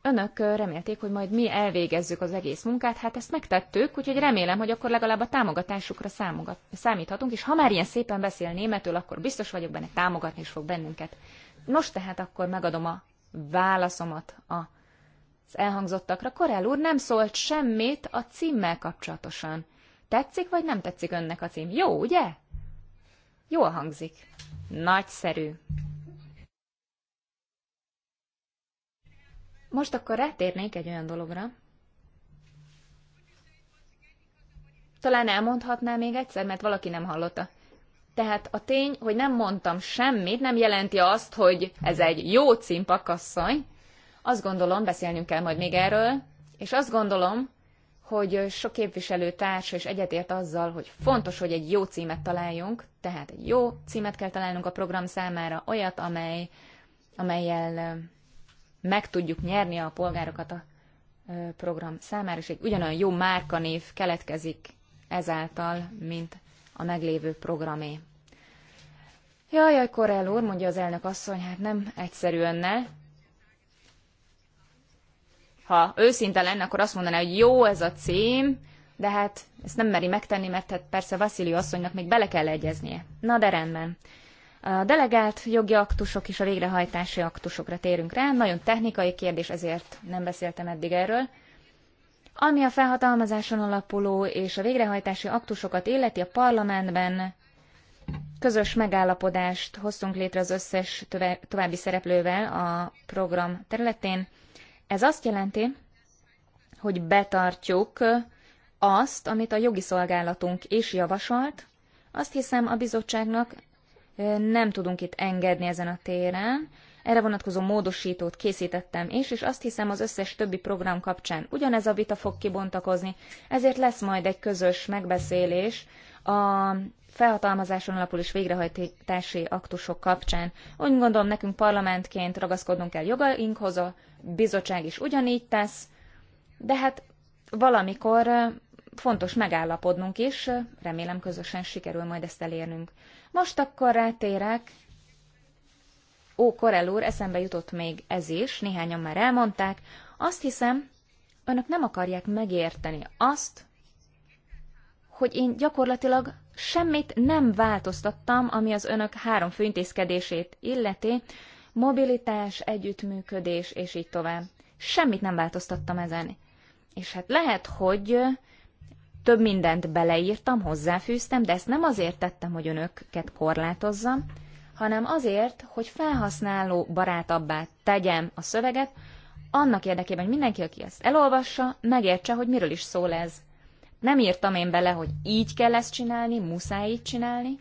önök remélték, hogy majd mi elvégezzük az egész munkát, hát ezt megtettük, úgyhogy remélem, hogy akkor legalább a támogatásukra számogat, számíthatunk, és ha már ilyen szépen beszél németül, akkor biztos vagyok benne, támogatni is fog bennünket. Nos, tehát akkor megadom a válaszomat a az elhangzottakra. Korel úr nem szólt semmit a címmel kapcsolatosan. Tetszik vagy nem tetszik önnek a cím? Jó, ugye? Jól hangzik. Nagyszerű. Most akkor rátérnék egy olyan dologra. Talán elmondhatná még egyszer, mert valaki nem hallotta. Tehát a tény, hogy nem mondtam semmit, nem jelenti azt, hogy ez egy jó címpakasszony. Azt gondolom, beszélnünk kell majd még erről, és azt gondolom, hogy sok képviselő társ és egyetért azzal, hogy fontos, hogy egy jó címet találjunk, tehát egy jó címet kell találnunk a program számára, olyat, amely, amelyel meg tudjuk nyerni a polgárokat a program számára, és egy ugyanolyan jó márkanév keletkezik ezáltal, mint a meglévő programé. Jaj, jaj, Korel úr, mondja az elnök asszony, hát nem egyszerű önnel. Ha őszinte lenne, akkor azt mondaná, hogy jó ez a cím, de hát ezt nem meri megtenni, mert hát persze Vasszilió asszonynak még bele kell egyeznie. Na de rendben. A delegált jogi aktusok és a végrehajtási aktusokra térünk rá. Nagyon technikai kérdés, ezért nem beszéltem eddig erről. Ami a felhatalmazáson alapuló és a végrehajtási aktusokat illeti a parlamentben, közös megállapodást hoztunk létre az összes további szereplővel a program területén. Ez azt jelenti, hogy betartjuk azt, amit a jogi szolgálatunk is javasolt. Azt hiszem, a bizottságnak nem tudunk itt engedni ezen a téren. Erre vonatkozó módosítót készítettem és és azt hiszem az összes többi program kapcsán ugyanez a vita fog kibontakozni, ezért lesz majd egy közös megbeszélés a felhatalmazáson alapul és végrehajtási aktusok kapcsán. Úgy gondolom, nekünk parlamentként ragaszkodnunk kell jogainkhoz, a bizottság is ugyanígy tesz, de hát valamikor fontos megállapodnunk is, remélem közösen sikerül majd ezt elérnünk. Most akkor rátérek. Ó, Korel úr, eszembe jutott még ez is, néhányan már elmondták. Azt hiszem, önök nem akarják megérteni azt, hogy én gyakorlatilag semmit nem változtattam, ami az önök három főintézkedését illeti, mobilitás, együttműködés, és így tovább. Semmit nem változtattam ezen. És hát lehet, hogy több mindent beleírtam, hozzáfűztem, de ezt nem azért tettem, hogy önöket korlátozzam, hanem azért, hogy felhasználó barátabbá tegyem a szöveget, annak érdekében, hogy mindenki, aki ezt elolvassa, megértse, hogy miről is szól ez. Nem írtam én bele, hogy így kell ezt csinálni, muszáj így csinálni,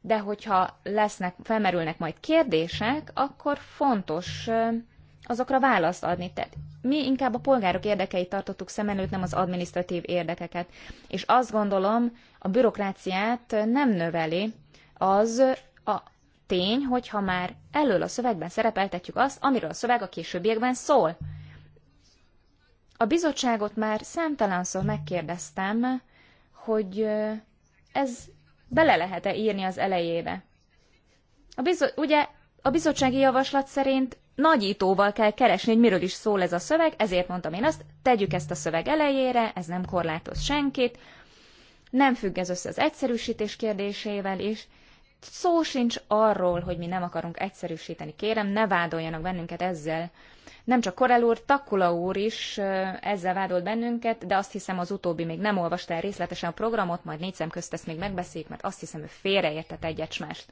de hogyha lesznek, felmerülnek majd kérdések, akkor fontos azokra választ adni. Tehát mi inkább a polgárok érdekeit tartottuk szem előtt, nem az administratív érdekeket. És azt gondolom, a bürokráciát nem növeli az a tény, hogyha már elől a szövegben szerepeltetjük azt, amiről a szöveg a későbbiekben szól. A bizottságot már számtalanszor megkérdeztem, hogy ez bele lehet-e írni az elejébe. A bizo- ugye a bizottsági javaslat szerint nagyítóval kell keresni, hogy miről is szól ez a szöveg, ezért mondtam én azt, tegyük ezt a szöveg elejére, ez nem korlátoz senkit, nem függ ez össze az egyszerűsítés kérdésével is, szó sincs arról, hogy mi nem akarunk egyszerűsíteni. Kérem, ne vádoljanak bennünket ezzel. Nem csak Korel úr, Takula úr is ezzel vádolt bennünket, de azt hiszem az utóbbi még nem olvasta el részletesen a programot, majd négy szem közt ezt még megbeszéljük, mert azt hiszem ő félreértett egyet mást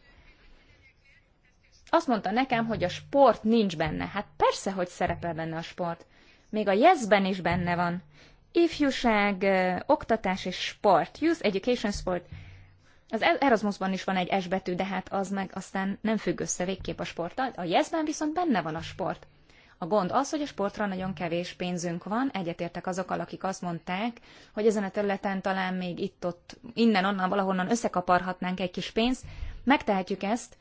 azt mondta nekem, hogy a sport nincs benne. Hát persze, hogy szerepel benne a sport. Még a Yes-ben is benne van. Ifjúság, oktatás és sport. Youth Education Sport. Az e- Erasmusban is van egy S betű, de hát az meg aztán nem függ össze végképp a sporttal. A yes viszont benne van a sport. A gond az, hogy a sportra nagyon kevés pénzünk van, egyetértek azokkal, akik azt mondták, hogy ezen a területen talán még itt-ott, innen-onnan, valahonnan összekaparhatnánk egy kis pénzt, megtehetjük ezt,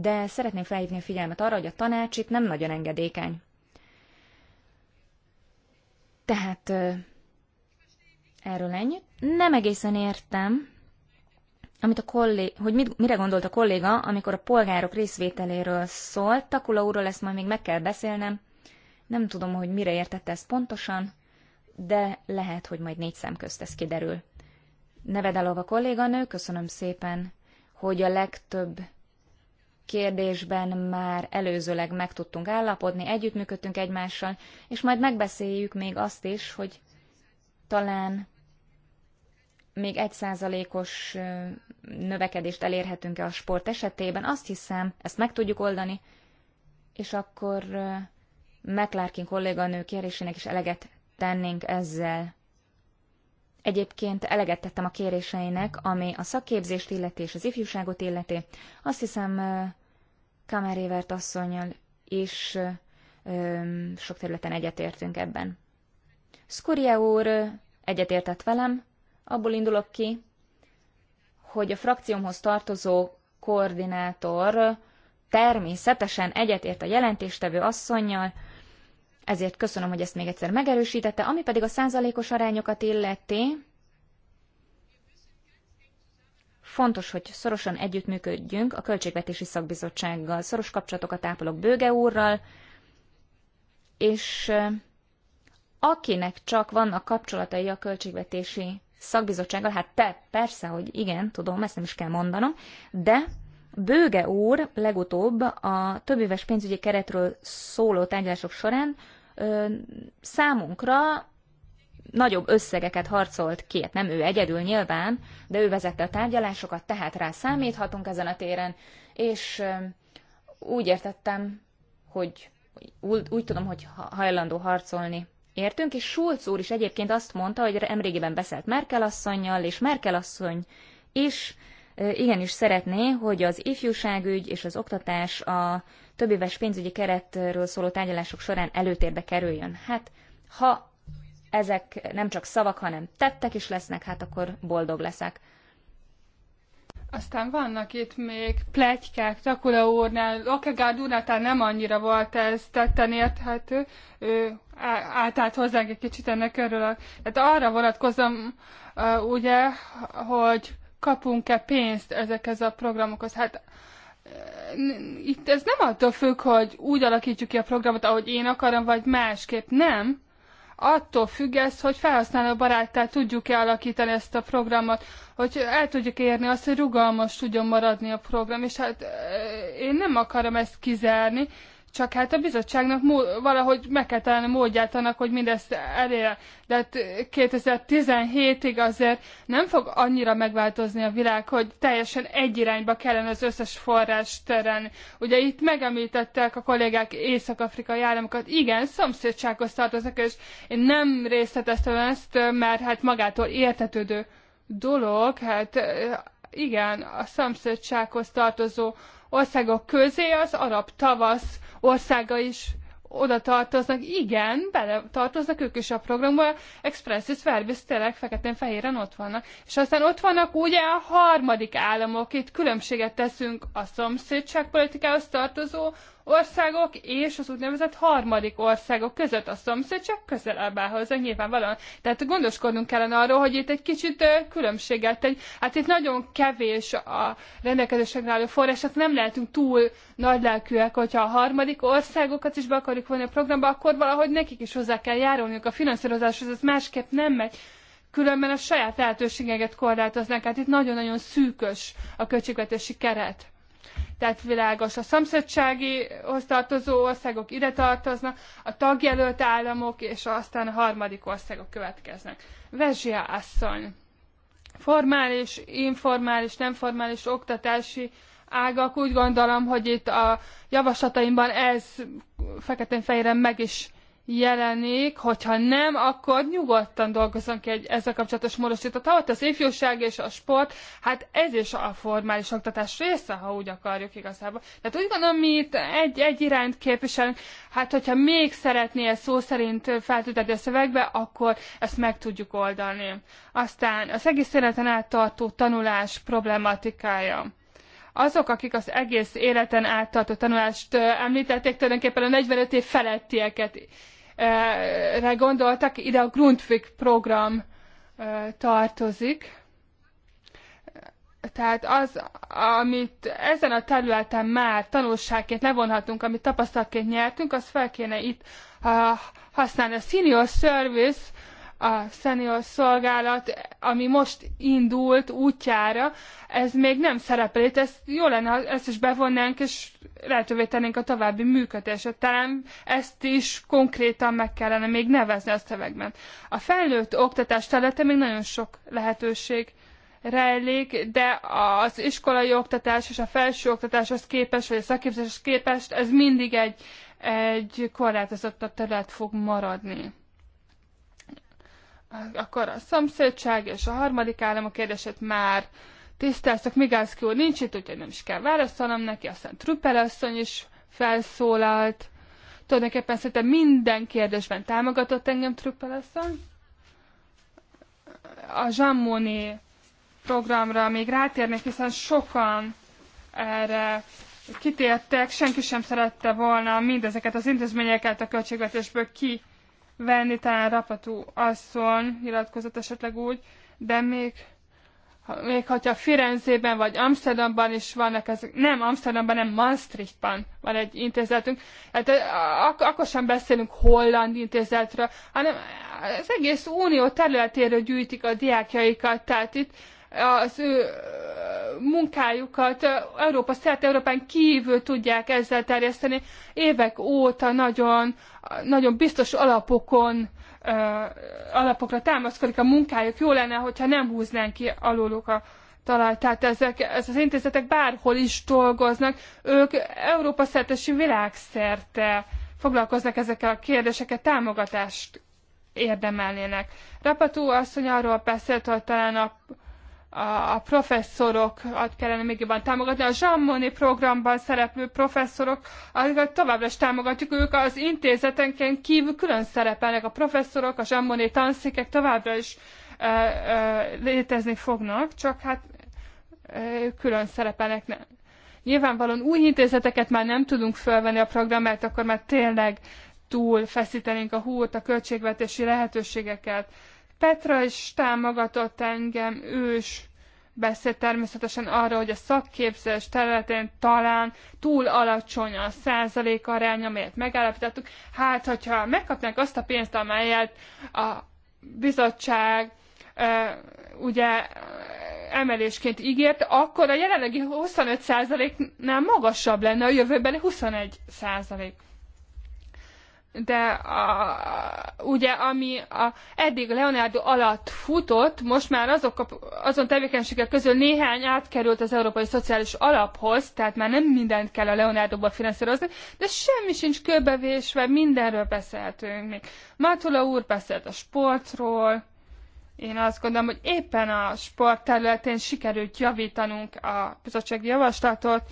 de szeretném felhívni a figyelmet arra, hogy a tanács itt nem nagyon engedékeny. Tehát erről ennyi. Nem egészen értem, amit a kollé... hogy mit, mire gondolt a kolléga, amikor a polgárok részvételéről szólt. Takula úrról ezt majd még meg kell beszélnem. Nem tudom, hogy mire értette ezt pontosan, de lehet, hogy majd négy szem közt ez kiderül. a kolléganő, köszönöm szépen, hogy a legtöbb kérdésben már előzőleg meg tudtunk állapodni, együttműködtünk egymással, és majd megbeszéljük még azt is, hogy talán még egy százalékos növekedést elérhetünk-e a sport esetében. Azt hiszem, ezt meg tudjuk oldani, és akkor McLarkin kolléganő kérésének is eleget tennénk ezzel. Egyébként eleget tettem a kéréseinek, ami a szakképzést illeti és az ifjúságot illeti. Azt hiszem, Kamerévert asszonyjal is sok területen egyetértünk ebben. Skuria úr egyetértett velem, abból indulok ki, hogy a frakciómhoz tartozó koordinátor természetesen egyetért a jelentéstevő asszonynal, ezért köszönöm, hogy ezt még egyszer megerősítette. Ami pedig a százalékos arányokat illeti, fontos, hogy szorosan együttműködjünk a Költségvetési Szakbizottsággal, szoros kapcsolatokat ápolok Bőge úrral, és akinek csak vannak kapcsolatai a Költségvetési Szakbizottsággal, hát te, persze, hogy igen, tudom, ezt nem is kell mondanom, de Bőge úr legutóbb a többéves pénzügyi keretről szóló tárgyalások során ö, számunkra nagyobb összegeket harcolt ki, hát nem ő egyedül nyilván, de ő vezette a tárgyalásokat, tehát rá számíthatunk ezen a téren, és úgy értettem, hogy úgy, úgy tudom, hogy hajlandó harcolni. Értünk, és Schulz úr is egyébként azt mondta, hogy emrégiben beszélt Merkel asszonynal, és Merkel asszony is igenis szeretné, hogy az ifjúságügy és az oktatás a többéves pénzügyi keretről szóló tárgyalások során előtérbe kerüljön. Hát, ha ezek nem csak szavak, hanem tettek is lesznek, hát akkor boldog leszek. Aztán vannak itt még pletykák, Takula úrnál, Okegárd úrnál tehát nem annyira volt ez tetten érthető, ő átállt hozzánk egy kicsit ennek örülök. Tehát arra vonatkozom, ugye, hogy kapunk-e pénzt ezekhez a programokhoz. Hát e, itt ez nem attól függ, hogy úgy alakítjuk ki a programot, ahogy én akarom, vagy másképp. Nem. Attól függ ez, hogy felhasználó baráttá tudjuk-e alakítani ezt a programot, hogy el tudjuk érni azt, hogy rugalmas tudjon maradni a program, és hát e, én nem akarom ezt kizárni, csak hát a bizottságnak valahogy meg kell találni módját annak, hogy mindezt elérje. De 2017-ig hát azért nem fog annyira megváltozni a világ, hogy teljesen egy irányba kellene az összes forrás terelni. Ugye itt megemlítettek a kollégák észak-afrikai államokat. Igen, szomszédsághoz tartoznak, és én nem részleteztem ezt, mert hát magától értetődő dolog, hát igen, a szomszédsághoz tartozó országok közé az arab tavasz országa is oda tartoznak. Igen, bele tartoznak ők is a programba, Expressis Verbis tényleg feketén-fehéren ott vannak. És aztán ott vannak ugye a harmadik államok, itt különbséget teszünk a szomszédságpolitikához tartozó országok és az úgynevezett harmadik országok között a csak közelebb áll hozzá nyilvánvalóan. Tehát gondoskodnunk kellene arról, hogy itt egy kicsit különbséget tegy. Hát itt nagyon kevés a rendelkezésekre álló forrás, tehát nem lehetünk túl nagylelkűek, hogyha a harmadik országokat is be akarjuk vonni a programba, akkor valahogy nekik is hozzá kell járulniuk a finanszírozáshoz, ez másképp nem megy különben a saját lehetőségeket korlátoznak, Hát itt nagyon-nagyon szűkös a költségvetési keret tehát világos. A szomszédságihoz tartozó országok ide tartoznak, a tagjelölt államok, és aztán a harmadik országok következnek. Vezsia asszony. Formális, informális, nem formális oktatási ágak, úgy gondolom, hogy itt a javaslataimban ez feketén fejre meg is jelenik, hogyha nem, akkor nyugodtan dolgozzon ki egy ezzel kapcsolatos módosítót. Ott az ifjúság és a sport, hát ez is a formális oktatás része, ha úgy akarjuk igazából. Tehát úgy gondolom, mi itt egy, egy irányt képviselünk, hát hogyha még szeretnél szó szerint feltüntetni a szövegbe, akkor ezt meg tudjuk oldani. Aztán az egész életen át tartó tanulás problematikája azok, akik az egész életen áttartó tanulást említették, tulajdonképpen a 45 év felettieket Eh, re gondoltak, ide a Grundtvig program eh, tartozik. Tehát az, amit ezen a területen már tanulságként levonhatunk, amit tapasztalatként nyertünk, azt fel kéne itt eh, használni. A senior service a senior szolgálat, ami most indult útjára, ez még nem szerepel itt, ezt jó lenne, ha ezt is bevonnánk, és lehetővé tennénk a további működését. Talán ezt is konkrétan meg kellene még nevezni a szövegben. A felnőtt oktatás területe még nagyon sok lehetőség rejlik, de az iskolai oktatás és a felső oktatáshoz képest, vagy a szakképzéshez képest, ez mindig egy, egy korlátozott terület fog maradni akkor a szomszédság és a harmadik állam a kérdését már tisztáztak. Migászki úr nincs itt, úgyhogy nem is kell válaszolnom neki, aztán Truppel asszony is felszólalt. Tulajdonképpen szerintem minden kérdésben támogatott engem Truppel asszony. A Zsammoni programra még rátérnék, hiszen sokan erre kitértek, senki sem szerette volna mindezeket az intézményeket a költségvetésből ki venni, talán Rapatú asszony nyilatkozott esetleg úgy, de még, még hogyha Firenzében vagy Amsterdamban is vannak ezek, nem Amsterdamban, nem Maastrichtban van egy intézetünk, hát ak- akkor sem beszélünk holland intézetről, hanem az egész unió területéről gyűjtik a diákjaikat, tehát itt az ő munkájukat Európa szerte, Európán kívül tudják ezzel terjeszteni. Évek óta nagyon, nagyon biztos alapokon alapokra támaszkodik a munkájuk. Jó lenne, hogyha nem húznánk ki aluluk a talaj. Tehát ezek, ez az intézetek bárhol is dolgoznak. Ők Európa szerte és világszerte foglalkoznak ezekkel a kérdéseket, támogatást érdemelnének. Rapatú asszony arról beszélt, hogy talán a a professzorokat kellene még jobban támogatni. A Jean Monnet programban szereplő professzorok, azokat továbbra is támogatjuk, ők az intézetenként kívül külön szerepelnek. A professzorok, a Jean Monnet tanszékek továbbra is e, e, létezni fognak, csak hát e, külön szerepelnek. Nem. Nyilvánvalóan új intézeteket már nem tudunk fölvenni a programért, akkor már tényleg túl feszítenénk a húrt, a költségvetési lehetőségeket Petra is támogatott engem, ő is beszélt természetesen arra, hogy a szakképzés területén talán túl alacsony a százalék arány, amelyet megállapítottuk. Hát, hogyha megkapnánk azt a pénzt, amelyet a bizottság e, ugye emelésként ígért, akkor a jelenlegi 25%-nál magasabb lenne a jövőbeli 21%. százalék de a, ugye ami a, eddig Leonardo alatt futott, most már azok a, azon tevékenységek közül néhány átkerült az Európai Szociális Alaphoz, tehát már nem mindent kell a leonardo finanszírozni, de semmi sincs köbevésve, mindenről beszéltünk még. Mátula úr beszélt a sportról, én azt gondolom, hogy éppen a sport területén sikerült javítanunk a bizottsági javaslatot,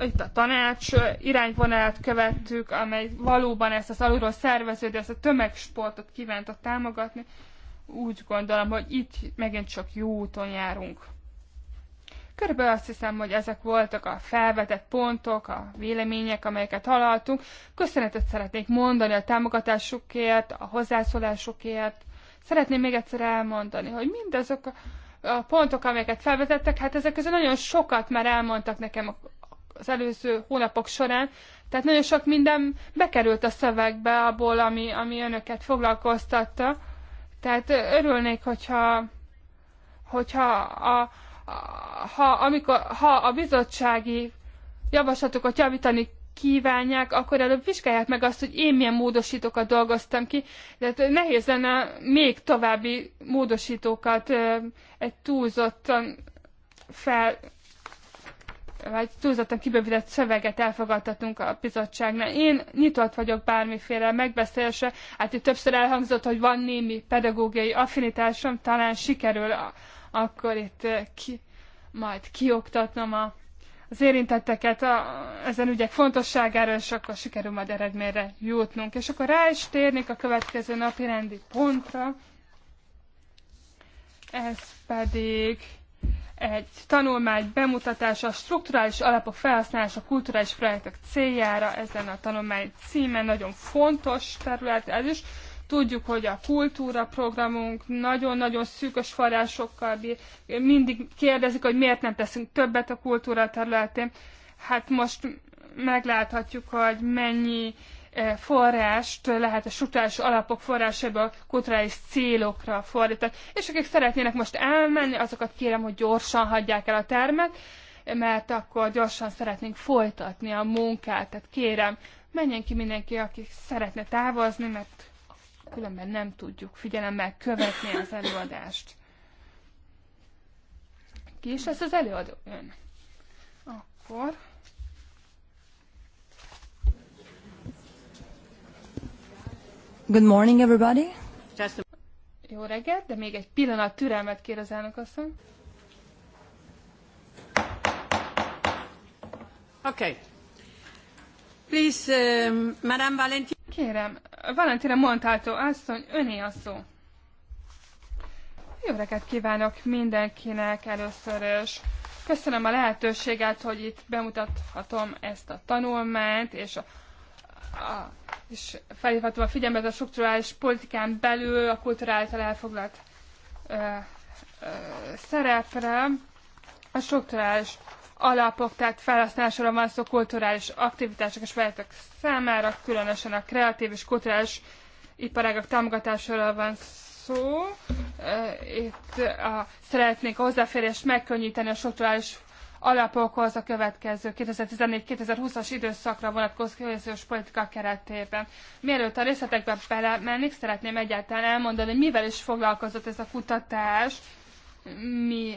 itt a tanács irányvonalát követtük, amely valóban ezt az alulról szerveződő, ezt a tömegsportot kívánta támogatni. Úgy gondolom, hogy itt megint csak jó úton járunk. Körülbelül azt hiszem, hogy ezek voltak a felvetett pontok, a vélemények, amelyeket hallottunk. Köszönetet szeretnék mondani a támogatásukért, a hozzászólásukért. Szeretném még egyszer elmondani, hogy mindazok a, pontok, amelyeket felvetettek, hát ezek közül nagyon sokat már elmondtak nekem az előző hónapok során. Tehát nagyon sok minden bekerült a szövegbe abból, ami, ami önöket foglalkoztatta. Tehát örülnék, hogyha, hogyha a, a, ha, amikor, ha a bizottsági javaslatokat javítani kívánják, akkor előbb vizsgálják meg azt, hogy én milyen módosítókat dolgoztam ki, de hát nehéz lenne még további módosítókat egy túlzottan fel vagy túlzottan kibővített szöveget elfogadtatunk a bizottságnál. Én nyitott vagyok bármiféle megbeszélésre, hát itt többször elhangzott, hogy van némi pedagógiai affinitásom, talán sikerül a, akkor itt eh, ki, majd kioktatnom a, az érintetteket a, ezen ügyek fontosságára, és akkor sikerül majd eredményre jutnunk. És akkor rá is térnék a következő napi rendi pontra, ez pedig egy tanulmány bemutatása a strukturális alapok felhasználása kulturális projektek céljára, ezen a tanulmány címe nagyon fontos terület ez is. Tudjuk, hogy a kultúra programunk nagyon-nagyon szűkös forrásokkal bír. Mindig kérdezik, hogy miért nem teszünk többet a kultúra területén. Hát most megláthatjuk, hogy mennyi forrást lehet a sutás alapok forrásába kulturális célokra fordítani. És akik szeretnének most elmenni, azokat kérem, hogy gyorsan hagyják el a termet, mert akkor gyorsan szeretnénk folytatni a munkát. Tehát kérem, menjen ki mindenki, aki szeretne távozni, mert különben nem tudjuk figyelemmel követni az előadást. Ki is lesz az előadó? Ön. Akkor... Good morning, everybody. Jó reggelt, de még egy pillanat türelmet kér az elnök asszony. Okay. Please, uh, Madame Valentina. Kérem, Valentina Montalto asszony, öné a szó. Jó reggelt kívánok mindenkinek először is. Köszönöm a lehetőséget, hogy itt bemutathatom ezt a tanulmányt, és a a, és felhívhatom a figyelmet a strukturális politikán belül a kulturáltal elfoglalt ö, ö, szerepre. A strukturális alapok, tehát felhasználásra van szó kulturális aktivitások és feladatok számára, különösen a kreatív és kulturális iparágak támogatására van szó. Itt a, szeretnénk a hozzáférést megkönnyíteni a strukturális alapokhoz a következő 2014-2020-as időszakra vonatkozó kohéziós politika keretében. Mielőtt a részletekbe belemennék, szeretném egyáltalán elmondani, hogy mivel is foglalkozott ez a kutatás, mi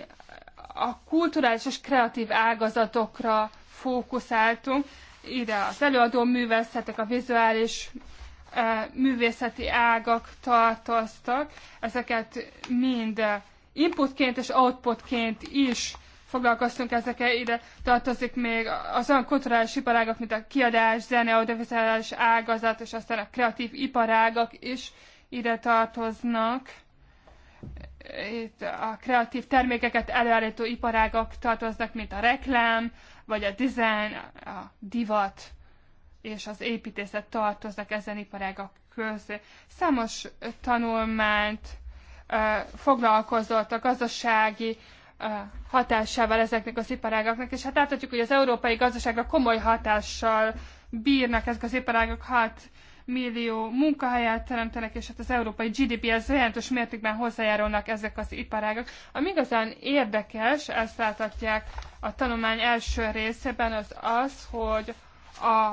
a kulturális és kreatív ágazatokra fókuszáltunk. Ide az előadó művészetek, a vizuális művészeti ágak tartoztak. Ezeket mind inputként és outputként is foglalkoztunk ezekkel, ide tartozik még az olyan kulturális iparágak, mint a kiadás, zene, audiovizuális ágazat, és aztán a kreatív iparágak is ide tartoznak. Itt a kreatív termékeket előállító iparágak tartoznak, mint a reklám, vagy a design, a divat és az építészet tartoznak ezen iparágak közé. Számos tanulmányt foglalkozott a gazdasági hatásával ezeknek az iparágaknak, és hát láthatjuk, hogy az európai gazdaságra komoly hatással bírnak ezek az iparágak, 6 millió munkahelyet teremtenek, és hát az európai GDP-hez jelentős mértékben hozzájárulnak ezek az iparágak. Ami igazán érdekes, ezt láthatják a tanulmány első részében, az az, hogy a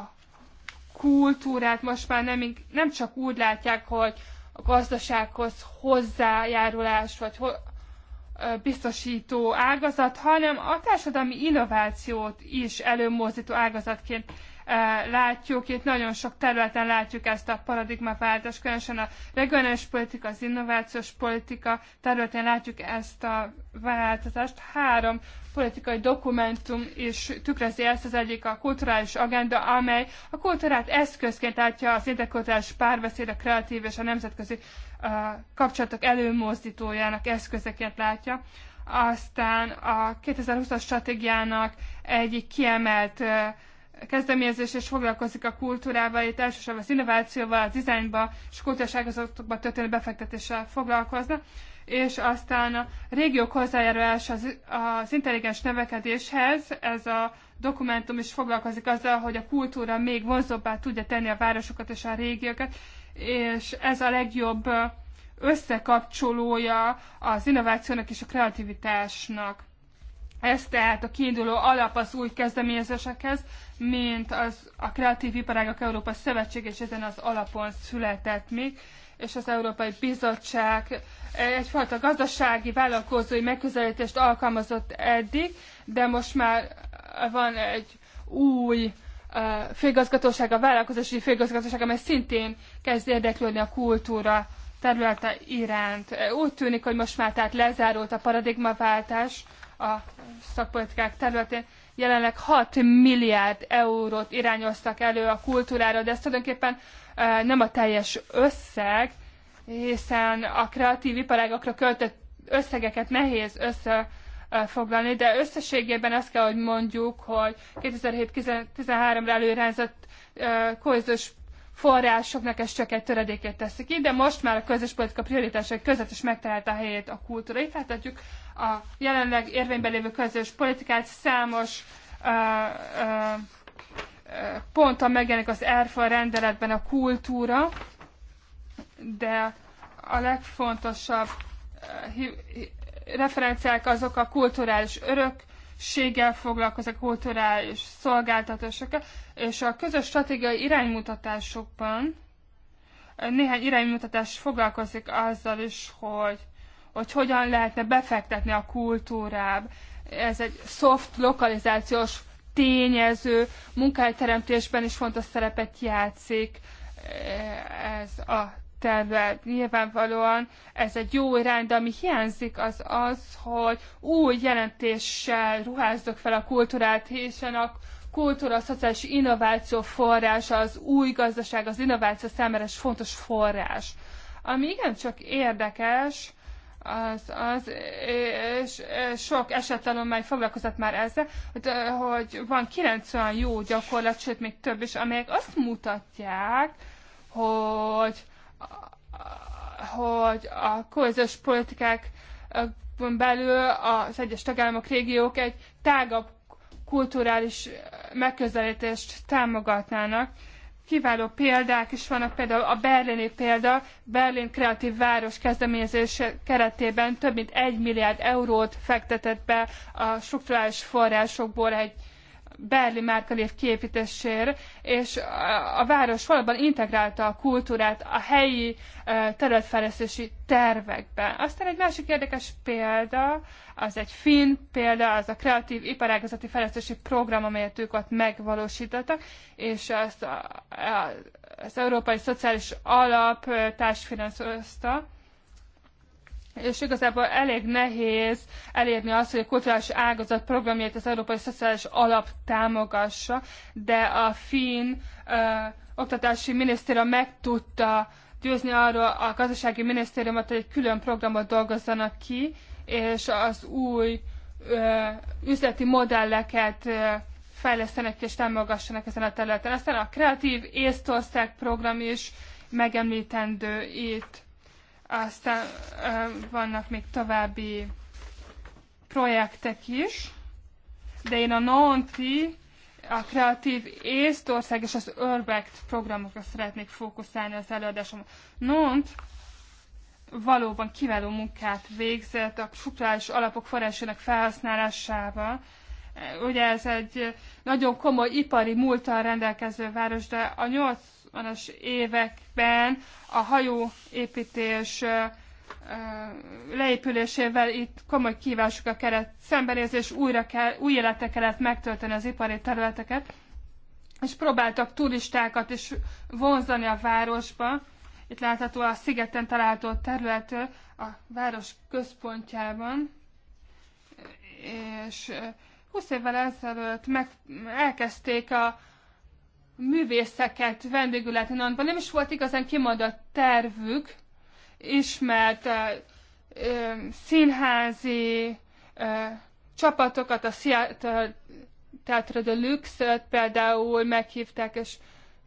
kultúrát most már nem, nem csak úgy látják, hogy a gazdasághoz hozzájárulás, vagy biztosító ágazat, hanem a társadalmi innovációt is előmozdító ágazatként látjuk, itt nagyon sok területen látjuk ezt a paradigmaváltást, különösen a regionális politika, az innovációs politika területén látjuk ezt a változást. Három politikai dokumentum is tükrözi ezt, az egyik a kulturális agenda, amely a kultúrát eszközként látja az interkulturális párbeszéd, a kreatív és a nemzetközi kapcsolatok előmozdítójának eszközeként látja aztán a 2020-as stratégiának egyik kiemelt kezdeményezés, és foglalkozik a kultúrával, itt elsősorban az innovációval, a dizájnba és kultúrás ágazatokba történő befektetéssel foglalkozna, és aztán a régiók hozzájárulása az, az intelligens nevekedéshez, ez a dokumentum is foglalkozik azzal, hogy a kultúra még vonzóbbá tudja tenni a városokat és a régiókat, és ez a legjobb összekapcsolója az innovációnak és a kreativitásnak. Ez tehát a kiinduló alap az új kezdeményezésekhez, mint az, a Kreatív Iparágak Európa Szövetség, és ezen az alapon született még, és az Európai Bizottság egyfajta gazdasági vállalkozói megközelítést alkalmazott eddig, de most már van egy új uh, főgazgatóság, a vállalkozási főgazgatóság, amely szintén kezd érdeklődni a kultúra területe iránt. Úgy tűnik, hogy most már tehát lezárult a paradigmaváltás, a szakpolitikák területén. Jelenleg 6 milliárd eurót irányoztak elő a kultúrára, de ez tulajdonképpen nem a teljes összeg, hiszen a kreatív iparágokra költött összegeket nehéz összefoglalni, de összességében azt kell, hogy mondjuk, hogy 2007-13-ra előirányzott kohéziós forrásoknak ez csak egy töredékét teszi ki, de most már a közös politika prioritásai között is megtalálta a helyét a kultúra. Itt láthatjuk a jelenleg érvényben lévő közös politikát számos ö, ö, ponton megjelenik az ERFA rendeletben a kultúra, de a legfontosabb referenciák azok a kulturális örök közösséggel foglalkozik, kulturális szolgáltatásokkal, és a közös stratégiai iránymutatásokban néhány iránymutatás foglalkozik azzal is, hogy, hogy hogyan lehetne befektetni a kultúrába. Ez egy soft lokalizációs tényező, munkahelyteremtésben is fontos szerepet játszik ez a terve. Nyilvánvalóan ez egy jó irány, de ami hiányzik az az, hogy új jelentéssel ruházzuk fel a kultúrát, hiszen a kultúra, a szociális innováció forrása, az új gazdaság, az innováció számára is fontos forrás. Ami igencsak érdekes, az, az és, és sok esettanulmány foglalkozott már ezzel, hogy van 90 jó gyakorlat, sőt még több is, amelyek azt mutatják, hogy hogy a kohéziós politikák belül az egyes tagállamok, régiók egy tágabb kulturális megközelítést támogatnának. Kiváló példák is vannak, például a berlini példa, Berlin kreatív város kezdeményezése keretében több mint egy milliárd eurót fektetett be a strukturális forrásokból egy Berli Márkalév kiépítésére, és a város valóban integrálta a kultúrát a helyi területfejlesztési tervekbe. Aztán egy másik érdekes példa, az egy finn példa, az a kreatív iparágazati fejlesztési program, amelyet ők ott megvalósítottak, és azt a, az Európai Szociális Alap társfinanszírozta és igazából elég nehéz elérni azt, hogy a kulturális ágazat programját az Európai Szociális Alap támogassa, de a finn ö, oktatási minisztérium meg tudta győzni arról a gazdasági minisztériumot, hogy egy külön programot dolgozzanak ki, és az új ö, üzleti modelleket ö, fejlesztenek és támogassanak ezen a területen. Aztán a Kreatív Észtország program is megemlítendő itt aztán vannak még további projektek is, de én a Nonti, a Kreatív Észtország és az Urbact programokra szeretnék fókuszálni az előadásom. Nont valóban kiváló munkát végzett a strukturális alapok forrásának felhasználásával. Ugye ez egy nagyon komoly ipari múltal rendelkező város, de a nyolc 80-as években a hajóépítés leépülésével itt komoly a kellett szembenézés, újra kell, új élettel kellett megtölteni az ipari területeket, és próbáltak turistákat is vonzani a városba. Itt látható a szigeten található terület a város központjában, és 20 évvel ezelőtt meg, elkezdték a, művészeket vendégül látni Nantban. Nem is volt igazán kimondott tervük, ismert uh, ö, színházi ö, csapatokat, a Seattle Teatro de luxe például meghívták, és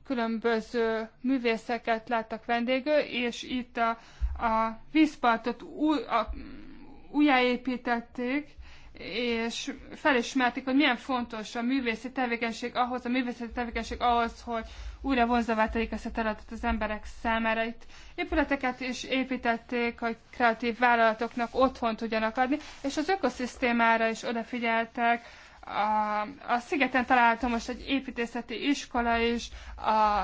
különböző művészeket láttak vendégül, és itt a, a vízpartot új, a, újjáépítették, és felismerték, hogy milyen fontos a művészi tevékenység ahhoz, a művészeti tevékenység ahhoz, hogy újra vonzavá tegyék ezt a területet az emberek számára. Itt épületeket is építették, hogy kreatív vállalatoknak otthon tudjanak adni, és az ökoszisztémára is odafigyeltek. A, a szigeten találtam most egy építészeti iskola is, a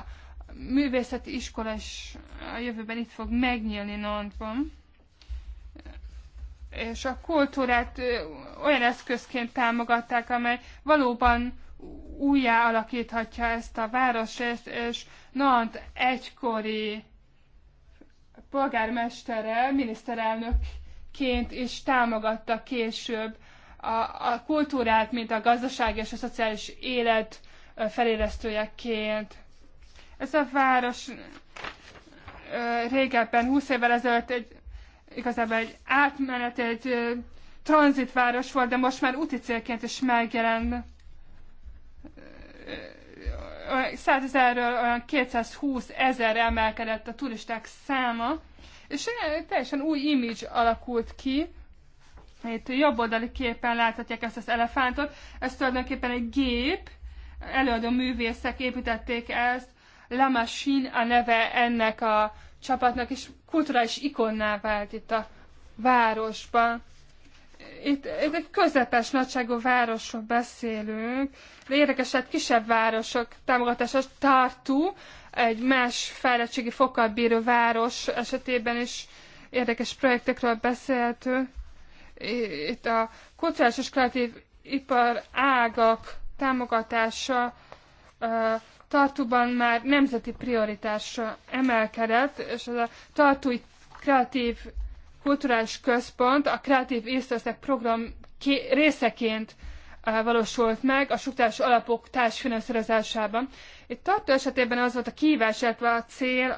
művészeti iskola is a jövőben itt fog megnyílni Nantban és a kultúrát olyan eszközként támogatták, amely valóban újjá alakíthatja ezt a városrészt, és Nant egykori polgármestere, miniszterelnökként is támogatta később a, a kultúrát, mint a gazdaság és a szociális élet felélesztőjeként. Ez a város régebben, 20 évvel ezelőtt egy igazából egy átmenet, egy tranzitváros volt, de most már úti célként is megjelent. Százezerről olyan 220 ezer emelkedett a turisták száma, és teljesen új image alakult ki. Itt jobb oldali képen láthatják ezt az elefántot. Ez tulajdonképpen egy gép, előadó művészek építették ezt. La Machine a neve ennek a csapatnak, és kulturális ikonná vált itt a városban. Itt, itt egy közepes nagyságú városról beszélünk, de érdekes, hát kisebb városok támogatása tartó, egy más fejlettségi fokkal bíró város esetében is érdekes projektekről beszélhető. Itt a kulturális és kreatív ipar ágak támogatása tartóban már nemzeti prioritásra emelkedett, és ez a tartói kreatív kulturális központ a Kreatív Észtország program részeként uh, valósult meg a struktúrás alapok társfinanszírozásában. Itt tartó esetében az volt a kihívás, illetve a cél,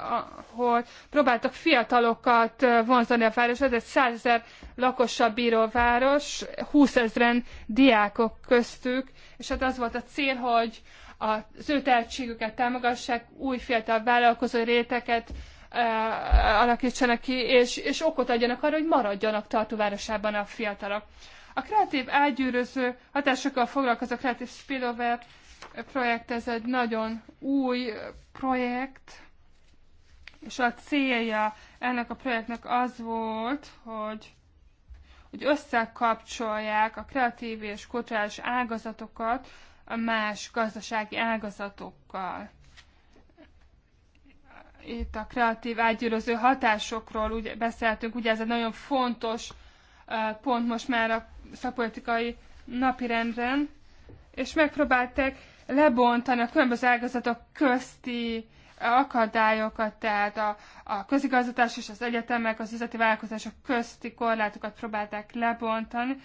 hogy próbáltak fiatalokat uh, vonzani a város, ez egy százezer lakossal bíró város, 20 ezeren diákok köztük, és hát az volt a cél, hogy az ő tehetségüket támogassák, új fiatal vállalkozó réteket alakítsanak ki, és, és okot adjanak arra, hogy maradjanak tartóvárosában a fiatalok. A kreatív ágyűröző hatásokkal foglalkozó kreatív spillover projekt, ez egy nagyon új projekt, és a célja ennek a projektnek az volt, hogy, hogy összekapcsolják a kreatív és kulturális ágazatokat, a más gazdasági ágazatokkal. Itt a kreatív ágyűröző hatásokról úgy beszéltünk, ugye ez egy nagyon fontos pont most már a szakpolitikai napirenden, és megpróbálták lebontani a különböző ágazatok közti akadályokat, tehát a, a közigazgatás és az egyetemek, az üzleti vállalkozások közti korlátokat próbálták lebontani,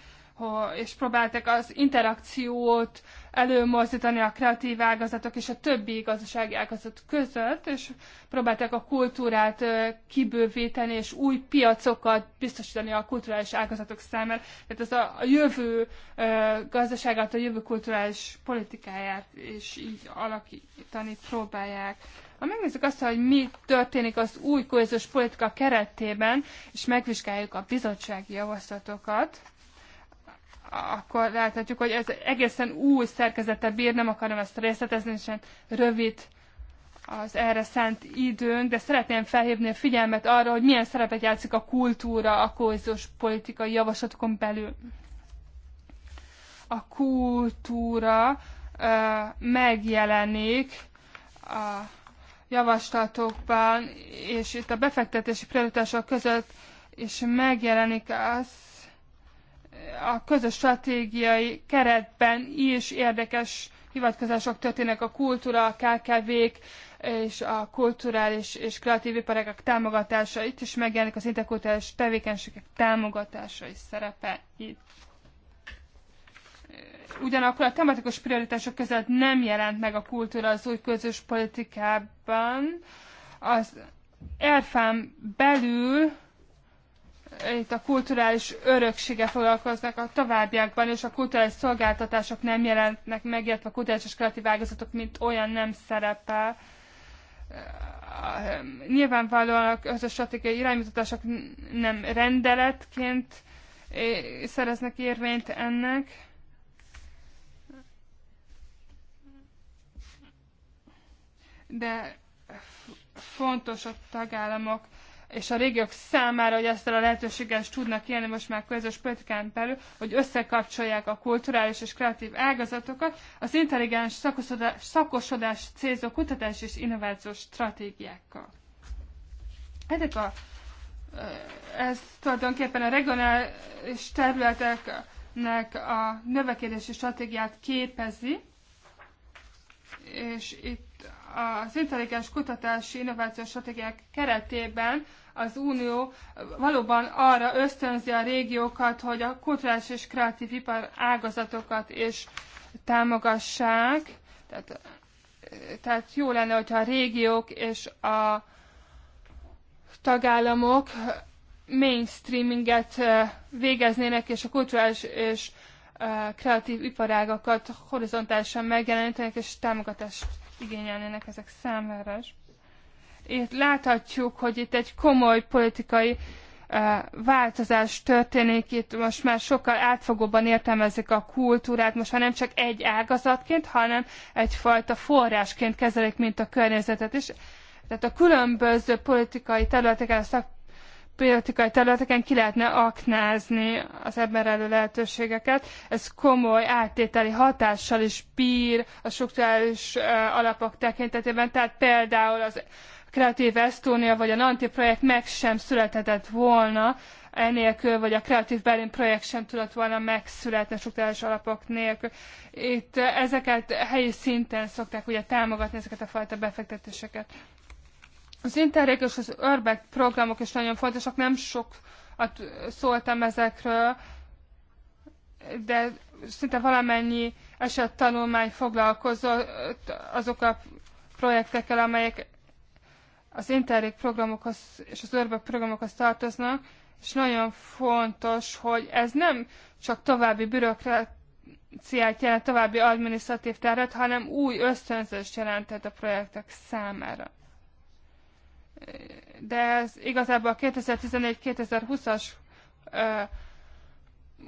és próbálták az interakciót előmozdítani a kreatív ágazatok és a többi gazdasági ágazat között, és próbálták a kultúrát kibővíteni, és új piacokat biztosítani a kulturális ágazatok számára. Tehát ez a, a jövő gazdaságát, a jövő kulturális politikáját és így alakítani próbálják. Ha megnézzük azt, hogy mi történik az új kohéziós politika keretében, és megvizsgáljuk a bizottsági javaslatokat, akkor láthatjuk, hogy ez egészen új szerkezete bír, nem akarom ezt részletezni, sem hát rövid az erre szánt időnk, de szeretném felhívni a figyelmet arra, hogy milyen szerepet játszik a kultúra a kohéziós politikai javaslatokon belül. A kultúra uh, megjelenik a javaslatokban, és itt a befektetési prioritások között is megjelenik az, a közös stratégiai keretben is érdekes hivatkozások történnek a kultúra, a KKV-k és a kulturális és kreatív iparágak támogatása. Itt is megjelenik az interkulturális tevékenységek támogatása is szerepe itt. Ugyanakkor a tematikus prioritások között nem jelent meg a kultúra az új közös politikában. Az Erfán belül itt a kulturális öröksége foglalkoznak a továbbiakban, és a kulturális szolgáltatások nem jelentnek meg, illetve a kulturális és kreatív ágazatok, mint olyan nem szerepel. Nyilvánvalóan az a stratégiai iránymutatások nem rendeletként szereznek érvényt ennek. De fontos a tagállamok és a régiók számára, hogy ezzel a lehetőséggel is tudnak élni most már közös politikán belül, hogy összekapcsolják a kulturális és kreatív ágazatokat, az intelligens szakosodás, szakosodás célzó kutatás és innovációs stratégiákkal. Ezek a, ez tulajdonképpen a regionális területeknek a növekedési stratégiát képezi, és itt az intelligens kutatási innovációs stratégiák keretében az Unió valóban arra ösztönzi a régiókat, hogy a kulturális és kreatív ipar ágazatokat is támogassák. Tehát, tehát jó lenne, hogyha a régiók és a tagállamok mainstreaminget végeznének, és a kulturális és kreatív iparágakat horizontálisan megjelenítenek, és támogatást igényelnének ezek számára. Itt láthatjuk, hogy itt egy komoly politikai eh, változás történik, itt most már sokkal átfogóban értelmezik a kultúrát, most már nem csak egy ágazatként, hanem egyfajta forrásként kezelik, mint a környezetet is. Tehát a különböző politikai területeken, a szak politikai területeken ki lehetne aknázni az ebben elő lehetőségeket. Ez komoly áttételi hatással is bír a strukturális alapok tekintetében, tehát például az Kreatív Estónia vagy a Nanti projekt meg sem születhetett volna, enélkül, vagy a Kreatív Berlin projekt sem tudott volna megszületni a struktúrális alapok nélkül. Itt ezeket helyi szinten szokták ugye támogatni ezeket a fajta befektetéseket. Az Interreg és az Örbek programok is nagyon fontosak, nem sokat szóltam ezekről, de szinte valamennyi eset tanulmány foglalkozott azok a projektekkel, amelyek az Interreg programokhoz és az Örbek programokhoz tartoznak, és nagyon fontos, hogy ez nem csak további bürokráciát jelent, további adminisztratív terhet, hanem új ösztönzést jelentett a projektek számára de ez igazából a 2014-2020-as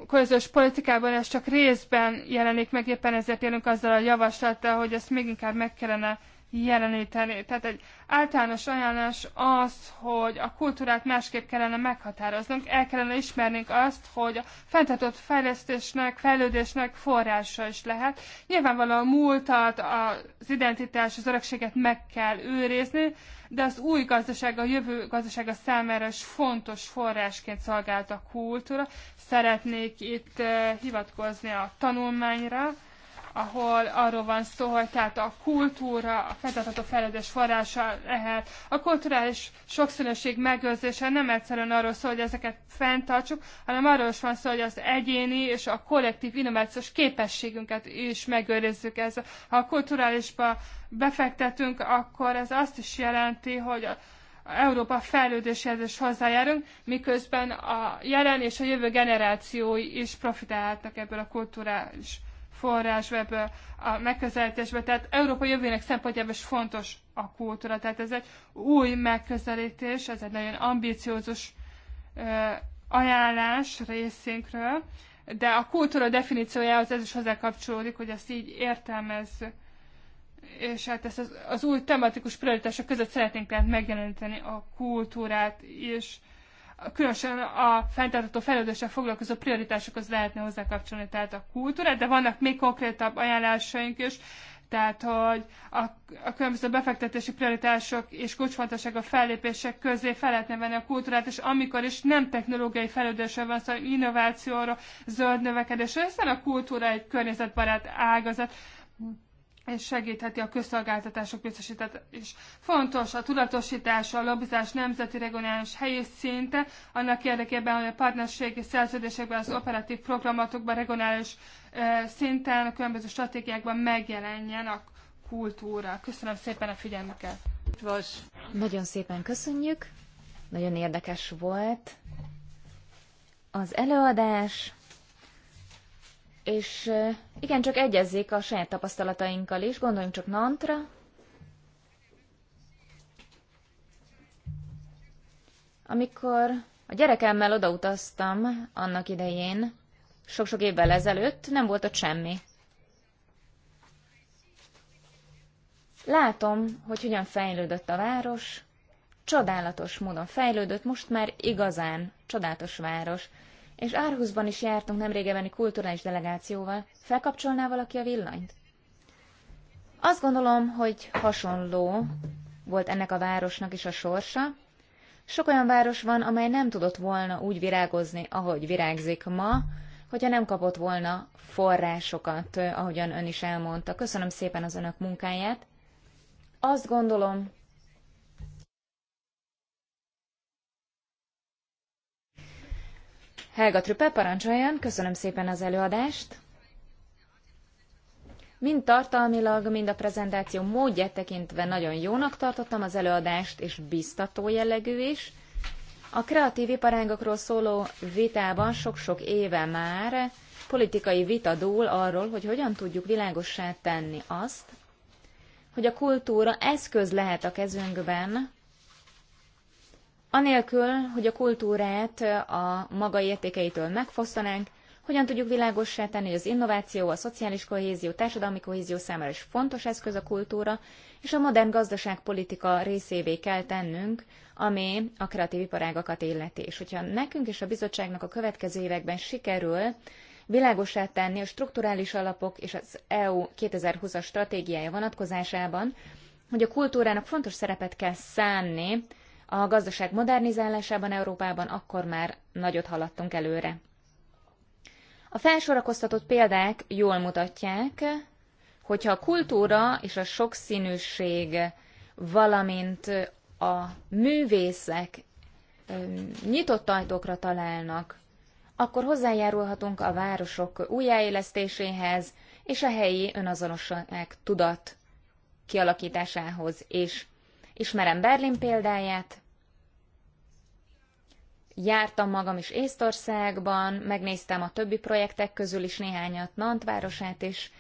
közös politikában ez csak részben jelenik meg, éppen ezért élünk azzal a javaslattal, hogy ezt még inkább meg kellene jeleníteni. Tehát egy általános ajánlás az, hogy a kultúrát másképp kellene meghatároznunk, el kellene ismernünk azt, hogy a fenntartott fejlesztésnek, fejlődésnek forrása is lehet. Nyilvánvalóan a múltat, az identitás, az örökséget meg kell őrizni, de az új gazdaság, a jövő a számára is fontos forrásként szolgált a kultúra. Szeretnék itt eh, hivatkozni a tanulmányra, ahol arról van szó, hogy tehát a kultúra, a fenntartható fejlődés forrása lehet. A kulturális sokszínűség megőrzése nem egyszerűen arról szól, hogy ezeket fenntartsuk, hanem arról is van szó, hogy az egyéni és a kollektív innovációs képességünket is megőrizzük. Ez, ha a kulturálisba befektetünk, akkor ez azt is jelenti, hogy a, Európa fejlődéséhez is hozzájárunk, miközben a jelen és a jövő generációi is profitálhatnak ebből a kulturális forrásba, a megközelítésbe. Tehát Európa jövőjének szempontjából is fontos a kultúra. Tehát ez egy új megközelítés, ez egy nagyon ambiciózus ajánlás részünkről. de a kultúra definíciójához ez is hozzá kapcsolódik, hogy ezt így értelmezzük és hát ezt az, az új tematikus prioritások között szeretnénk tehát megjeleníteni a kultúrát is, különösen a fenntartható fejlődéssel foglalkozó prioritásokhoz lehetne hozzákapcsolni, tehát a kultúrát, de vannak még konkrétabb ajánlásaink is, tehát, hogy a, a különböző befektetési prioritások és a fellépések közé fel lehetne venni a kultúrát, és amikor is nem technológiai fejlődésről van szó, szóval zöld növekedésről, hiszen a kultúra egy környezetbarát ágazat és segítheti a közszolgáltatások biztosítását. És fontos a tudatosítás, a lobbizás nemzeti, regionális, helyi szinte, annak érdekében, hogy a partnerségi szerződésekben, az operatív programokban regionális szinten, a különböző stratégiákban megjelenjen a kultúra. Köszönöm szépen a figyelmüket! Nagyon szépen köszönjük, nagyon érdekes volt az előadás, és igen, csak egyezzék a saját tapasztalatainkkal is. Gondoljunk csak Nantra. Amikor a gyerekemmel odautaztam annak idején, sok-sok évvel ezelőtt, nem volt ott semmi. Látom, hogy hogyan fejlődött a város. Csodálatos módon fejlődött, most már igazán csodálatos város és Árhusban is jártunk nemrégeben egy kulturális delegációval. Felkapcsolná valaki a villanyt? Azt gondolom, hogy hasonló volt ennek a városnak is a sorsa. Sok olyan város van, amely nem tudott volna úgy virágozni, ahogy virágzik ma, hogyha nem kapott volna forrásokat, eh, ahogyan ön is elmondta. Köszönöm szépen az önök munkáját. Azt gondolom, Helga Trüppel, parancsoljon, köszönöm szépen az előadást. Mind tartalmilag, mind a prezentáció módját tekintve nagyon jónak tartottam az előadást, és biztató jellegű is. A kreatív iparágakról szóló vitában sok-sok éve már politikai vita dúl arról, hogy hogyan tudjuk világossá tenni azt, hogy a kultúra eszköz lehet a kezünkben, Anélkül, hogy a kultúrát a maga értékeitől megfosztanánk, hogyan tudjuk világossá tenni, hogy az innováció, a szociális kohézió, társadalmi kohézió számára is fontos eszköz a kultúra, és a modern gazdaságpolitika részévé kell tennünk, ami a kreatív iparágakat illeti. És hogyha nekünk és a bizottságnak a következő években sikerül világossá tenni a strukturális alapok és az EU 2020-as stratégiája vonatkozásában, hogy a kultúrának fontos szerepet kell szánni a gazdaság modernizálásában Európában akkor már nagyot haladtunk előre. A felsorakoztatott példák jól mutatják, hogyha a kultúra és a sokszínűség, valamint a művészek nyitott ajtókra találnak, akkor hozzájárulhatunk a városok újjáélesztéséhez és a helyi önazonosság tudat kialakításához és Ismerem Berlin példáját, jártam magam is Észtországban, megnéztem a többi projektek közül is néhányat, Nantvárosát is.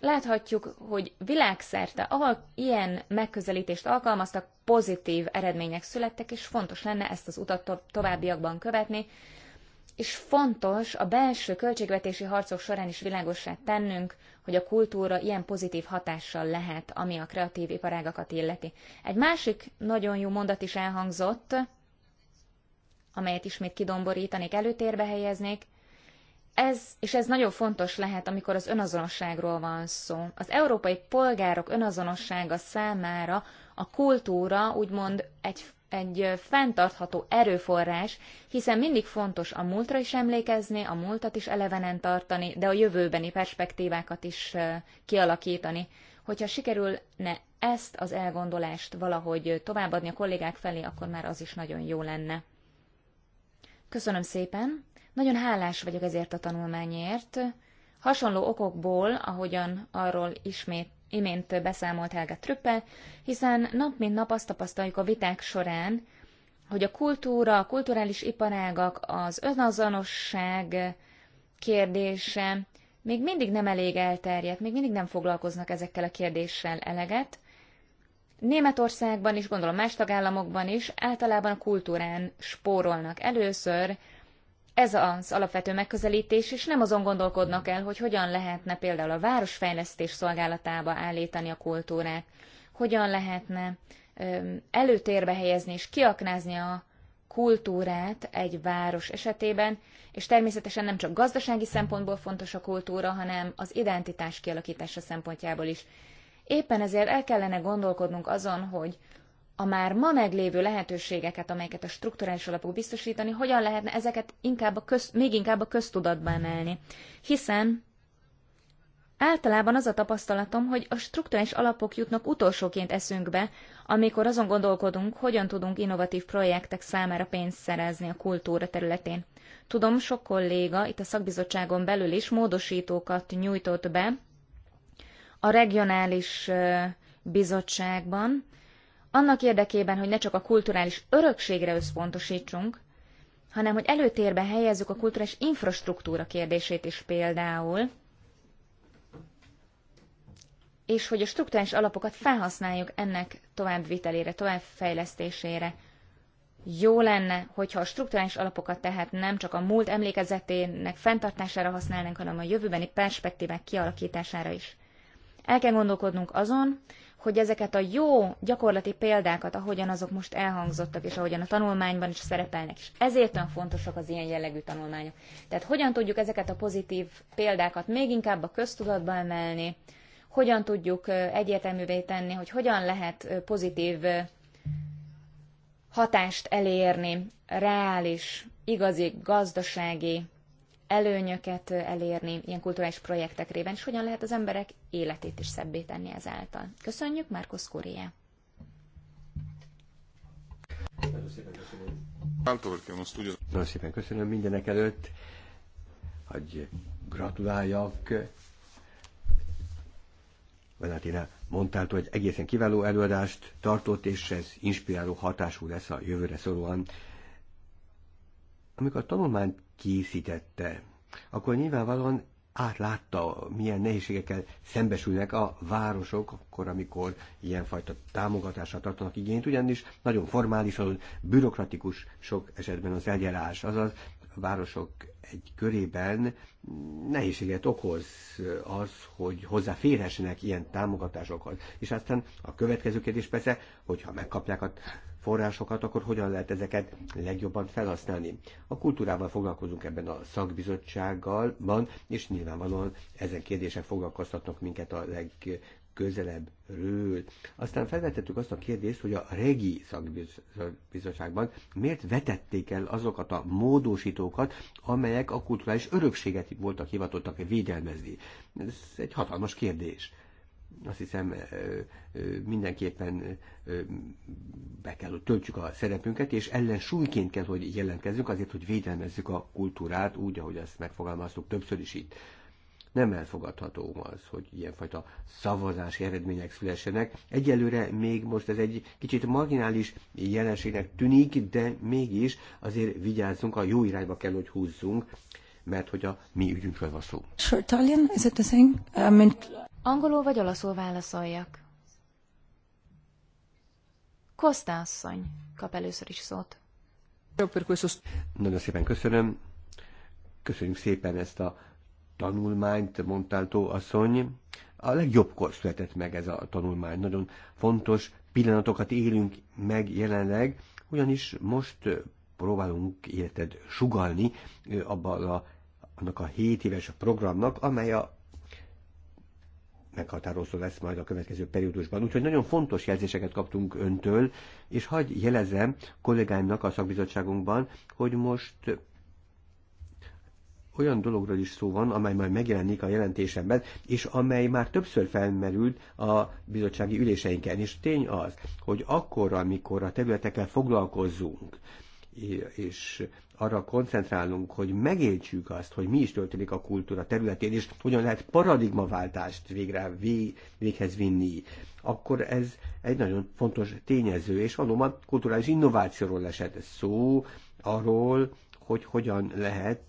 Láthatjuk, hogy világszerte, ahol ilyen megközelítést alkalmaztak, pozitív eredmények születtek, és fontos lenne ezt az utat to- továbbiakban követni, és fontos a belső költségvetési harcok során is világossá tennünk, hogy a kultúra ilyen pozitív hatással lehet, ami a kreatív iparágakat illeti. Egy másik nagyon jó mondat is elhangzott, amelyet ismét kidomborítanék, előtérbe helyeznék, ez, és ez nagyon fontos lehet, amikor az önazonosságról van szó. Az európai polgárok önazonossága számára a kultúra úgymond egy egy fenntartható erőforrás, hiszen mindig fontos a múltra is emlékezni, a múltat is elevenen tartani, de a jövőbeni perspektívákat is kialakítani. Hogyha sikerülne ezt az elgondolást valahogy továbbadni a kollégák felé, akkor már az is nagyon jó lenne. Köszönöm szépen, nagyon hálás vagyok ezért a tanulmányért. Hasonló okokból, ahogyan arról ismét imént beszámolt Helga Trüppel, hiszen nap mint nap azt tapasztaljuk a viták során, hogy a kultúra, a kulturális iparágak, az önazonosság kérdése még mindig nem elég elterjedt, még mindig nem foglalkoznak ezekkel a kérdéssel eleget. Németországban is, gondolom más tagállamokban is általában a kultúrán spórolnak először, ez az alapvető megközelítés, és nem azon gondolkodnak el, hogy hogyan lehetne például a városfejlesztés szolgálatába állítani a kultúrát, hogyan lehetne előtérbe helyezni és kiaknázni a kultúrát egy város esetében, és természetesen nem csak gazdasági szempontból fontos a kultúra, hanem az identitás kialakítása szempontjából is. Éppen ezért el kellene gondolkodnunk azon, hogy a már ma meglévő lehetőségeket, amelyeket a strukturális alapok biztosítani, hogyan lehetne ezeket inkább a köz, még inkább a köztudatba emelni. Hiszen általában az a tapasztalatom, hogy a strukturális alapok jutnak utolsóként eszünkbe, amikor azon gondolkodunk, hogyan tudunk innovatív projektek számára pénzt szerezni a kultúra területén. Tudom, sok kolléga itt a szakbizottságon belül is módosítókat nyújtott be a regionális bizottságban, annak érdekében, hogy ne csak a kulturális örökségre összpontosítsunk, hanem hogy előtérbe helyezzük a kulturális infrastruktúra kérdését is például, és hogy a struktúrális alapokat felhasználjuk ennek továbbvitelére, továbbfejlesztésére. Jó lenne, hogyha a strukturális alapokat tehát nem csak a múlt emlékezetének fenntartására használnánk, hanem a jövőbeni perspektívák kialakítására is. El kell gondolkodnunk azon, hogy ezeket a jó gyakorlati példákat, ahogyan azok most elhangzottak, és ahogyan a tanulmányban is szerepelnek, és ezért olyan fontosak az ilyen jellegű tanulmányok. Tehát hogyan tudjuk ezeket a pozitív példákat még inkább a köztudatba emelni, hogyan tudjuk egyértelművé tenni, hogy hogyan lehet pozitív hatást elérni reális, igazi gazdasági előnyöket elérni ilyen kulturális projektek révén, és hogyan lehet az emberek életét is szebbé tenni ezáltal. Köszönjük, Márkusz Kuria! Nagyon szépen köszönöm mindenek előtt, hogy gratuláljak Valentina mondtál, egy egészen kiváló előadást tartott, és ez inspiráló hatású lesz a jövőre szólóan. Amikor a tanulmányt készítette, akkor nyilvánvalóan átlátta, milyen nehézségekkel szembesülnek a városok, akkor, amikor ilyenfajta támogatásra tartanak igényt, ugyanis nagyon formális, azon bürokratikus sok esetben az eljárás, azaz a városok egy körében nehézséget okoz az, hogy hozzáférhessenek ilyen támogatásokhoz. És aztán a következő kérdés persze, hogyha megkapják a forrásokat, akkor hogyan lehet ezeket legjobban felhasználni. A kultúrával foglalkozunk ebben a szakbizottsággalban, és nyilvánvalóan ezen kérdések foglalkoztatnak minket a legközelebbről. Aztán felvetettük azt a kérdést, hogy a regi szakbizottságban miért vetették el azokat a módosítókat, amelyek a kulturális örökséget voltak hivatottak védelmezni. Ez egy hatalmas kérdés azt hiszem mindenképpen be kell, hogy töltsük a szerepünket, és ellensúlyként kell, hogy jelentkezzünk azért, hogy védelmezzük a kultúrát úgy, ahogy ezt megfogalmaztuk többször is itt. Nem elfogadható az, hogy ilyenfajta szavazási eredmények szülessenek. Egyelőre még most ez egy kicsit marginális jelenségnek tűnik, de mégis azért vigyázzunk, a jó irányba kell, hogy húzzunk, mert hogy a mi ügyünkről van szó. Sure, Italian, is it the same? I mean... Angolul vagy olaszul válaszoljak? Kosta asszony kap először is szót. Nagyon szépen köszönöm. Köszönjük szépen ezt a tanulmányt, Montalto asszony. A legjobbkor született meg ez a tanulmány. Nagyon fontos pillanatokat élünk meg jelenleg, ugyanis most próbálunk életed sugalni abban a annak a 7 éves programnak, amely a meghatározó lesz majd a következő periódusban. Úgyhogy nagyon fontos jelzéseket kaptunk öntől, és hagy jelezem kollégáimnak a szakbizottságunkban, hogy most olyan dologról is szó van, amely majd megjelenik a jelentésemben, és amely már többször felmerült a bizottsági üléseinken. És tény az, hogy akkor, amikor a területekkel foglalkozzunk, és arra koncentrálunk, hogy megértsük azt, hogy mi is történik a kultúra területén, és hogyan lehet paradigmaváltást végre vég, véghez vinni, akkor ez egy nagyon fontos tényező, és valóban kulturális innovációról esett szó, arról, hogy hogyan lehet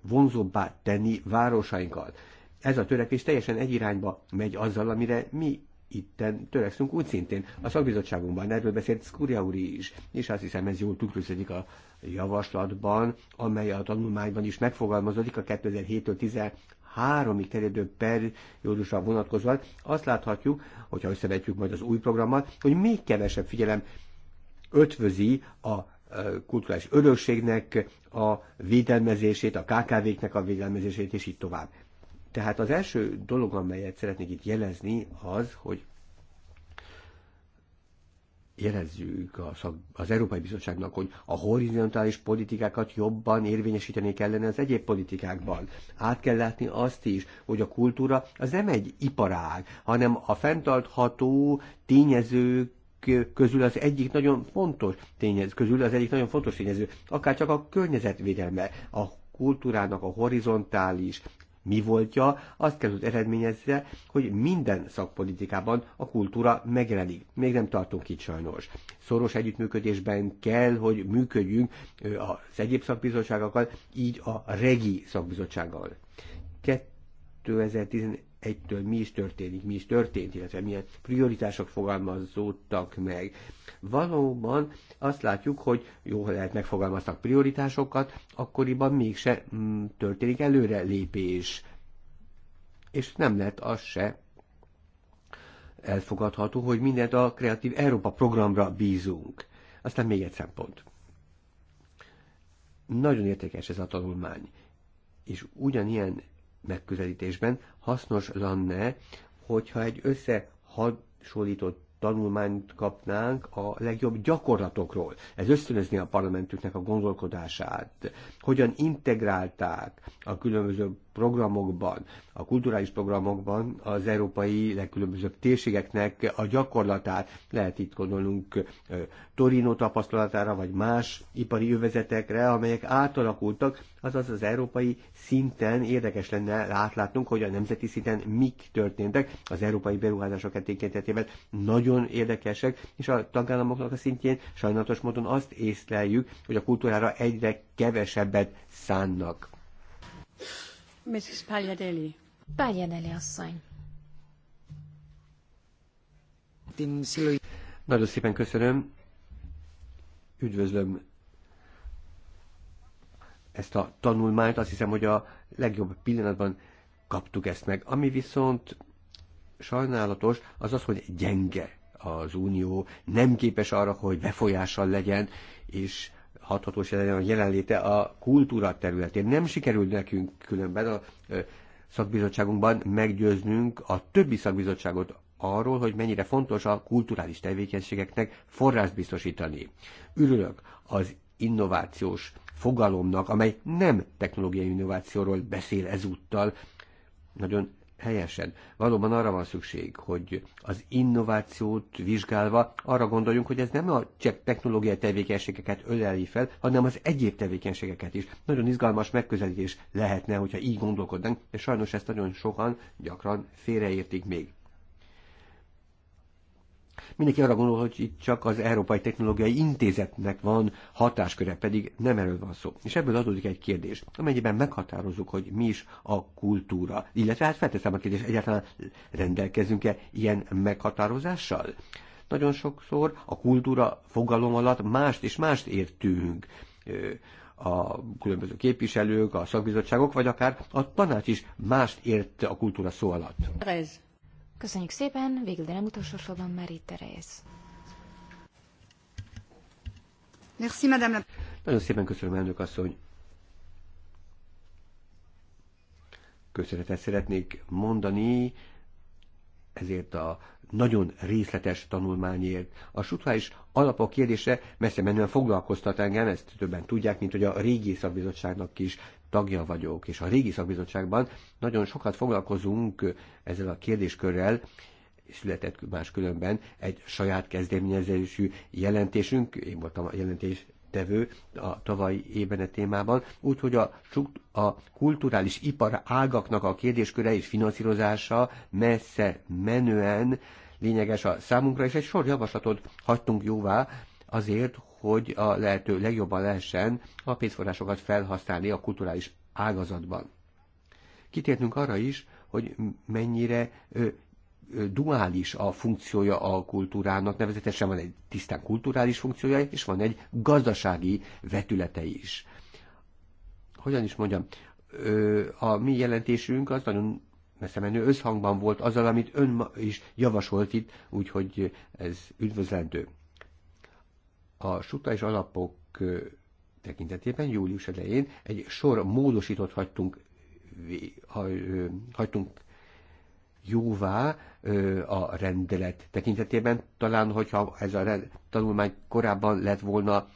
vonzóbbá tenni városainkat. Ez a törekvés teljesen egy irányba megy azzal, amire mi itten törekszünk úgy szintén. A szakbizottságunkban erről beszélt Szkúria úr is, és azt hiszem ez jól tükröződik a javaslatban, amely a tanulmányban is megfogalmazódik a 2007-től 13-ig terjedő periódusra vonatkozóan. Azt láthatjuk, hogyha összevetjük majd az új programmal, hogy még kevesebb figyelem ötvözi a e, kulturális örökségnek a védelmezését, a KKV-knek a védelmezését, és így tovább. Tehát az első dolog, amelyet szeretnék itt jelezni, az, hogy jelezzük a szak, az Európai Bizottságnak, hogy a horizontális politikákat jobban érvényesíteni kellene az egyéb politikákban. Át kell látni azt is, hogy a kultúra az nem egy iparág, hanem a fenntartható tényezők közül az egyik nagyon fontos tényező, közül az egyik nagyon fontos tényező, akár csak a környezetvédelme, a kultúrának a horizontális mi voltja, azt kell, hogy eredményezze, hogy minden szakpolitikában a kultúra megjelenik. Még nem tartunk itt sajnos. Szoros együttműködésben kell, hogy működjünk az egyéb szakbizottságokkal, így a regi szakbizottsággal. 2011-től mi is történik, mi is történt, illetve milyen prioritások fogalmazódtak meg. Valóban azt látjuk, hogy jó, ha lehet megfogalmaztak prioritásokat, akkoriban mégse mm, történik előre lépés. És nem lett az se elfogadható, hogy mindent a Kreatív Európa programra bízunk. Aztán még egy szempont. Nagyon értékes ez a tanulmány, és ugyanilyen megközelítésben hasznos lenne, hogyha egy összehasonlított tanulmányt kapnánk a legjobb gyakorlatokról. Ez ösztönözni a parlamentüknek a gondolkodását, hogyan integrálták a különböző programokban, a kulturális programokban az európai legkülönbözőbb térségeknek a gyakorlatát lehet itt gondolnunk Torino tapasztalatára, vagy más ipari övezetekre, amelyek átalakultak, azaz az európai szinten érdekes lenne átlátnunk, hogy a nemzeti szinten mik történtek. Az európai beruházások tekintetében nagyon érdekesek, és a tagállamoknak a szintjén sajnálatos módon azt észleljük, hogy a kultúrára egyre kevesebbet szánnak. Mrs. Pagliadelli. Pagliadelli asszony. Nagyon szépen köszönöm. Üdvözlöm ezt a tanulmányt. Azt hiszem, hogy a legjobb pillanatban kaptuk ezt meg. Ami viszont sajnálatos, az az, hogy gyenge az Unió, nem képes arra, hogy befolyással legyen, és hathatós jelenléte a kultúra területén. Nem sikerült nekünk különben a szakbizottságunkban meggyőznünk a többi szakbizottságot arról, hogy mennyire fontos a kulturális tevékenységeknek forrást biztosítani. Ürülök az innovációs fogalomnak, amely nem technológiai innovációról beszél ezúttal, nagyon helyesen. Valóban arra van szükség, hogy az innovációt vizsgálva arra gondoljunk, hogy ez nem a csak technológiai tevékenységeket öleli fel, hanem az egyéb tevékenységeket is. Nagyon izgalmas megközelítés lehetne, hogyha így gondolkodnánk, de sajnos ezt nagyon sokan gyakran félreértik még. Mindenki arra gondol, hogy itt csak az Európai Technológiai Intézetnek van hatásköre, pedig nem erről van szó. És ebből adódik egy kérdés, amennyiben meghatározunk, hogy mi is a kultúra. Illetve hát felteszem a kérdést, egyáltalán rendelkezünk-e ilyen meghatározással? Nagyon sokszor a kultúra fogalom alatt mást és mást értünk a különböző képviselők, a szakbizottságok, vagy akár a tanács is mást ért a kultúra szó alatt. Köszönjük szépen, végül de nem utolsó sorban Marie Terész. Merci, madame. Nagyon szépen köszönöm, elnök asszony. Köszönetet szeretnék mondani ezért a nagyon részletes tanulmányért. A struktúrális alapok kérdése messze menően foglalkoztat engem, ezt többen tudják, mint hogy a régi szakbizottságnak is tagja vagyok, és a régi szakbizottságban nagyon sokat foglalkozunk ezzel a kérdéskörrel, született máskülönben egy saját kezdeményezésű jelentésünk, én voltam a jelentés tevő a tavalyi évben a témában, úgyhogy a, a kulturális ipar ágaknak a kérdésköre és finanszírozása messze menően lényeges a számunkra, és egy sor javaslatot hagytunk jóvá azért, hogy a lehető legjobban lehessen a pénzforrásokat felhasználni a kulturális ágazatban. Kitértünk arra is, hogy mennyire ö, ö, duális a funkciója a kultúrának, nevezetesen van egy tisztán kulturális funkciója, és van egy gazdasági vetülete is. Hogyan is mondjam, ö, a mi jelentésünk az nagyon messze menő összhangban volt azzal, amit ön is javasolt itt, úgyhogy ez üdvözlendő a struktúrális alapok tekintetében július elején egy sor módosított hagytunk, hagytunk jóvá a rendelet tekintetében. Talán, hogyha ez a tanulmány korábban lett volna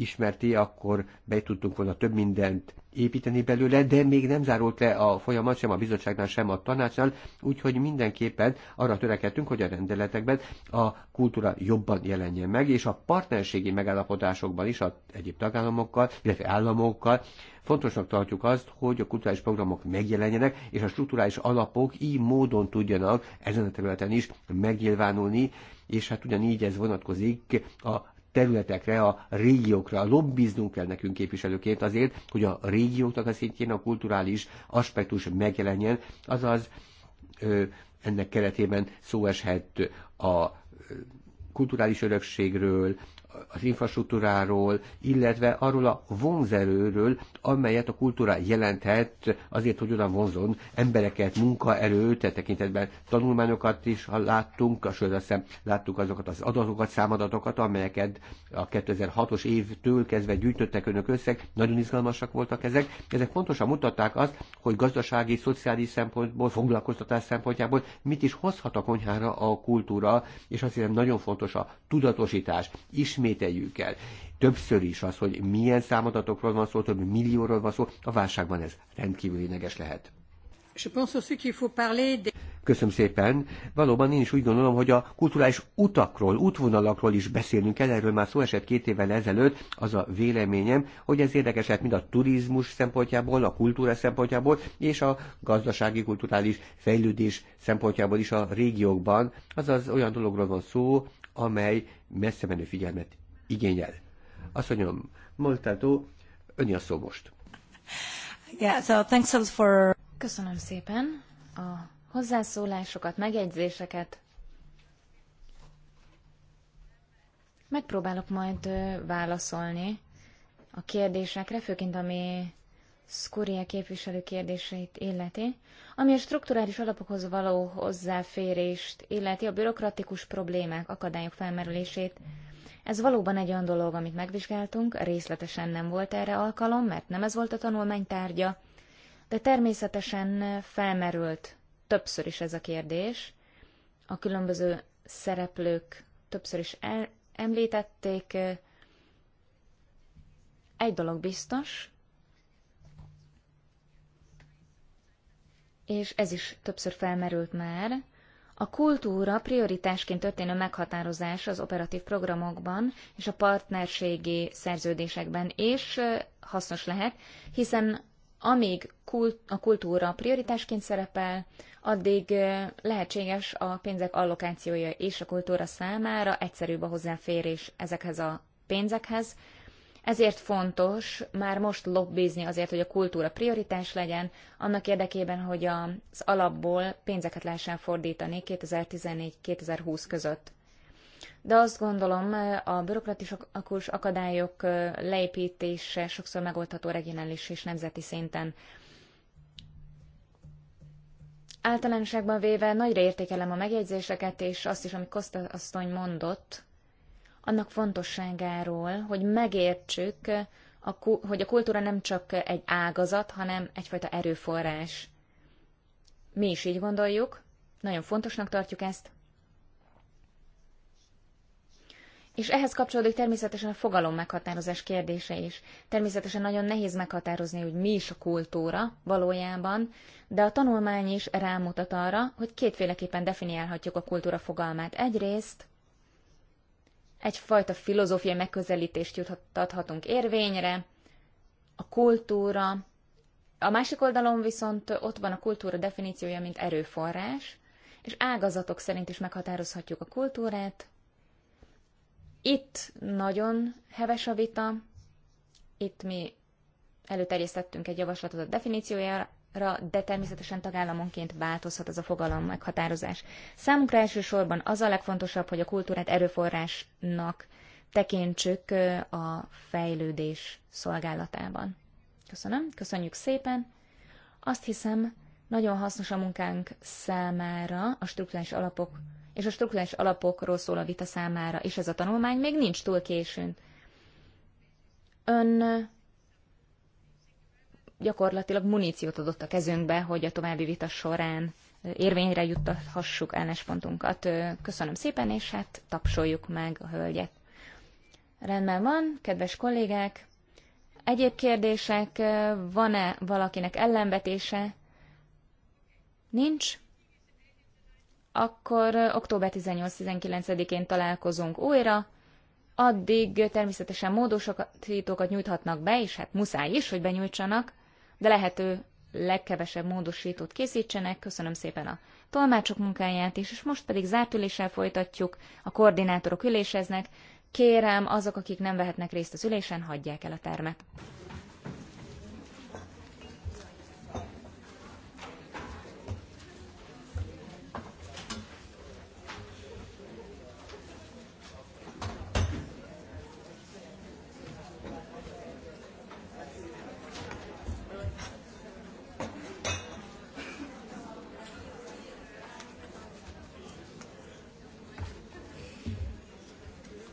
ismerté, akkor be tudtunk volna több mindent építeni belőle, de még nem zárult le a folyamat sem a bizottságnál, sem a tanácsnál, úgyhogy mindenképpen arra törekedtünk, hogy a rendeletekben a kultúra jobban jelenjen meg, és a partnerségi megállapodásokban is a egyéb tagállamokkal, illetve államokkal fontosnak tartjuk azt, hogy a kulturális programok megjelenjenek, és a strukturális alapok így módon tudjanak ezen a területen is megnyilvánulni, és hát ugyanígy ez vonatkozik a területekre, a régiókra. Lobbiznunk kell nekünk képviselőként azért, hogy a régióknak a szintjén a kulturális aspektus megjelenjen, azaz ö, ennek keretében szó eshet a kulturális örökségről, az infrastruktúráról, illetve arról a vonzerőről, amelyet a kultúra jelenthet azért, hogy oda vonzon embereket, munkaerőt, e tekintetben tanulmányokat is láttunk, sőt azt hiszem láttuk azokat az adatokat, számadatokat, amelyeket a 2006-os évtől kezdve gyűjtöttek önök összeg, nagyon izgalmasak voltak ezek. Ezek pontosan mutatták azt, hogy gazdasági, szociális szempontból, foglalkoztatás szempontjából mit is hozhat a konyhára a kultúra, és azt hiszem nagyon fontos a tudatosítás. Is ismételjük el. Többször is az, hogy milyen számadatokról van szó, több millióról van szó, a válságban ez rendkívül lényeges lehet. Köszönöm szépen. Valóban én is úgy gondolom, hogy a kulturális utakról, útvonalakról is beszélnünk kell. Erről már szó esett két évvel ezelőtt. Az a véleményem, hogy ez érdekes lehet mind a turizmus szempontjából, a kultúra szempontjából, és a gazdasági kulturális fejlődés szempontjából is a régiókban. Azaz olyan dologról van szó, amely messze menő figyelmet igényel. Azt mondjam, Moltátó, öni a szó most. Yeah, so thanks for... Köszönöm szépen a hozzászólásokat, megjegyzéseket. Megpróbálok majd válaszolni a kérdésekre, főként ami Skuria képviselő kérdéseit illeti, ami a strukturális alapokhoz való hozzáférést illeti a bürokratikus problémák, akadályok felmerülését. Ez valóban egy olyan dolog, amit megvizsgáltunk, részletesen nem volt erre alkalom, mert nem ez volt a tanulmány tárgya, de természetesen felmerült többször is ez a kérdés. A különböző szereplők többször is el, említették. Egy dolog biztos, és ez is többször felmerült már, a kultúra prioritásként történő meghatározás az operatív programokban és a partnerségi szerződésekben is hasznos lehet, hiszen amíg a kultúra prioritásként szerepel, addig lehetséges a pénzek allokációja és a kultúra számára egyszerűbb a hozzáférés ezekhez a pénzekhez, ezért fontos már most lobbizni azért, hogy a kultúra prioritás legyen, annak érdekében, hogy az alapból pénzeket lehessen fordítani 2014-2020 között. De azt gondolom, a bürokratikus akadályok leépítése sokszor megoldható regionális és nemzeti szinten. Általánosságban véve nagyra értékelem a megjegyzéseket, és azt is, amit Kosta asszony mondott, annak fontosságáról, hogy megértsük, a, hogy a kultúra nem csak egy ágazat, hanem egyfajta erőforrás. Mi is így gondoljuk, nagyon fontosnak tartjuk ezt. És ehhez kapcsolódik természetesen a fogalom meghatározás kérdése is. Természetesen nagyon nehéz meghatározni, hogy mi is a kultúra valójában, de a tanulmány is rámutat arra, hogy kétféleképpen definiálhatjuk a kultúra fogalmát. Egyrészt egyfajta filozófiai megközelítést juthathatunk érvényre, a kultúra. A másik oldalon viszont ott van a kultúra definíciója, mint erőforrás, és ágazatok szerint is meghatározhatjuk a kultúrát. Itt nagyon heves a vita, itt mi előterjesztettünk egy javaslatot a definíciójára, de természetesen tagállamonként változhat az a fogalom meghatározás. Számunkra elsősorban az a legfontosabb, hogy a kultúrát erőforrásnak tekintsük a fejlődés szolgálatában. Köszönöm, köszönjük szépen. Azt hiszem, nagyon hasznos a munkánk számára, a struktúrális alapok és a struktúrális alapokról szól a vita számára, és ez a tanulmány még nincs túl későn. Ön gyakorlatilag muníciót adott a kezünkbe, hogy a további vita során érvényre juttathassuk álláspontunkat. Köszönöm szépen, és hát tapsoljuk meg a hölgyet. Rendben van, kedves kollégák. Egyéb kérdések, van-e valakinek ellenvetése? Nincs? Akkor október 18-19-én találkozunk újra. Addig természetesen módosítókat nyújthatnak be, és hát muszáj is, hogy benyújtsanak de lehető legkevesebb módosítót készítsenek. Köszönöm szépen a tolmácsok munkáját is, és most pedig zárt üléssel folytatjuk, a koordinátorok üléseznek. Kérem, azok, akik nem vehetnek részt az ülésen, hagyják el a termet.